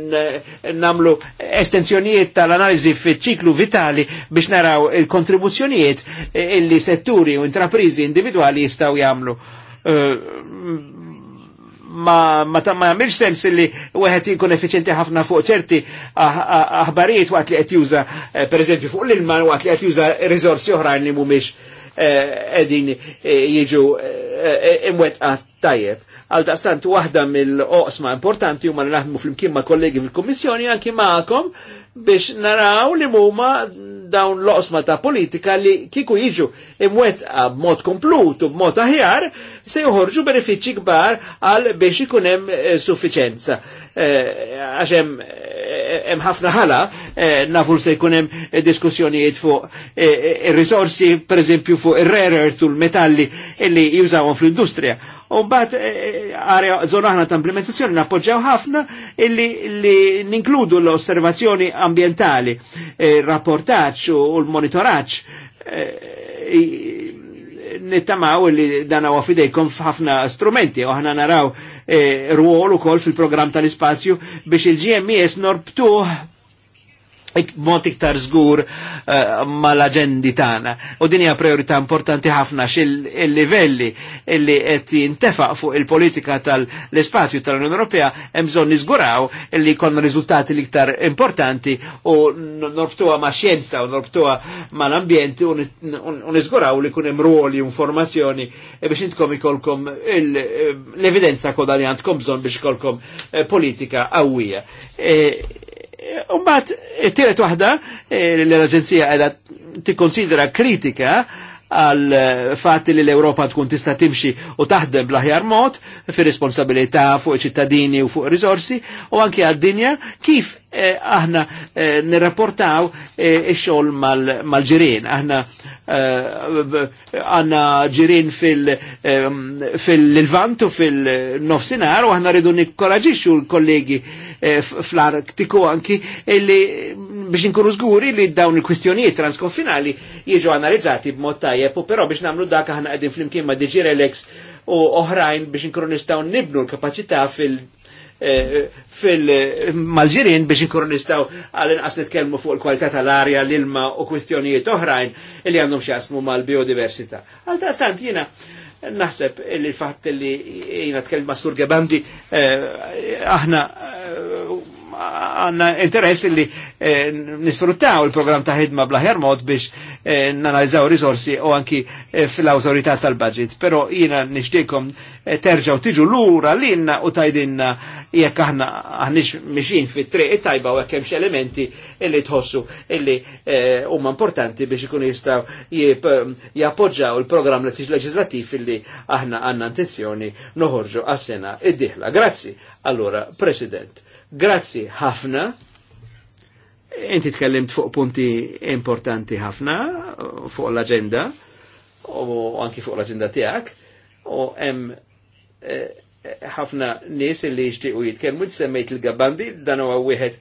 namlu estensjonijiet tal-analizi fi ċiklu vitali biex naraw il-kontribuzzjonijiet illi setturi u intraprizi individuali jistaw jamlu eh, ma ma ma jamilx sens li wieħed jikun efficienti ħafna fuq ċerti ah, ah, ah, aħbarijiet waqt li qed juża eh, pereżempju fuq l ilman waqt li qed juża rizorsi oħrajn li mhumiex eh, qegħdin eh, jiġu imwettqa tajjeb għal daqstant waħda mill-oqsma importanti huma naħdmu fl-imkien ma' kollegi fil-Kummissjoni anki ma'kom biex naraw li huma dawn l-oqsma ta' politika li kiku jiġu imwet b'mod komplut u b'mod aħjar se joħorġu benefiċċji kbar għal biex ikun hemm eh, suffiċenza. Eh, għax hemm eh, hemm ħafna ħala nafu se jkun hemm diskussjonijiet fuq ir-risorsi pereżempju fuq ir-rare earth u l-metalli li jużawhom fl-industrija. U mbagħad area żona aħna ta' implementazzjoni nappoġġjaw ħafna illi li ninkludu l-osservazzjoni ambientali, il-rapportaċ u l-monitoraċ nittamaw li dan huwa fidejkom f'ħafna strumenti u aħna naraw e, ruol ukoll fil-programm tal-ispazju biex il-GMES norbtuħ mod iktar zgur uh, eh, mal-aġendi tagħna. U din hija priorità importanti ħafna x'il-livelli illi qed jintefaq fuq il-politika tal-ispazju tal-Unjoni Ewropea hemm bżonn niżguraw illi jkollna riżultati l-iktar importanti u norbtuha ma' xjenza u norbtuha l ambjent u niżguraw li kun hemm ruoli informazzjoni eh, biex intkom ikolkom eh, l-evidenza kodan li għandkom bżonn biex ikolkom politika qawwija. E, Umbat, t-tiret e, wahda, e, l-Aġenzija għedha t tikkonsidera kritika għal eh, fatti li l-Europa tkun tista timxi u taħdem bl-aħjar mod fi responsabilità fuq ċittadini u fuq risorsi u anki għad-dinja kif eh, aħna eh, nirrapportaw eh, ix-xogħol eh, mal-ġirien. Mal aħna għanna ġirien ehm, fil-Levant u fil-Nofsinar u aħna rridu nikkoraġixxu l-kollegi eh, fl-Arktiku anki illi biex inkunu żguri li dawn il-kwistjonijiet transkonfinali jiġu analizzati b'mod tajjeb, u però biex nagħmlu dak aħna qegħdin flimkien ma' DG Relex u oħrajn biex inkunu nistgħu nibnu l-kapaċità fil- eh, fil-Malġirin biex inkunu nistgħu għall inqas nitkellmu fuq il-kwalità tal-arja, l-ilma u kwistjonijiet oħrajn li għandhom xjasmu mal-biodiversità. Għal ta' stant jiena naħseb li l-fatt li jiena tkellma Sur Gabandi eh, aħna eh, għanna interess li eh, nisfruttaw il-program ta' ħidma blaħjar mod biex eh, nanalizzaw risorsi u anki eh, fil-autorità tal-budget. Pero jina nishtiekom eh, terġaw tiġu l-ura l u tajdinna jekk aħna għanix miexin fit triq tajba u għakemx elementi illi tħossu illi huma importanti biex ikun jistaw jappoġġaw il-program leġislativ illi aħna għanna intenzjoni noħorġu għas-sena id-dihla. Grazzi, allora, President. Grazzi ħafna. Inti tkellimt fuq punti importanti ħafna fuq l-agenda u anki fuq l-agenda tiegħek u hemm eh, ħafna eh, nies li jixtiequ jitkellmu semmejt il-gabandi dan huwa wieħed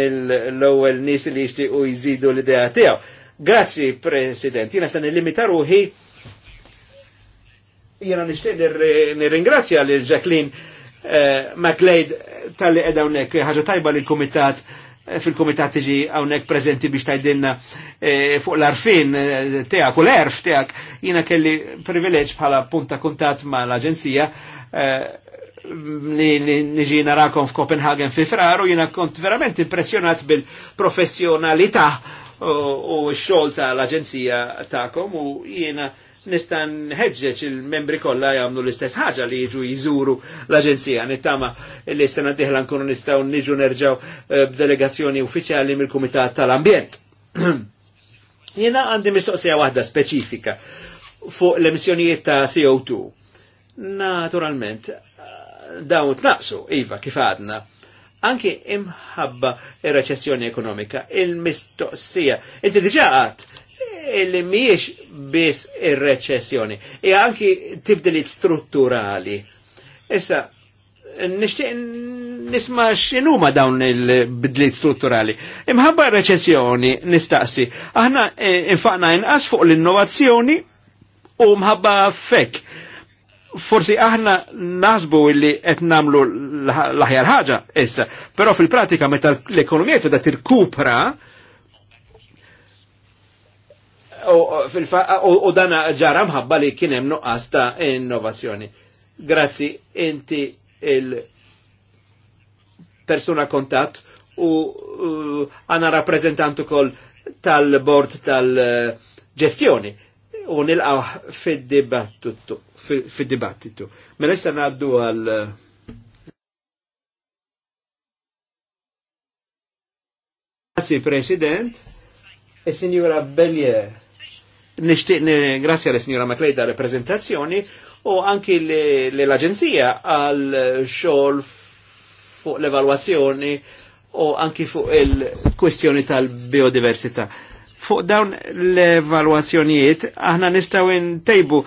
mill-ewwel nies li jixtiequ jżidu l-idea tiegħu. Grazzi President, jiena se nillimita ruħi jiena nixtieq nirringrazzja lil Jacqueline Eh, McLeod tal-li edha unnek, eh, ħagġa tajba li l-komitat eh, fil-komitat tiġi għawnek prezenti biex tajdinna fuq l-arfin teak u l-erf teak, jina kelli privileġ bħala punta kuntat ma l-agenzija li niġi narakom f'Kopenhagen fi fraru, jina kont verament impressionat bil-professjonalità u x-xol tal-agenzija ta'kom u jina nista' nħeġġeġ il-membri kollha jagħmlu l-istess ħaġa li jiġu jżuru l-Aġenzija. Nittama li sena diħla nkunu nistgħu niġu nerġgħu eh, b'delegazzjoni uffiċjali mill-Kumitat tal-Ambjent. <clears throat> Jiena għandi mistoqsija waħda speċifika fuq l-emissjonijiet ta' CO2. Naturalment, dawn t-naqsu, iva, kif għadna. Anki imħabba ir-reċessjoni ekonomika, il-mistoqsija. Inti diġa għad, li miex bis ir-reċessjoni, e anki tibdilit strutturali. Issa, nishtiq nisma x'inhuma dawn il-bidliet strutturali. Imħabba reċessjoni nistaqsi, aħna e, infaqna inqas fuq l-innovazzjoni u mħabba fek. Forsi aħna nasbu li qed nagħmlu l-aħjar ħaġa issa, però fil-pratika meta l-ekonomija da tirkupra, u dana ġara mħabba li kienem nuqqas ta' innovazzjoni. Grazzi, inti il-persuna kontatt u għana rappresentant kol tal-bord tal-ġestjoni u nilqaw fil dibattitu Mela issa ngħaddu għal Grazie President e signora Bellier. Nishtiq grazzja għal sinjora Maklejda da reprezentazzjoni u anki l-Aġenzija għal xol fuq l-evaluazzjoni u anki fuq il-kwestjoni tal-biodiversità. Fuq dawn l evaluazzjonijiet aħna nistaw ntejbu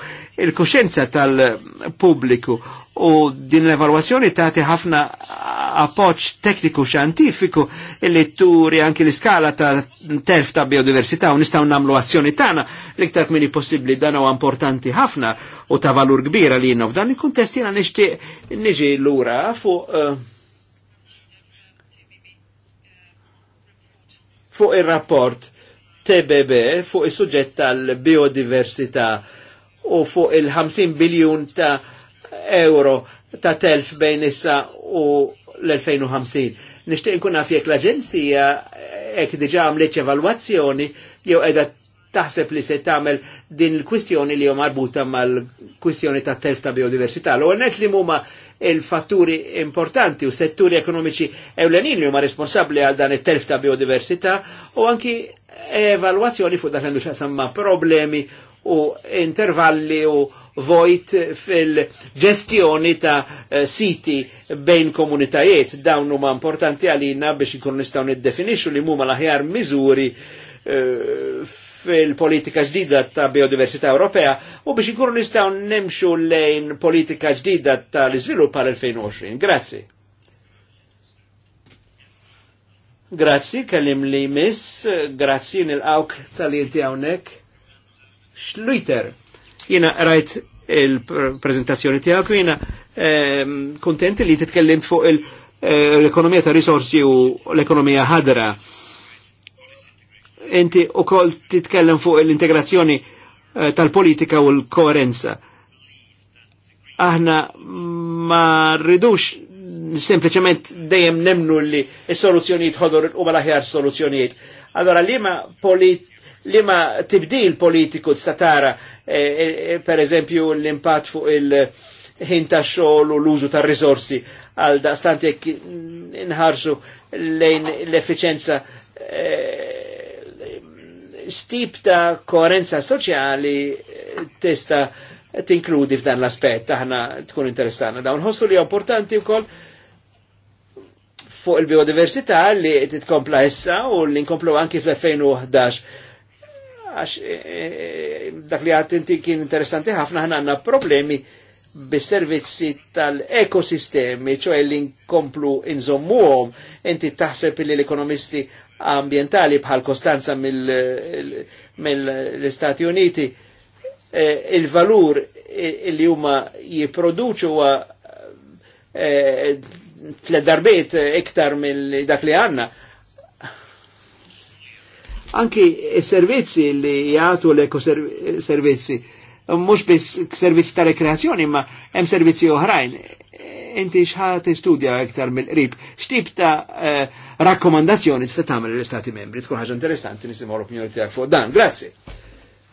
il-kuxenza tal-pubbliku u din l evaluazzjoni tagħti ħafna appoġġ tekniku xjantifiku illi turi anki l-iskala ta' terf ta' biodiversità u nistgħu nagħmlu azzjoni tagħna l-iktar kmini possibbli dan huwa importanti ħafna u ta' valur kbira li jinnu f'dan il-kuntest jiena nixtieq niġi lura fuq eh, fuq il-rapport TBB fuq is-suġġett tal-biodiversità u fuq il-50 biljun ta' euro ta' telf bejn issa u l-2050. Nishtiq nkun naf jekk l-Aġenzija hekk diġà għamlet evalwazzjoni jew qiegħda taħseb li se tagħmel din il-kwistjoni li hu marbuta mal-kwistjoni ta' telf ta' biodiversità. L għonet li huma il-fatturi importanti u setturi ekonomiċi ewlenin li huma responsabbli għal dan it-telf ta' biodiversità u anki evalwazzjoni fuq dak xasamma problemi u intervalli u vojt fil-ġestjoni ta' eh, siti bejn komunitajiet. Dawn huma importanti għalina biex ikun nistgħu niddefinixxu li huma l-aħjar miżuri eh, fil-politika ġdida ta' biodiversità Ewropea u biex ikunu nistgħu nimxu lejn politika ġdida tal-iżvilupp għal 2020. Grazzi. Grazzi, kellim li miss, grazzi nil-għawk tal-jinti għawnek. Schluiter, jina rajt il-prezentazzjoni tijak, jina ehm, kontent li titkellimt fuq eh, l-ekonomija ta' risorsi u l-ekonomija ħadra. Inti u kol titkellem fuq l-integrazzjoni eh, tal-politika u l-koerenza. Aħna ma rridux sempliciment dejjem nemnu li s-soluzzjonijiet ħodur u mal-aħjar soluzzjonijiet. Allora lima polit lima tibdil politiku statara e, e, e, per eżempju l impat fuq il-ħin ta' u l-użu ta' risorsi għal daqstant jekk nħarsu lejn l-efficienza e, stip ta' koerenza soċjali testa tinkludi f'dan l-aspett aħna tkun interessana dawn ħossu li importanti wkoll fuq il-biodiversità li titkompla issa u li nkomplu anki fl-2011 għax e, e, dak li għat inti kien interessanti ħafna ħna għanna problemi bis-servizzi tal-ekosistemi, ċoħe li nkomplu għom, inti taħseb li l-ekonomisti ambientali bħal Kostanza mill-Istati mil Uniti, e, il-valur li huma jipproduċu tlet darbiet eh, iktar mill dak li għanna. Anki servizzi li jgħatu l ekoservizzi mux biex servizzi ta' rekreazzjoni, ma hemm servizzi oħrajn. Inti xħat studja iktar mill-qrib, xtib ta' eh, rakkomandazzjoni tista' tagħmel l-Istati membri, tkun ħaġa interessanti nisimgħu l-opinjoni tiegħek fuq dan. Grazzi.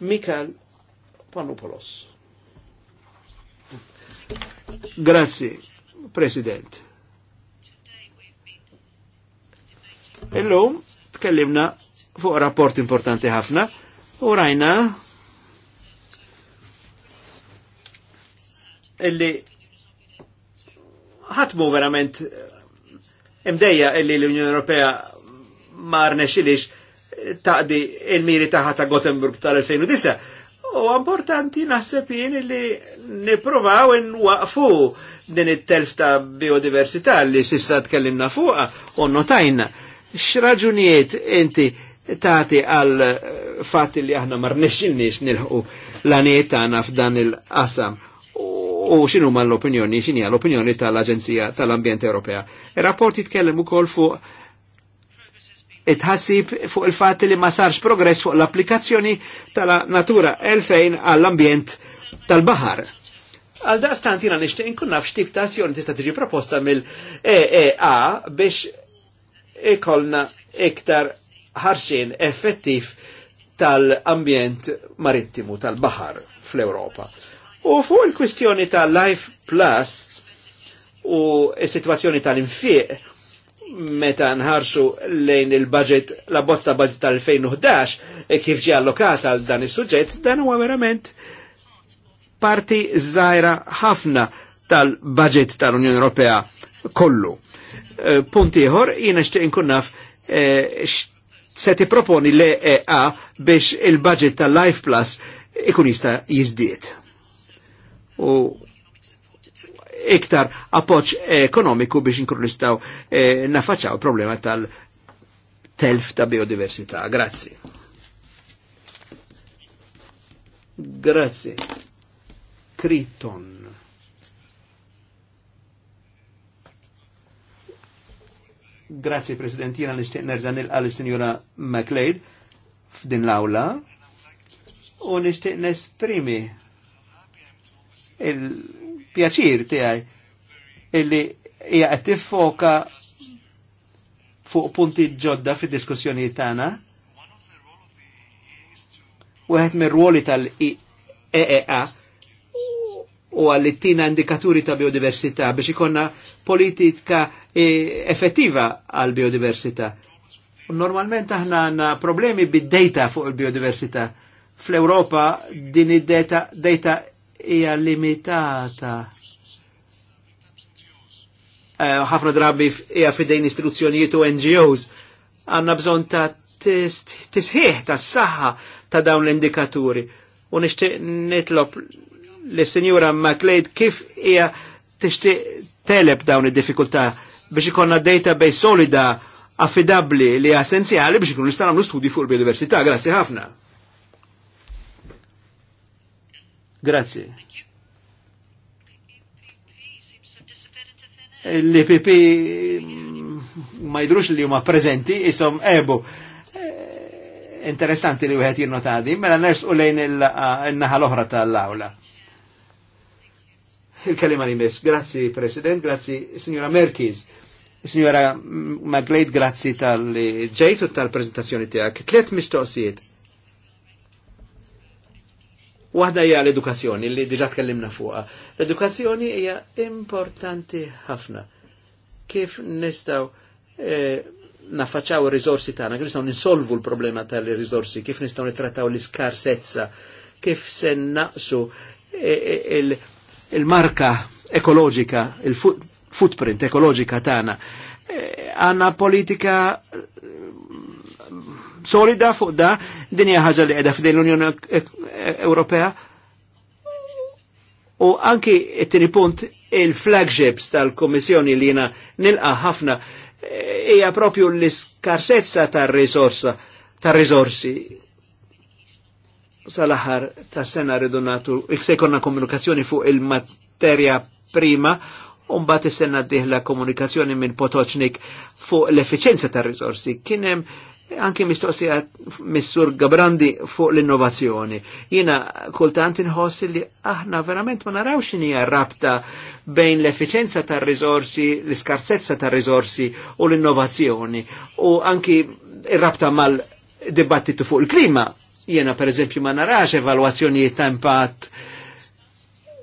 Mikal Panopoulos. Grazie President. Illum tkellimna fuq rapport importanti ħafna u rajna illi ħatmu verament imdejja illi l-Unjoni Ewropea ma rnexilix taqdi il-miri taħħa ta' Gothenburg tal-2009. U importanti naħseb jien nipruvaw n waqfu din it-telf ta' biodiversità li sissa tkellimna fuqa u notajna. X'raġunijiet inti tagħti għal eh, fat li aħna mar nexxilniex nilħu l-għaniet tagħna f'dan il-qasam u xinu ma l-opinjoni, xinja l-opinjoni tal-Aġenzija tal-Ambjent Ewropea. Il-rapport jitkellem ukoll fuq itħassib fuq il-fat li ma sarx progress fuq l-applikazzjoni tal-natura 2000 għall-ambjent tal-bahar. Għal daqstant jina nishtiq nkun naf xtib ta' azzjoni tista' tiġi proposta mill-EEA biex ikolna iktar ħarsin effettiv tal-ambjent marittimu tal-bahar fl-Europa. U fuq il-kwistjoni tal-Life Plus u s-situazzjoni tal-infiq meta nħarsu lejn il-budget, la bozza budget tal-2011 e kif ġi allokata għal dan is-suġġett, dan huwa verament parti zaħira ħafna tal-budget tal-Unjoni Ewropea kollu. Eh, puntiħor, jina jiena xtieq eh, se ti proponi l-EA e biex il-budget ta' life Plus ikun jista' jizdiet. U iktar appoċ ekonomiku biex inkun nistgħu eh, nafaċaw problema tal-telf ta' biodiversità. Grazzi. Grazzi. Kriton. Grazie President, jena nishtiq nerza nilqa l-Sinjura McLeod f'din l-awla u nishtiq nesprimi il-pjaċir tiegħi illi hija qed tiffoka fuq punti ġodda fid-diskussjonijiet tagħna. Wieħed mir-ruoli tal-EEA u għalli tina indikaturi ta' biodiversità biex ikonna politika e, effettiva għal biodiversità. Normalment aħna għanna problemi bid-data fuq il-biodiversità. Fl-Europa din id-data hija limitata e, ħafna drabi hija fidejn istituzzjonijiet u NGOs għanna bżonn ta' tisħiħ ta' s-saħħa ta' dawn l-indikaturi. U nitlob l senjura McLeod kif hija tixtieq teleb dawn id-diffikultà biex ikonna database solida affidabli li essenzjali biex ikunu nistgħu studi studji fuq l biodiversità Grazie ħafna. Grazie. L-IPP ma jidrux li huma prezenti, isom ebu eh, interessanti li wieħed jirnotadi, mela nersu lejn il naħal l-oħra tal-awla il-kelima li mis. Grazzi, President, grazzi, Signora Merkis. Signora Maglejt, grazzi tal-ġejtu tal-prezentazzjoni tijak. Tlet mistoqsijiet. Wahda hija l-edukazzjoni li diġa tkellimna fuqha. L-edukazzjoni hija importanti ħafna. Kif nistgħu eh, nafaċaw ir-riżorsi tagħna, kif nistgħu ninsolvu l-problema tal-riżorsi, kif nistgħu nittrattaw l-iskarsezza, kif se naqsu eh, eh, il- il-marka ekoloġika, il-footprint ekoloġika tana, eh, Għanna politika mm, solida fuq da, dinja ħagġa li għedha f'din l-Unjoni Ewropea. U anki it tini punt il-flagships tal komissjoni li jiena nilqa' ħafna eh, hija propju l-iskarsezza tal risorsa tar-risorsi sal-aħar ta' sena redonatu, natu, se komunikazzjoni fuq il-materja prima, Umbat istenna diħla komunikazzjoni minn Potoċnik fuq l-efficienza ta' risorsi Kienem anki mistoqsija missur Gabrandi fuq l-innovazzjoni. Jina kultant inħoss li aħna verament ma narawx hija rabta bejn l-efficienza ta' risorsi l-iskarsezza ta' risorsi u l-innovazzjoni u anki rabta mal-dibattitu fuq il-klima Jena per eżempju ma narax evalwazzjonijiet ta' impatt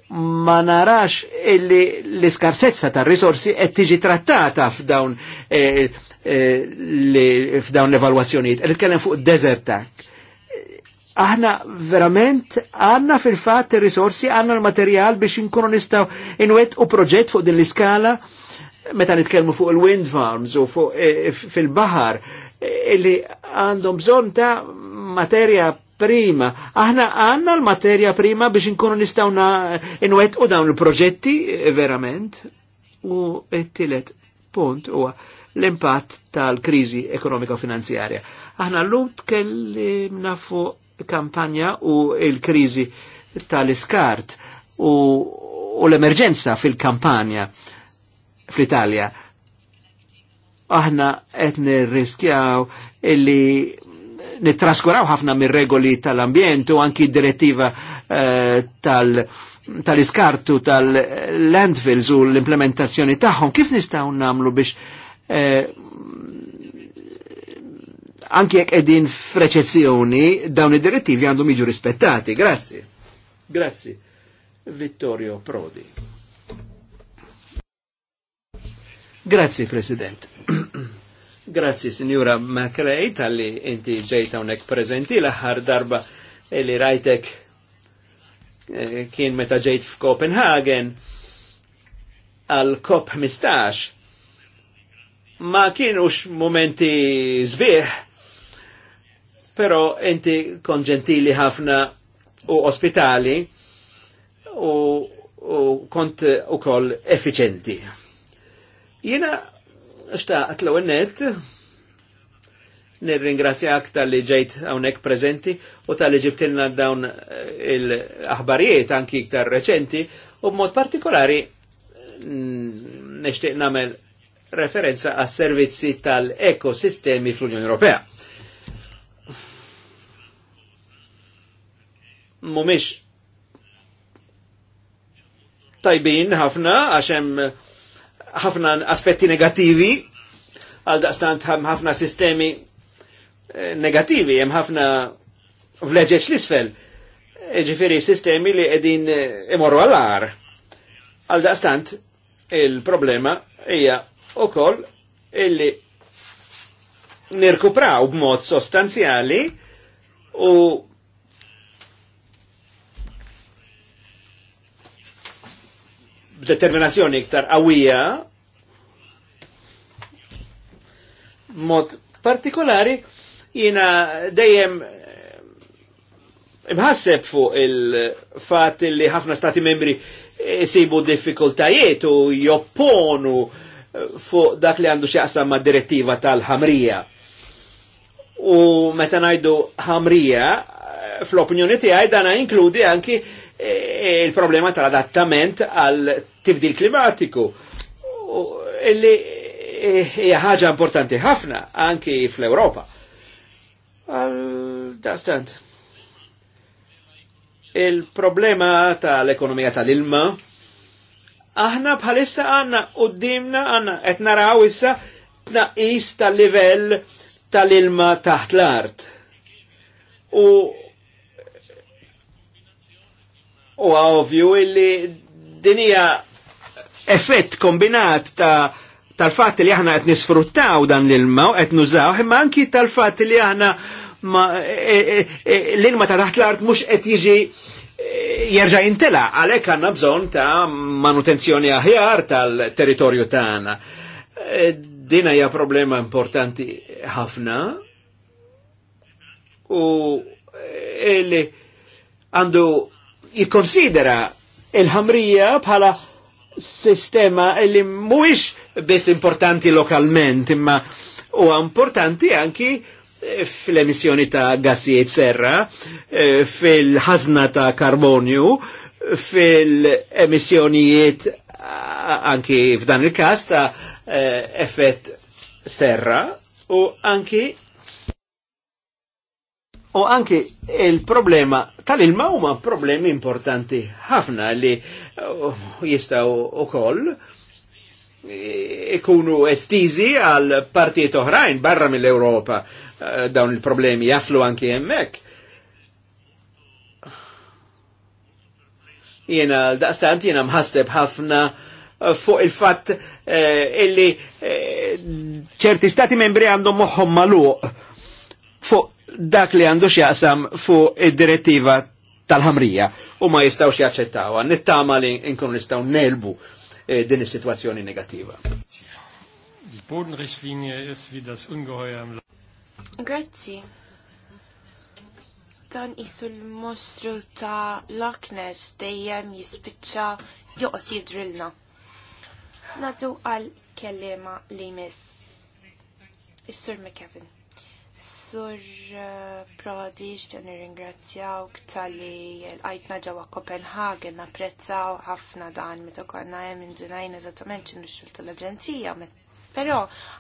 ma narax illi l-iskarsezza ta' risorsi qed tiġi trattata f'dawn eh, eh, f'dawn l-evalwazzjonijiet. Qed nitkellem fuq desertak. Aħna verament għanna fil-fatt ir-risorsi, għanna l-materjal biex inkunu nistgħu inwet u proġett fuq din l-iskala meta nitkellmu fuq il-wind farms u fuq eh, fil-bahar illi għandhom bżon ta' materja prima. Aħna għanna l-materja prima biex nkunu nistaw inwet u dawn il-proġetti eh, verament. U t-tilet punt huwa l-impatt tal-kriżi ekonomika finanzjarja. Aħna l-lum tkellimna fuq kampanja u il-kriżi tal-iskart u, u l-emerġenza fil-kampanja fl-Italja aħna qed nirriskjaw illi nittraskuraw ħafna mir-regoli tal-ambjent u anki direttiva eh, tal- iskartu tal-landfills u l-implementazzjoni tagħhom, kif nistgħu nagħmlu biex eh, anki jekk qegħdin f'reċezzjoni dawn id-direttivi għandhom jiġu rispettati. Grazzi. Grazzi. Vittorio Prodi. Grazie, President. <coughs> Grazzi, Signora Macrae, tal-li inti ġejta unek prezenti l-ħar darba li rajtek eh, kien meta ġejt f'Kopenhagen għal COP 15. Ma kienux momenti zbieħ, pero inti konġentili ħafna u ospitali u, u kont u koll efficienti. Jena xtaqt l net nirringrazzjak tal-li ġejt hawnhekk prezenti u tal-li ġibtilna dawn eh, il-aħbarijiet anki iktar reċenti u b'mod partikolari mm, nixtieq nagħmel referenza għas servizzi tal-ekosistemi fl-Unjoni Ewropea. Mumiex tajbin ħafna għaxem ħafna aspetti negativi, għal daqstant ħafna sistemi eh, negativi, hemm ħafna vleġeċ l-isfel, e ġifiri sistemi li edin eh, imorru għallar. Għal daqstant il-problema hija u koll illi nirkupraw b'mod sostanzjali u determinazzjoni iktar għawija mod partikolari jina dejjem eh, imħasseb fuq il-fat li ħafna stati membri jisibu diffikultajiet u jopponu eh, fuq dak li għandu xieqsam ma' direttiva tal-ħamrija. U meta najdu ħamrija, eh, fl-opinjoni tiegħi dana inkludi anki E, e il-problema tal-adattament għal tibdil klimatiku. Illi hija e, ħaġa importanti ħafna anki fl-Ewropa. Għal dastant. Il-problema tal-ekonomija tal-ilma aħna bħalissa għanna u dimna għanna għet naraw issa tnaqis tal-livell tal-ilma taħt l-art. U U għavju illi dinija effett kombinat ta' tal-fat li aħna qed nisfruttaw dan l-ilma u qed nużaw, imma anki tal-fat li aħna e, e, e, l-ilma ta' taħt l-art mhux qed jiġi jerġa' jintela, għalhekk għandna bżonn ta' manutenzjoni aħjar tal-territorju tagħna. Dina hija problema importanti ħafna u għandu jikonsidera il-ħamrija bħala sistema li mhuwiex biss importanti lokalment imma huwa importanti anki eh, fil-emissjoni ta' gassijiet serra, eh, fil-ħazna ta' karbonju, fil-emissjonijiet anki f'dan il-kas ta' eh, effett serra u anki U anki il-problema tal-ilma huma problemi importanti ħafna li uh, jistaw u koll ikunu estizi għal partijiet oħrajn barra mill-Europa uh, dawn il-problemi jaslu anki jemmek. Jena, l-daqstant jena mħasseb ħafna fuq il fat uh, illi ċerti stati membri għandhom moħħom maluq fuq dak li għandu xjaqsam fuq id-direttiva tal-ħamrija u ma jistaw jaċċettawa. Nittama li nkunu nistaw nelbu eh, din is-sitwazzjoni negativa. Bodenrichtlinie ist wie das Ungeheuer im Grazzi. Dan isu l-mostru ta' Lochnes dejjem jispiċċa joqgħod jidrilna. Nadu għal kellema li mis. Is-Sur McKevin. Sur eh, Prodi, xten ringrazzjaw tal-li l-għajtna ġawa Kopenhagen, napprezzaw ħafna dan meta konna hemm inġunajn eżattament x'inhu xil tal-Aġenzija. Però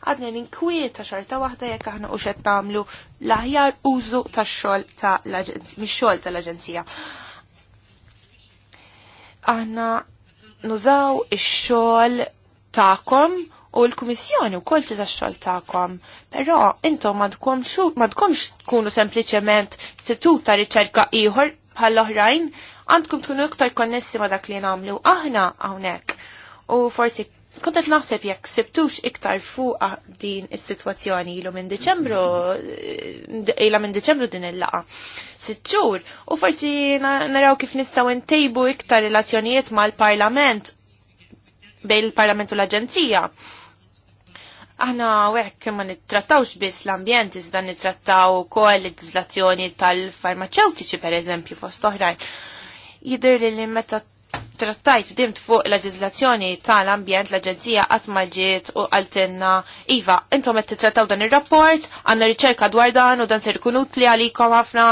għadna ninkwieta ta' waħda jekk aħna u xed nagħmlu l-aħjar użu tax-xogħol tal-aġenzija, mix-xogħol tal-Aġenzija. Aħna nużaw ix-xogħol tagħkom u l-Kummissjoni wkoll kol x-xogħol tagħkom, però intom ma tkunx tkunu sempliċement istitut ta' riċerka ieħor bħall-oħrajn, għandkom tkunu iktar konnessi ma' dak li nagħmlu aħna hawnhekk. U forsi kont naħseb jekk sibtux iktar fuq din is-sitwazzjoni ilu minn Diċembru eh, ilu minn Diċembru din il-laqa. Sitt u forsi naraw kif nistgħu ntejbu iktar relazzjonijiet mal-Parlament bejn il-Parlament u l-Aġenzija. Aħna għek ma nittrattawx biss l-ambjent, iżda nittrattaw kol l-izlazzjoni tal-farmaceutiċi per eżempju fost oħrajn. Jidir li li meta trattajt dimt fuq l-leġizlazzjoni tal-ambjent l-Aġenzija qatt ma ġiet u għaltinna Iva, intom qed titrattaw dan ir-rapport, għandna riċerka dwar dan u dan ser jkun utli għalikom ħafna.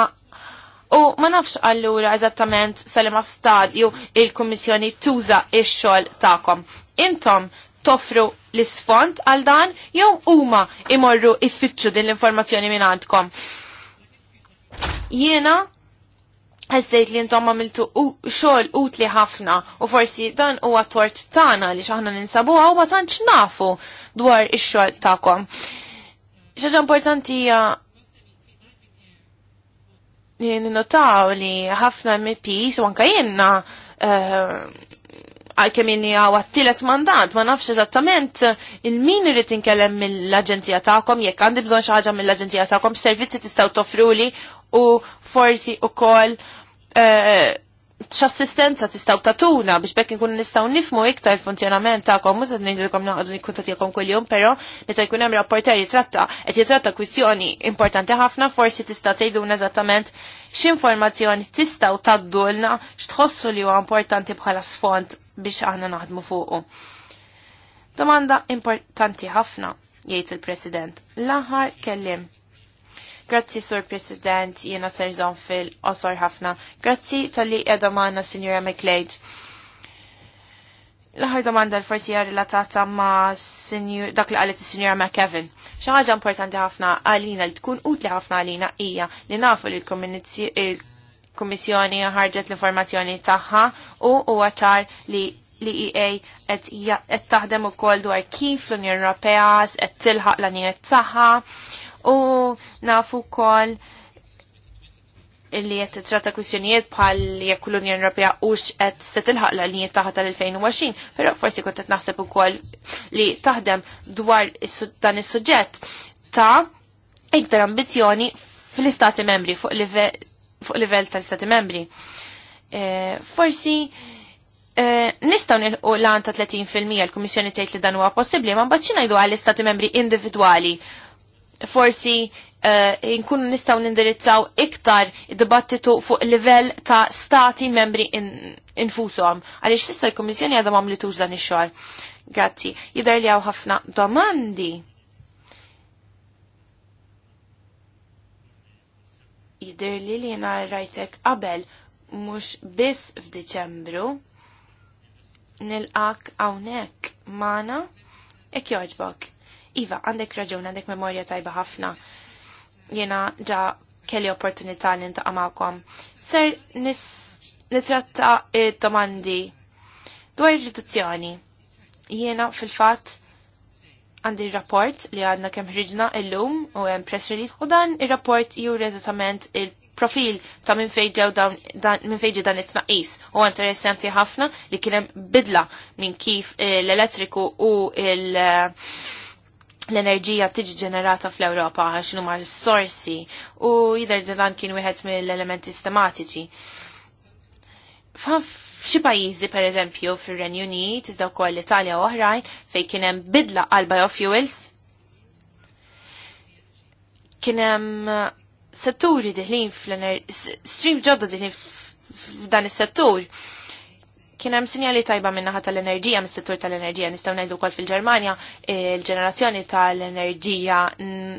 U ma nafx allura eżattament sal ma stadju il-Kummissjoni tuża ix-xogħol tagħkom. Intom toffru l-isfont għal dan jew huma imorru iffittxu din l-informazzjoni minn għandkom. Jiena ħessejt li intom għamiltu xogħol utli ħafna u forsi dan huwa tort tagħna li x'aħna ninsabuha u ma tantx nafu dwar ix-xogħol tagħkom. Xaġa importanti hija li ninnotaw li ħafna MPs u anka jenna eh, għal-kem għawa t għattilet mandat, ma nafx eżattament eh, il-min irrit inkellem mill-agentija ta'kom, jekk għandi bżon xaħġa mill-agentija ta'kom, servizzi tistaw toffruli u forsi u kol eh, x'assistenza tistaw tatuna biex bekk nkun nistgħu nifmu iktar il-funzjonament tagħkom mhux qed ngħidilkom naqgħdu nikkuntatihom kuljum, pero meta jkun hemm rapporter jitratta qed jitratta kwistjoni importanti ħafna forsi tista' tgħiduna eżattament x'informazzjoni tistgħu taddulna x'tħossu li huwa importanti bħala sfond biex aħna naħdmu fuqu. Domanda importanti ħafna, jgħid il-President. L-aħħar kellim. Grazzi, Sur President, jiena serżon fil-qosor ħafna. Grazzi tal-li edha maħna, Signora McLeod. L-ħar domanda l-forsi relatata ma dak li għalet il-Sinjora McKevin. ħaġa importanti ħafna għalina li tkun utli ħafna għalina hija li nafu li l-komunizzazzjoni kummissjoni ħarġet l-informazzjoni tagħha u huwa ċar li l-EA qed taħdem ukoll dwar kif l-Unjoni Ewropea qed tilħaq l-għanijiet tagħha u nafu wkoll li qed titratta kwistjonijiet bħal jekk l-Unjoni Ewropea hux qed se tilħaq l għanijiet tagħha tal-2020, però forsi kont qed naħseb ukoll li taħdem dwar dan is-suġġett ta' iktar ambizzjoni fl-istati membri fuq livell fuq livell tal-Stati membri. E, forsi e, nistaw nilqu lan ta' 30% l-Kummissjoni tgħid li dan huwa possibbli, ma mbagħad ngħidu għall-Istati membri individwali. Forsi nkun e, nkunu nistaw nindirizzaw iktar id-dibattitu fuq livell ta' stati membri infushom. Għaliex tista' l-Kummissjoni għadhom m'għamlitux dan ix-xogħol. Grazzi, jidher li hawn ħafna domandi jidir li li jena rajtek qabel mux bis f'Diċembru nil-ak għawnek mana ek joġbok. Iva, għandek raġun, għandek memorja tajba ħafna. Jena ġa kelli opportunità li nta' għamakom. Ser nis nitratta domandi dwar riduzzjoni. Jena fil-fat għandi rapport li għadna kemm ħriġna illum u hemm press release u dan ir-rapport ju eżattament il-profil ta' minn fejġi dan it-tnaqqis u interessanti ħafna li kien hemm bidla minn kif l-elettriku u l- l-enerġija tiġi ġenerata fl-Ewropa għax s-sorsi u jidher dan kien wieħed mill-elementi sistematiċi F'xi pajjiżi pereżempju fir-Renju Unit, iżda wkoll l-Italja u oħrajn fejn kien hemm bidla għal biofuels, kien hemm setturi diħlin stream ġodda diħlin f'dan is-settur. Kien hemm sinjali tajba min-naħa tal-enerġija, mis-settur tal-enerġija nistgħu ngħidu wkoll fil-Ġermanja, il-ġenerazzjoni tal-enerġija eh,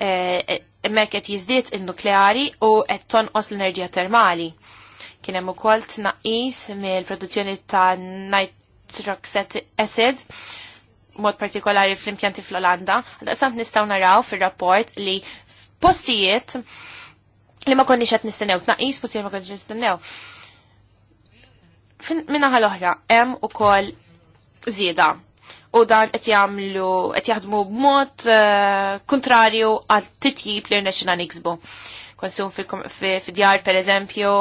hemmhekk qed jiżdied in-nukleari u qed tonqos l-enerġija termali. Kien hemm ukoll tnaqqis mill-produzzjoni ta' nitrox acid mod partikolari fl-impjanti fl-Olanda. daqsant nistgħu nistaw naraw fil-rapport li postijiet li ma konniex qed nistennew, tnaqqis postijiet ma konniex nistennew. Minna ħal-oħra, hemm ukoll zieda. U dan qed jagħmlu qed jaħdmu b'mod eh, kontrarju għal titjib li rnexxina niksbu. Konsum fid-djar pereżempju,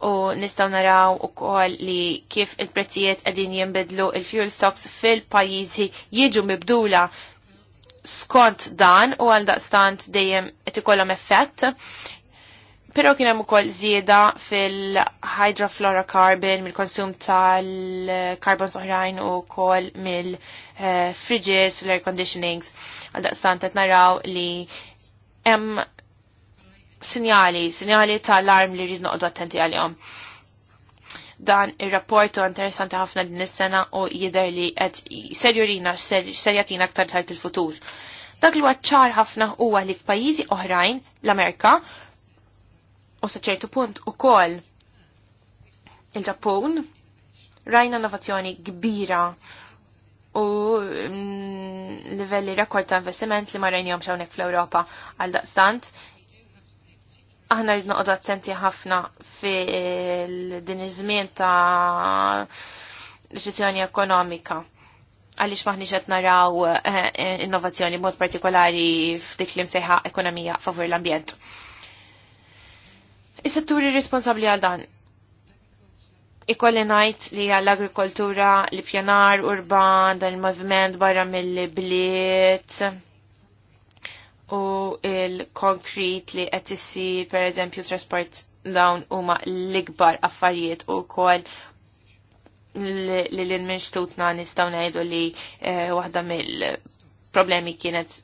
u nistaw naraw u koll li kif il-prezzijiet għedin jimbidlu il-fuel stocks fil-pajizi jiġu mibdula skont dan u għal daqstant dejjem qed ikollhom effett. Però kien hemm ukoll żieda fil-hydrofluorocarbon mill-konsum tal-carbon soħrajn u wkoll mill-fridges u l-air conditionings. Għal daqstant qed naraw li hemm sinjali, sinjali ta' alarm li rizno għadu attenti għalihom. Dan ir-rapport u interessanti ħafna din is-sena u jidher li qed serjurina serjatina aktar tard il-futur. Dak li ċar ħafna huwa li f'pajjiżi oħrajn l-Amerika u sa ċertu punt ukoll il-Ġappun rajna innovazzjoni kbira u mm, livelli rekord ta' investiment li ma rajnijom xawnek fl-Europa għal daqstant aħna rrid qod attenti ħafna fil din iż-żmien ta' reċezzjoni ekonomika għaliex maħniġ qed naraw eh, innovazzjoni mod partikolari f'dik li msejħa ekonomija favur l-ambjent. Is-setturi responsabbli għal dan ikolli najt li għall-agrikoltura, li pjanar urban, dan il-moviment barra mill-bliet, u il-konkrit li qed issir pereżempju trasport dawn huma l-ikbar affarijiet u wkoll li l-minxtutna nistgħu ngħidu li eh, waħda mill-problemi kienet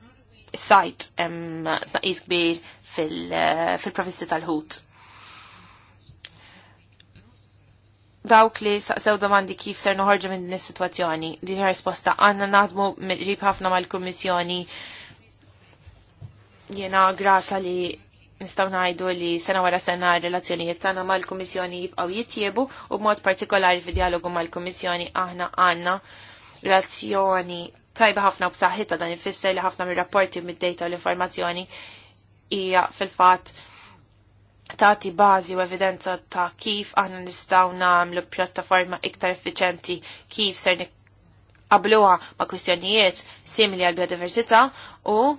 sajt hemm tnaqis kbir eh, fil-profisti tal-ħut. dawk li saqsew domandi kif ser noħorġu minn din is-sitwazzjoni, din ir risposta għandna naħdmu rib ħafna mal-Kummissjoni Jena grata li nistaw najdu li sena wara sena relazzjonijiet tagħna mal-Kummissjoni jibqgħu jittiebu u b'mod partikolari fid dialogu mal-Kummissjoni aħna għandna relazzjoni tajba ħafna b'saħħitha dan ifisser li ħafna mir-rapporti mid-dejta u l-informazzjoni hija fil-fatt tagħti bażi u evidenza ta' kif aħna nistgħu nagħmlu pjattaforma iktar effiċenti kif ser qabluha ma' kwistjonijiet simili għal biodiversità u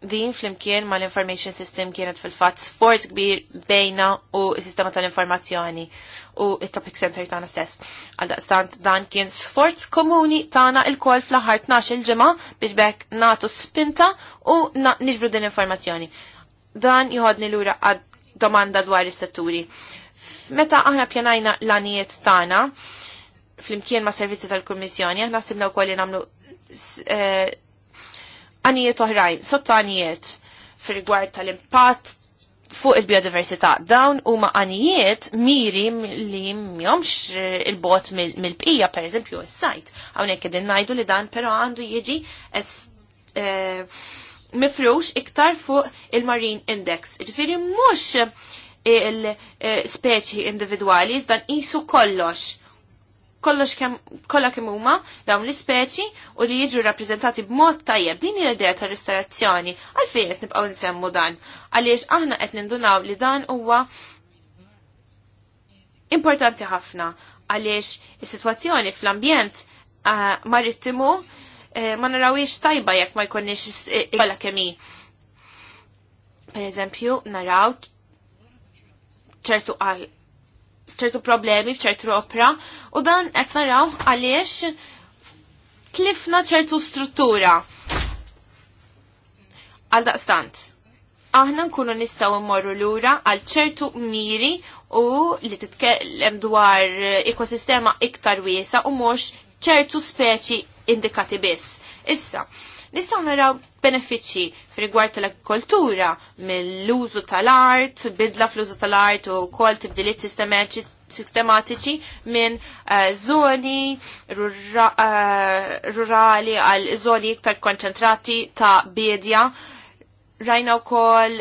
din flimkien ma l-information system kienet fil-fat sfort kbir bejna u s-sistema tal-informazzjoni u il-topic center tana stess. Għalda, stant dan kien sfort komuni tana il-kol fl-ħar 12 il ġema biex bekk natu spinta u na nġbru din informazzjoni. Dan juħodni l-ura għad domanda dwar is-setturi. Meta aħna pjanajna l-anijiet tana, flimkien ma' servizzi tal komissjoni aħna sibna u kolli namlu eh, għanijiet oħrajn, sottanijiet fil gwart tal-impatt fuq il-biodiversità. Dawn huma għanijiet miri li mjomx eh, il-bot mill-bqija, per eżempju, s-sajt. Hawnhekk qegħdin najdu li dan però għandu jiġi eh, mifrux iktar fuq il-Marine Index. Ġifieri mhux il-speċi eh, individwali, iżda jisu kollox kollox kem, kolla kemm huma dawn l-ispeċi u li jiġu rappreżentati b'mod tajjeb din l-idea ta' ristorazzjoni għalfejn qed nibqgħu nsemmu dan għaliex aħna qed nindunaw li dan huwa importanti ħafna għaliex is-sitwazzjoni fl-ambjent eh, marittimu eh, ma narawiex tajba jekk ma jkunniex eh, kolla kemmi. Per eżempju, naraw ċertu għal ċertu problemi ċertu opra u dan qed naraw għaliex tlifna ċertu struttura. Għal daqstant, aħna nkunu nistaw immorru lura għal ċertu miri u li titkellem dwar ekosistema iktar wiesa u mhux ċertu speċi indikati biss. Issa, nistaw naraw benefiċċji f'rigward tal-agrikoltura mill-użu tal-art, bidla fl-użu tal-art u kol tibdiliet sistematiċi minn eh, zoni eh, rurali għal zoni iktar konċentrati ta' bedja. Rajna u kol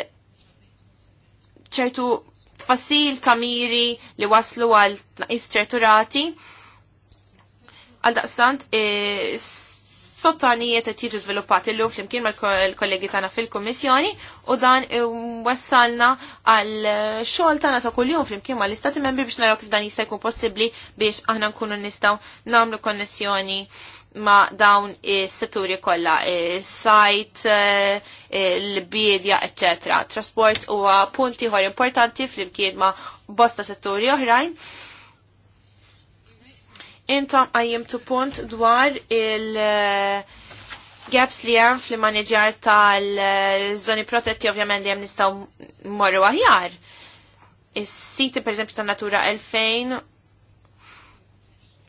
ċertu tfassil ta' miri li waslu għal ċertu Għal daqsant, daqstant, eh, sottanijiet qed jiġu żviluppati llum flimkien mal-kollegi tagħna fil-Kummissjoni u dan wassalna għal xogħol tagħna ta' kuljum flimkien mal-Istati Membri biex naraw kif dan jista' jkun possibbli biex aħna nkunu nistgħu nagħmlu konnessjoni ma' dawn is-setturi kollha, sajt, l-bidja, etc. Trasport huwa punti ħor importanti flimkien ma' bosta setturi oħrajn. Intom tu punt dwar il- eh, gaps li hemm fl-maneġjar tal-żoni protetti ovvjament li hemm nistgħu mmorru aħjar. Is-siti pereżempju ta' Natura 2000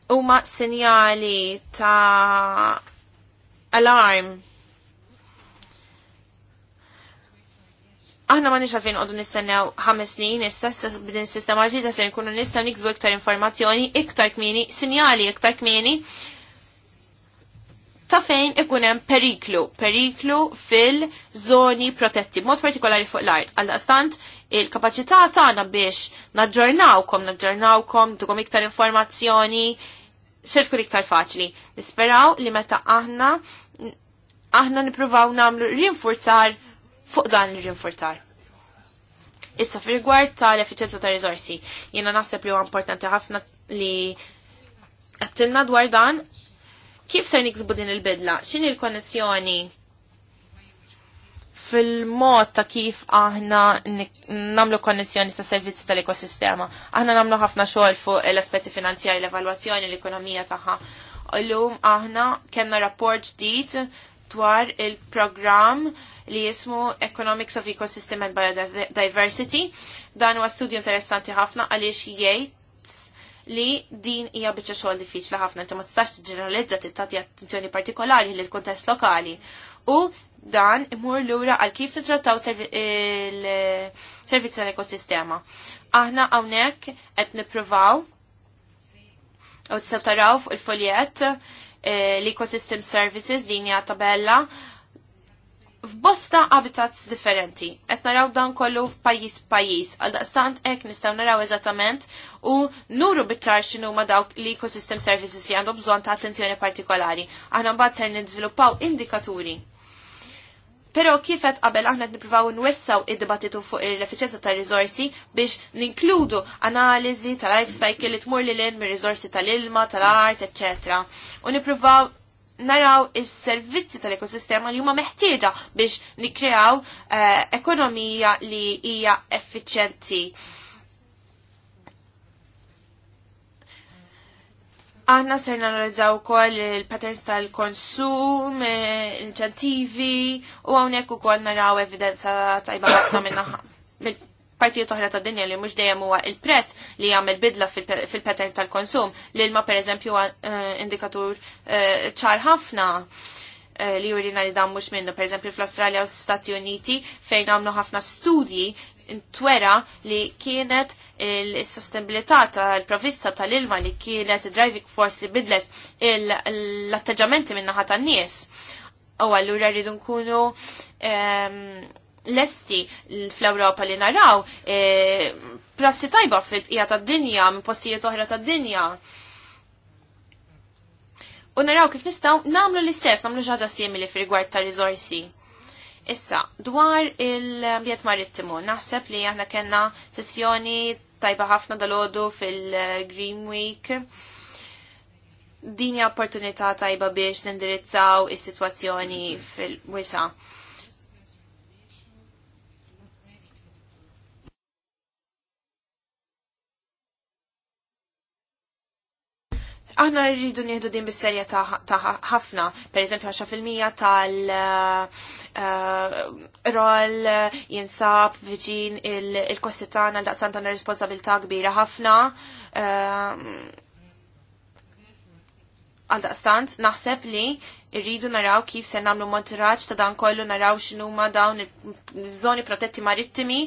huma sinjali ta' alarm Aħna ma nix għalfejn għoddu nistennew ħames snin, issa b'din sistema ġdida se nkunu nista' nikbu iktar informazzjoni, iktar kmini, sinjali iktar kmini ta' fejn ikun hemm periklu, periklu fil-żoni protetti, mod partikolari fuq l-art. għal il-kapacità tagħna biex naġġornawkom, naġġornawkom, dukom iktar informazzjoni, se tkun iktar faċli. Nisperaw li meta aħna aħna nippruvaw nagħmlu rinforzar fuq dan il rinfurtar Issa fil rigward tal-efficienza ta' rizorsi, jiena naħseb li huwa importanti ħafna li għattilna dwar dan, kif ser niksbu din il-bidla? X'inhi l-konnessjoni fil-mod ta' kif aħna namlu konnessjoni ta' servizzi tal-ekosistema. Aħna namlu ħafna xogħol fuq l-aspetti finanzjari, l-evalwazzjoni, l-ekonomija tagħha. Illum aħna kellna rapport ġdid dwar il-programm li jismu Economics of Ecosystem and Biodiversity. Dan huwa studju interessanti ħafna għaliex jgħid li din hija biċċa xogħol diffiċli ħafna inti ma tistax tiġġeneralizza tittati attenzjoni partikolari lil kuntest lokali. U dan imur lura għal kif nitrattaw il tal-ekosistema. Aħna hawnhekk qed nippruvaw u tistgħu taraw fuq il foljett eh, l-Ecosystem Services din hija tabella f'bosta habitats differenti. Qed naraw dan kollu f'pajjiż pajjiż, għal daqstant hekk nistgħu naraw eżattament u nuru biċċar xinu ma dawk l-ecosystem services li għandhom bżonn ta' attenzjoni partikolari. Aħna mbagħad ser nizviluppaw indikaturi. Pero kifet qabel aħna qed nippruvaw nwessaw id-dibattitu fuq l-effiċenza ta' riżorsi biex ninkludu analiżi tal-life cycle li tmur lil mir riżorsi tal-ilma, tal-art, etc. U nippruvaw naraw is-servizzi tal-ekosistema li huma meħtieġa biex nikreaw uh, ekonomija li hija effiċjenti. Aħna ser nanalizzaw ukoll il-patterns tal-konsum, l-inċentivi eh, u hawnhekk ukoll naraw evidenza tajba ħafna minnaħa partijiet oħra ta' dinja li mhux dejjem huwa il-prezz li jagħmel bidla fil-pattern tal-konsum. L-ilma pereżempju eh, indikatur eh, ċar ħafna eh, li jurina li dan mhux minnu. Pereżempju fl-Awstralja u Stati Uniti fejn għamlu ħafna studji twera li kienet il-sostenibilità tal-provista tal-ilma li kienet driving force li bidlet l-atteġamenti minnaħat tan-nies. U għallura rridu nkunu ehm, lesti fl-Ewropa li naraw e, prassi tajba fil-bqija tad-dinja, minn postijiet oħra tad-dinja. U naraw kif nistaw namlu l-istess, namlu ġaġa simili fil-rigward ta' rizorsi. Issa, dwar il-bjet marittimu, naħseb li aħna kena sessjoni tajba ħafna dal-ħodu fil-Green Week. Dini opportunità tajba biex nindirizzaw is-situazzjoni fil-wisa. Aħna rridu nieħdu din bis-serja ħafna, per eżempju mija tal-rol eh, eh, jinsab viġin il-kosti tagħna daqsan tagħna responsabilità kbira ħafna. Eh, Għal daqstant naħseb li rridu naraw kif se nagħmlu monitoraġġ ta' dan kollu naraw x'inhuma dawn iż-żoni protetti marittimi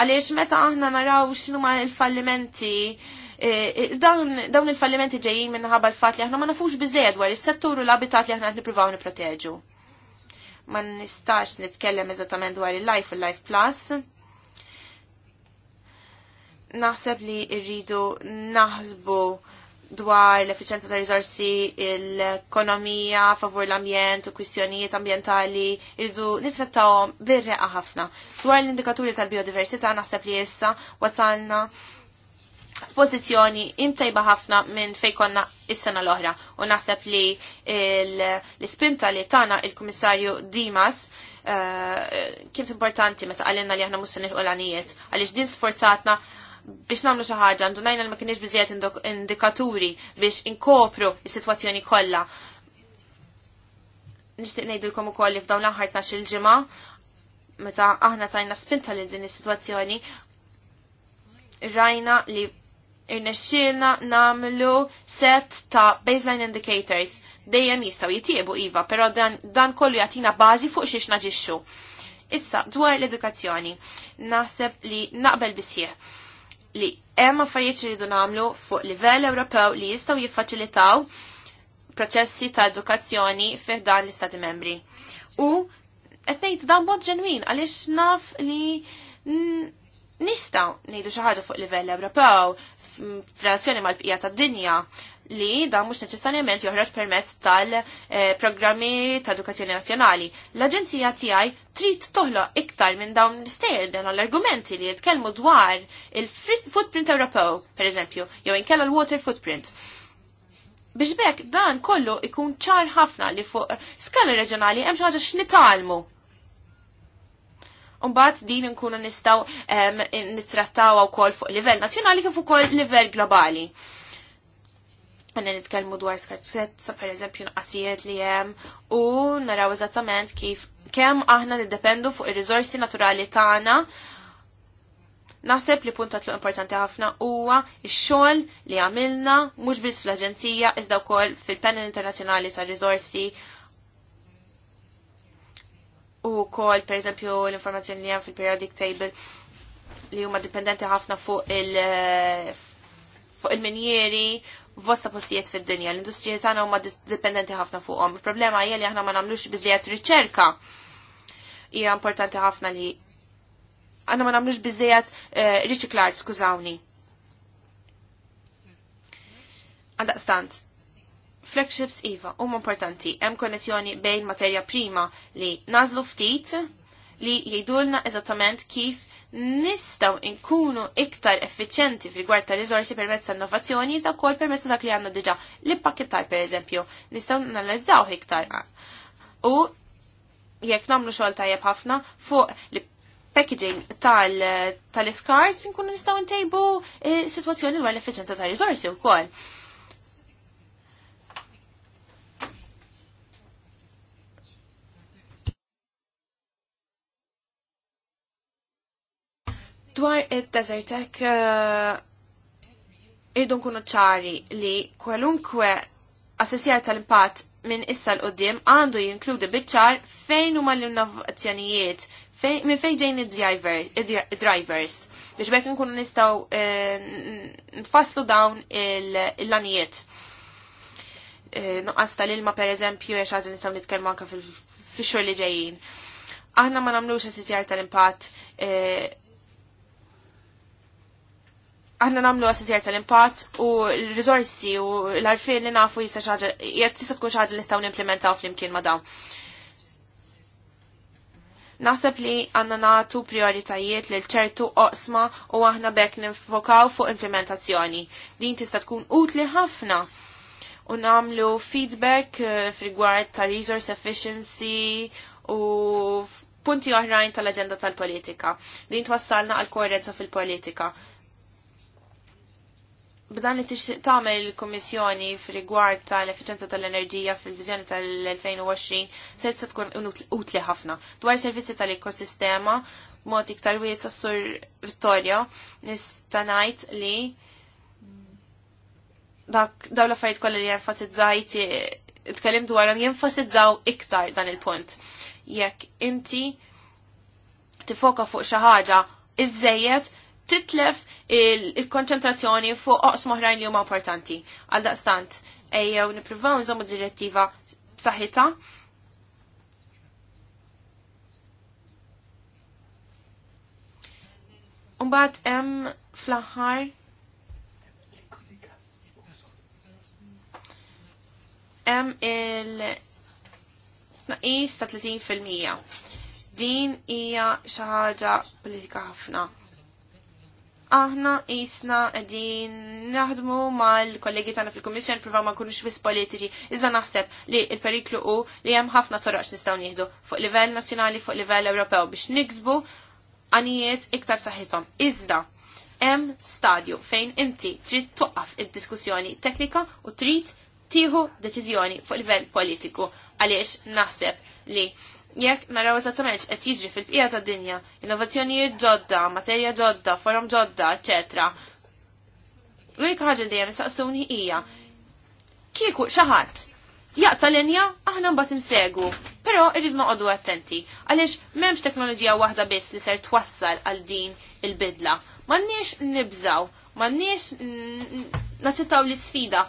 għaliex meta aħna naraw x'inhuma l-fallimenti Eh, eh, dawn il-fallimenti ġejjin minnaħabba l-fat li aħna ma nafux biżejjed dwar is-settur u l-abitat li aħna qed nippruvaw nipproteġu. Ma nistax nitkellem eżattament dwar il-Life u life Plus. Naħseb li rridu naħsbu dwar l-efficienza ta' risorsi, l-ekonomija, favur l-ambjent u kwistjonijiet ambjentali irridu nittrattawhom birreqa ħafna. Dwar l-indikaturi tal-biodiversità naħseb li issa wasalna f'pożizzjoni imtajba ħafna minn fejn konna is-sena l-oħra u naħseb li l-ispinta li tana il-Kummissarju Dimas eh, kienet importanti meta għalina li aħna mustin il-qolanijiet għaliex din sforzatna biex namlu xi ħaġa ndunajna li ma kienx biżjed indikaturi biex inkopru s sitwazzjoni kollha. Nixtieq ngħidulkom ukoll li f'dawn l-aħħar ta' il-ġimgħa meta aħna tajna spinta lil din is-sitwazzjoni rajna li irnexxilna namlu set ta' baseline indicators dejjem jistgħu jitiebu iva, però dan, dan kollu jagħtina bażi fuq xiex naġixxu. Issa dwar l-edukazzjoni, naħseb li naqbel bisjeħ li hemm affarijiet li jridu nagħmlu fuq livell Ewropew li jistgħu jiffaċilitaw proċessi ta' edukazzjoni fih dan l-Istati membri. U qed ngħid dan mod ġenwin għaliex naf li nistaw nejdu xi ħaġa fuq livell Ewropew f'relazzjoni mal-bqija tad-dinja li dan mhux neċessarjament joħroġ permezz tal-programmi ta' edukazzjoni nazzjonali. L-Aġenzija tiegħi trid toħloq iktar minn dawn l-istejden l-argumenti li jitkellmu dwar il-footprint Ewropew, pereżempju, jew inkella l-water footprint. Biex bekk dan kollu ikun ċar ħafna li fuq skala reġjonali hemm xi ħaġa x'nitalmu Umbat din nkunu nistaw um, nittrattaw kol fuq livell nazzjonali kif ukoll livell globali. Għanna nitkellmu dwar skarsezza, per eżempju, nqasijiet li hemm u naraw eżattament kif kemm aħna niddependu fuq ir rizorsi naturali tagħna Naħseb li punta tluq importanti ħafna huwa x-xogħol li għamilna mhux biss fl-Aġenzija iżda wkoll fil-Panel Internazzjonali tar rizorsi u kol, per eżempju, l-informazzjoni li għan fil-periodic table li huma dipendenti ħafna fuq il- fuq il-minjeri bosta postijiet fid-dinja. L-industrija tagħna huma dipendenti ħafna fuqhom. Il-problema hija li aħna ma nagħmlux biżejjed riċerka. Hija importanti ħafna li aħna ma nagħmlux biżejjed eh, riċiklar, skużawni. Għandaqstant, Flagships IVA huma importanti, hemm konnessjoni bejn materja prima li nażlu ftit li jgħidulna eżattament kif nistaw inkunu iktar effiċenti fil-gwar ta' rizorsi permezz ta' innovazzjoni iżda wkoll permezz dak li għandna diġà li pakketar pereżempju nistgħu nanalizzaw iktar. U jekk nagħmlu xogħol tajjeb ħafna fuq li packaging tal-iskart tal nkunu nistaw ntejbu e, eh, situazzjoni dwar l-effiċenza ta' rizorsi u Dwar il desertek eh, irdun nkunu ċari li kwalunkwe assessjar tal-impatt minn issa l-qoddim għandu jinkludi bitċar fejn huma l-innovazzjonijiet, minn fejn ġejn id-drivers. Biex bekk nkunu nistaw eh, nfasslu dawn il-lanijiet. Eh, nuqqas tal-ilma per eżempju, għax għazin nistaw nitkellmu anke fil-xogħol li ġejjin. Aħna ma nagħmlux assessjar tal-impatt aħna namlu assessjar tal-impatt u l-rizorsi u l-arfin li nafu jista xaġa, tista tkun xaġa li staw n-implementaw fl-imkien ma dawn. Naħseb li għanna natu prioritajiet li ċertu oqsma u aħna bekk nifokaw fuq implementazzjoni. Din tista tkun utli ħafna u namlu feedback eh, f'rigward ta' resource efficiency u punti oħrajn tal-agenda tal-politika. Din twassalna għal koerenza fil-politika b'dan li tixtieq tagħmel il-Kummissjoni f'rigward tal-effiċenza tal-enerġija fil-viżjoni tal-2020 ser se tkun utli ħafna. Dwar servizzi tal-ekosistema mod iktar wiesa sur Vittorio nista' ngħid li dak daw l-affarijiet kollha li jenfasizzajt tkellim dwarhom jenfasizzaw iktar dan il-punt. Jekk inti tifoka fuq xi ħaġa iżejjed titlef il-konċentrazzjoni fuq oqs moħrajn li huma importanti. Għal daqstant, ejjew nippruvaw nżommu direttiva b'saħħitha. Umbagħad hemm fl-aħħar hemm il-tnaqis ta' 30 fil-mija. Din hija xi ħaġa politika ħafna aħna jisna għedin naħdmu mal-kollegi tagħna fil-Kummissjon provaw ma nkunux biss politiċi. Iżda naħseb li l-periklu hu li hemm ħafna toroq nistgħu nieħdu fuq livell nazzjonali fuq livell Ewropew biex niksbu għanijiet iktar saħħithom. Iżda hemm stadju fejn inti trid toqqaf id-diskussjoni teknika u trid tieħu deċiżjoni fuq livell politiku għaliex naħseb li jekk naraw eżattament qed jiġri fil-bqija tad-dinja, innovazzjonijiet ġodda, materja ġodda, forom ġodda, eċetra. L-unika ħaġa li hemm saqsuni hija kieku xi ħadd jaqta linja aħna mbagħad insegu, però irrid noqogħdu attenti għaliex m'hemmx teknoloġija waħda biss li ser twassal għal din il-bidla. M'għandniex nibżaw, m'għandniex naċċettaw l-isfida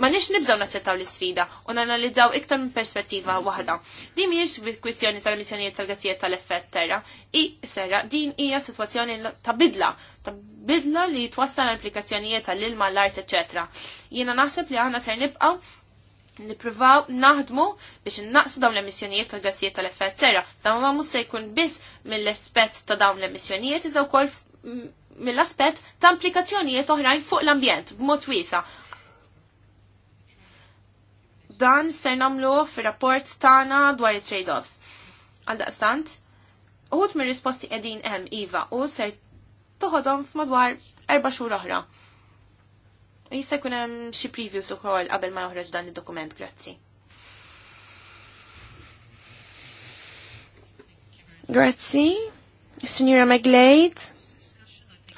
ma nix nibżaw naċċettaw l-sfida u nanalizzaw iktar minn perspettiva waħda. Din mhijiex kwistjoni tal missjonijiet tal-gassijiet tal-effett terra, i serra din hija sitwazzjoni ta' bidla, ta' bidla li twassal applikazzjonijiet tal-ilma l-art ecc. Jiena naħseb li aħna ser nibqgħu nippruvaw naħdmu biex innaqsu dawn l-emissjonijiet tal-gassijiet tal-effett terra, Sa ma mhux se jkun biss mill-aspett ta' dawn l-emissjonijiet iżaw wkoll mill-aspett ta' implikazzjonijiet oħrajn fuq l-ambjent b'mod wiesa' dan ser namlu fi rapport tana dwar il-trade-offs. Għaldaqstant, uħut mir risposti edin em Iva u ser toħodhom f'madwar erba xhur oħra. Jista' jkun hemm xi previews ukoll qabel ma joħroġ dan id-dokument, grazzi. Grazzi, Signora McGlade,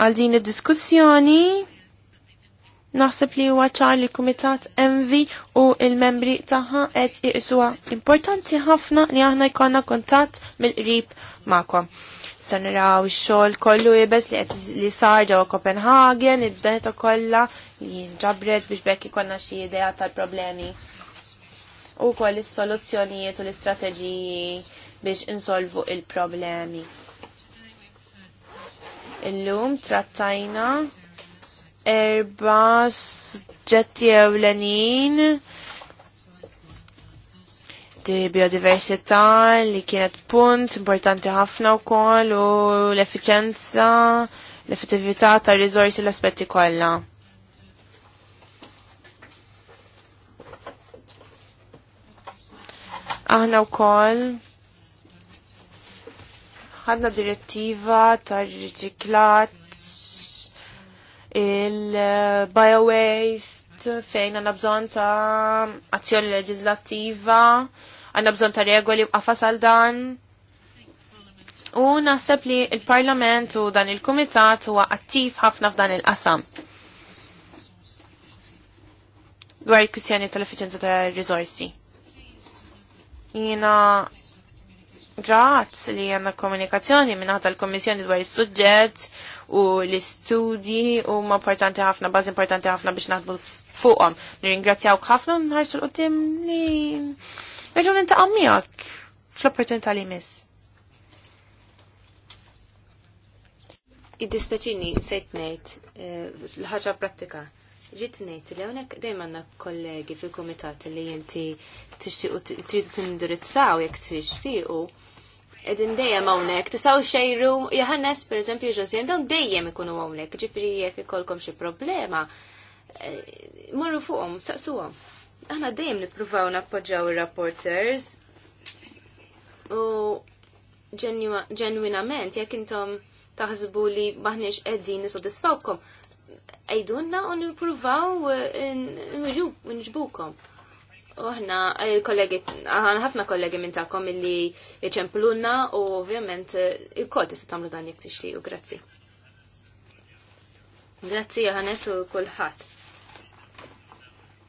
għal din id-diskussjoni. Naħseb li huwa ċar li kumitat Envi u il-membri tagħha qed iqsuha importanti ħafna li aħna jkollna kuntatt mill-qrib magħkom. Se naraw ix-xogħol kollu jibes li qed li sar ġewwa Copenhagen, id-deta kollha li ġabret biex bekk ikollna xi idea tal-problemi. U koll is-soluzzjonijiet u l-istrateġiji biex insolvu il-problemi. Illum trattajna erba suġġetti ewlenin di biodiversità li kienet punt importanti ħafna koll u l-effiċenza, l-effettività tar riżorsi l-aspetti kollha. Aħna wkoll ħadna direttiva ta' riċiklaċ il-biowaste fejn għanna bżon ta' azzjoni leġislattiva, għanna bżon ta' regoli b'qafas għal dan. U naħseb li il-Parlament u dan il-Kumitat huwa attiv ħafna f'dan il-qasam. Dwar il kustjoni tal-efficienza ta' risorsi. Jina grazz li għanna komunikazzjoni minna tal-Komissjoni dwar il-sujġet u l-istudji huma importanti ħafna, baz importanti ħafna biex naħdmu fuqhom. Nirringrazzjawk ħafna nħarsu l-qudiem li Reġun inta' miegħek fl-opportunità li miss. Id-dispeċini sejt nejt eh, l-ħagġa pratika. Rrit ngħid li għonek dejjem għandna kollegi fil-komitat li inti tixtiequ tridu tindirizzaw jek tixtiequ edin dejjem hawnhekk. Tistgħu xejru Johannes pereżempju Josien dawn dejjem ikunu hawnhekk, ġifri jekk ikolkom xi problema. Morru fuqhom, saqsuhom. Aħna dejjem nippruvaw nappoġġaw ir-rapporters u ġenwinament jekk intom taħsbu li maħniex qegħdin nisodisfawkom. Għajdunna u nippruvaw nġbukom. In, Aħna, eh, kollegi, għan ħafna kollegi minn ta'kom illi Ċempluna u ovvjament eh, il-kod tista' tagħmlu dan jekk tixtiequ, grazzi. Grazzi għanessu u kulħadd.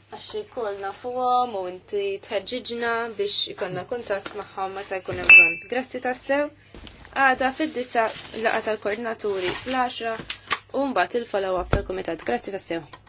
Għax ikollna fuqhom u inti tħeġġiġna biex ikollna kuntatt magħhom meta jkun hemm bżonn. Grazzi tassew. Għada fid-disa laqa tal-koordinaturi fl-10 u mbagħad il-follow-up tal-kumitat. Grazzi tassew.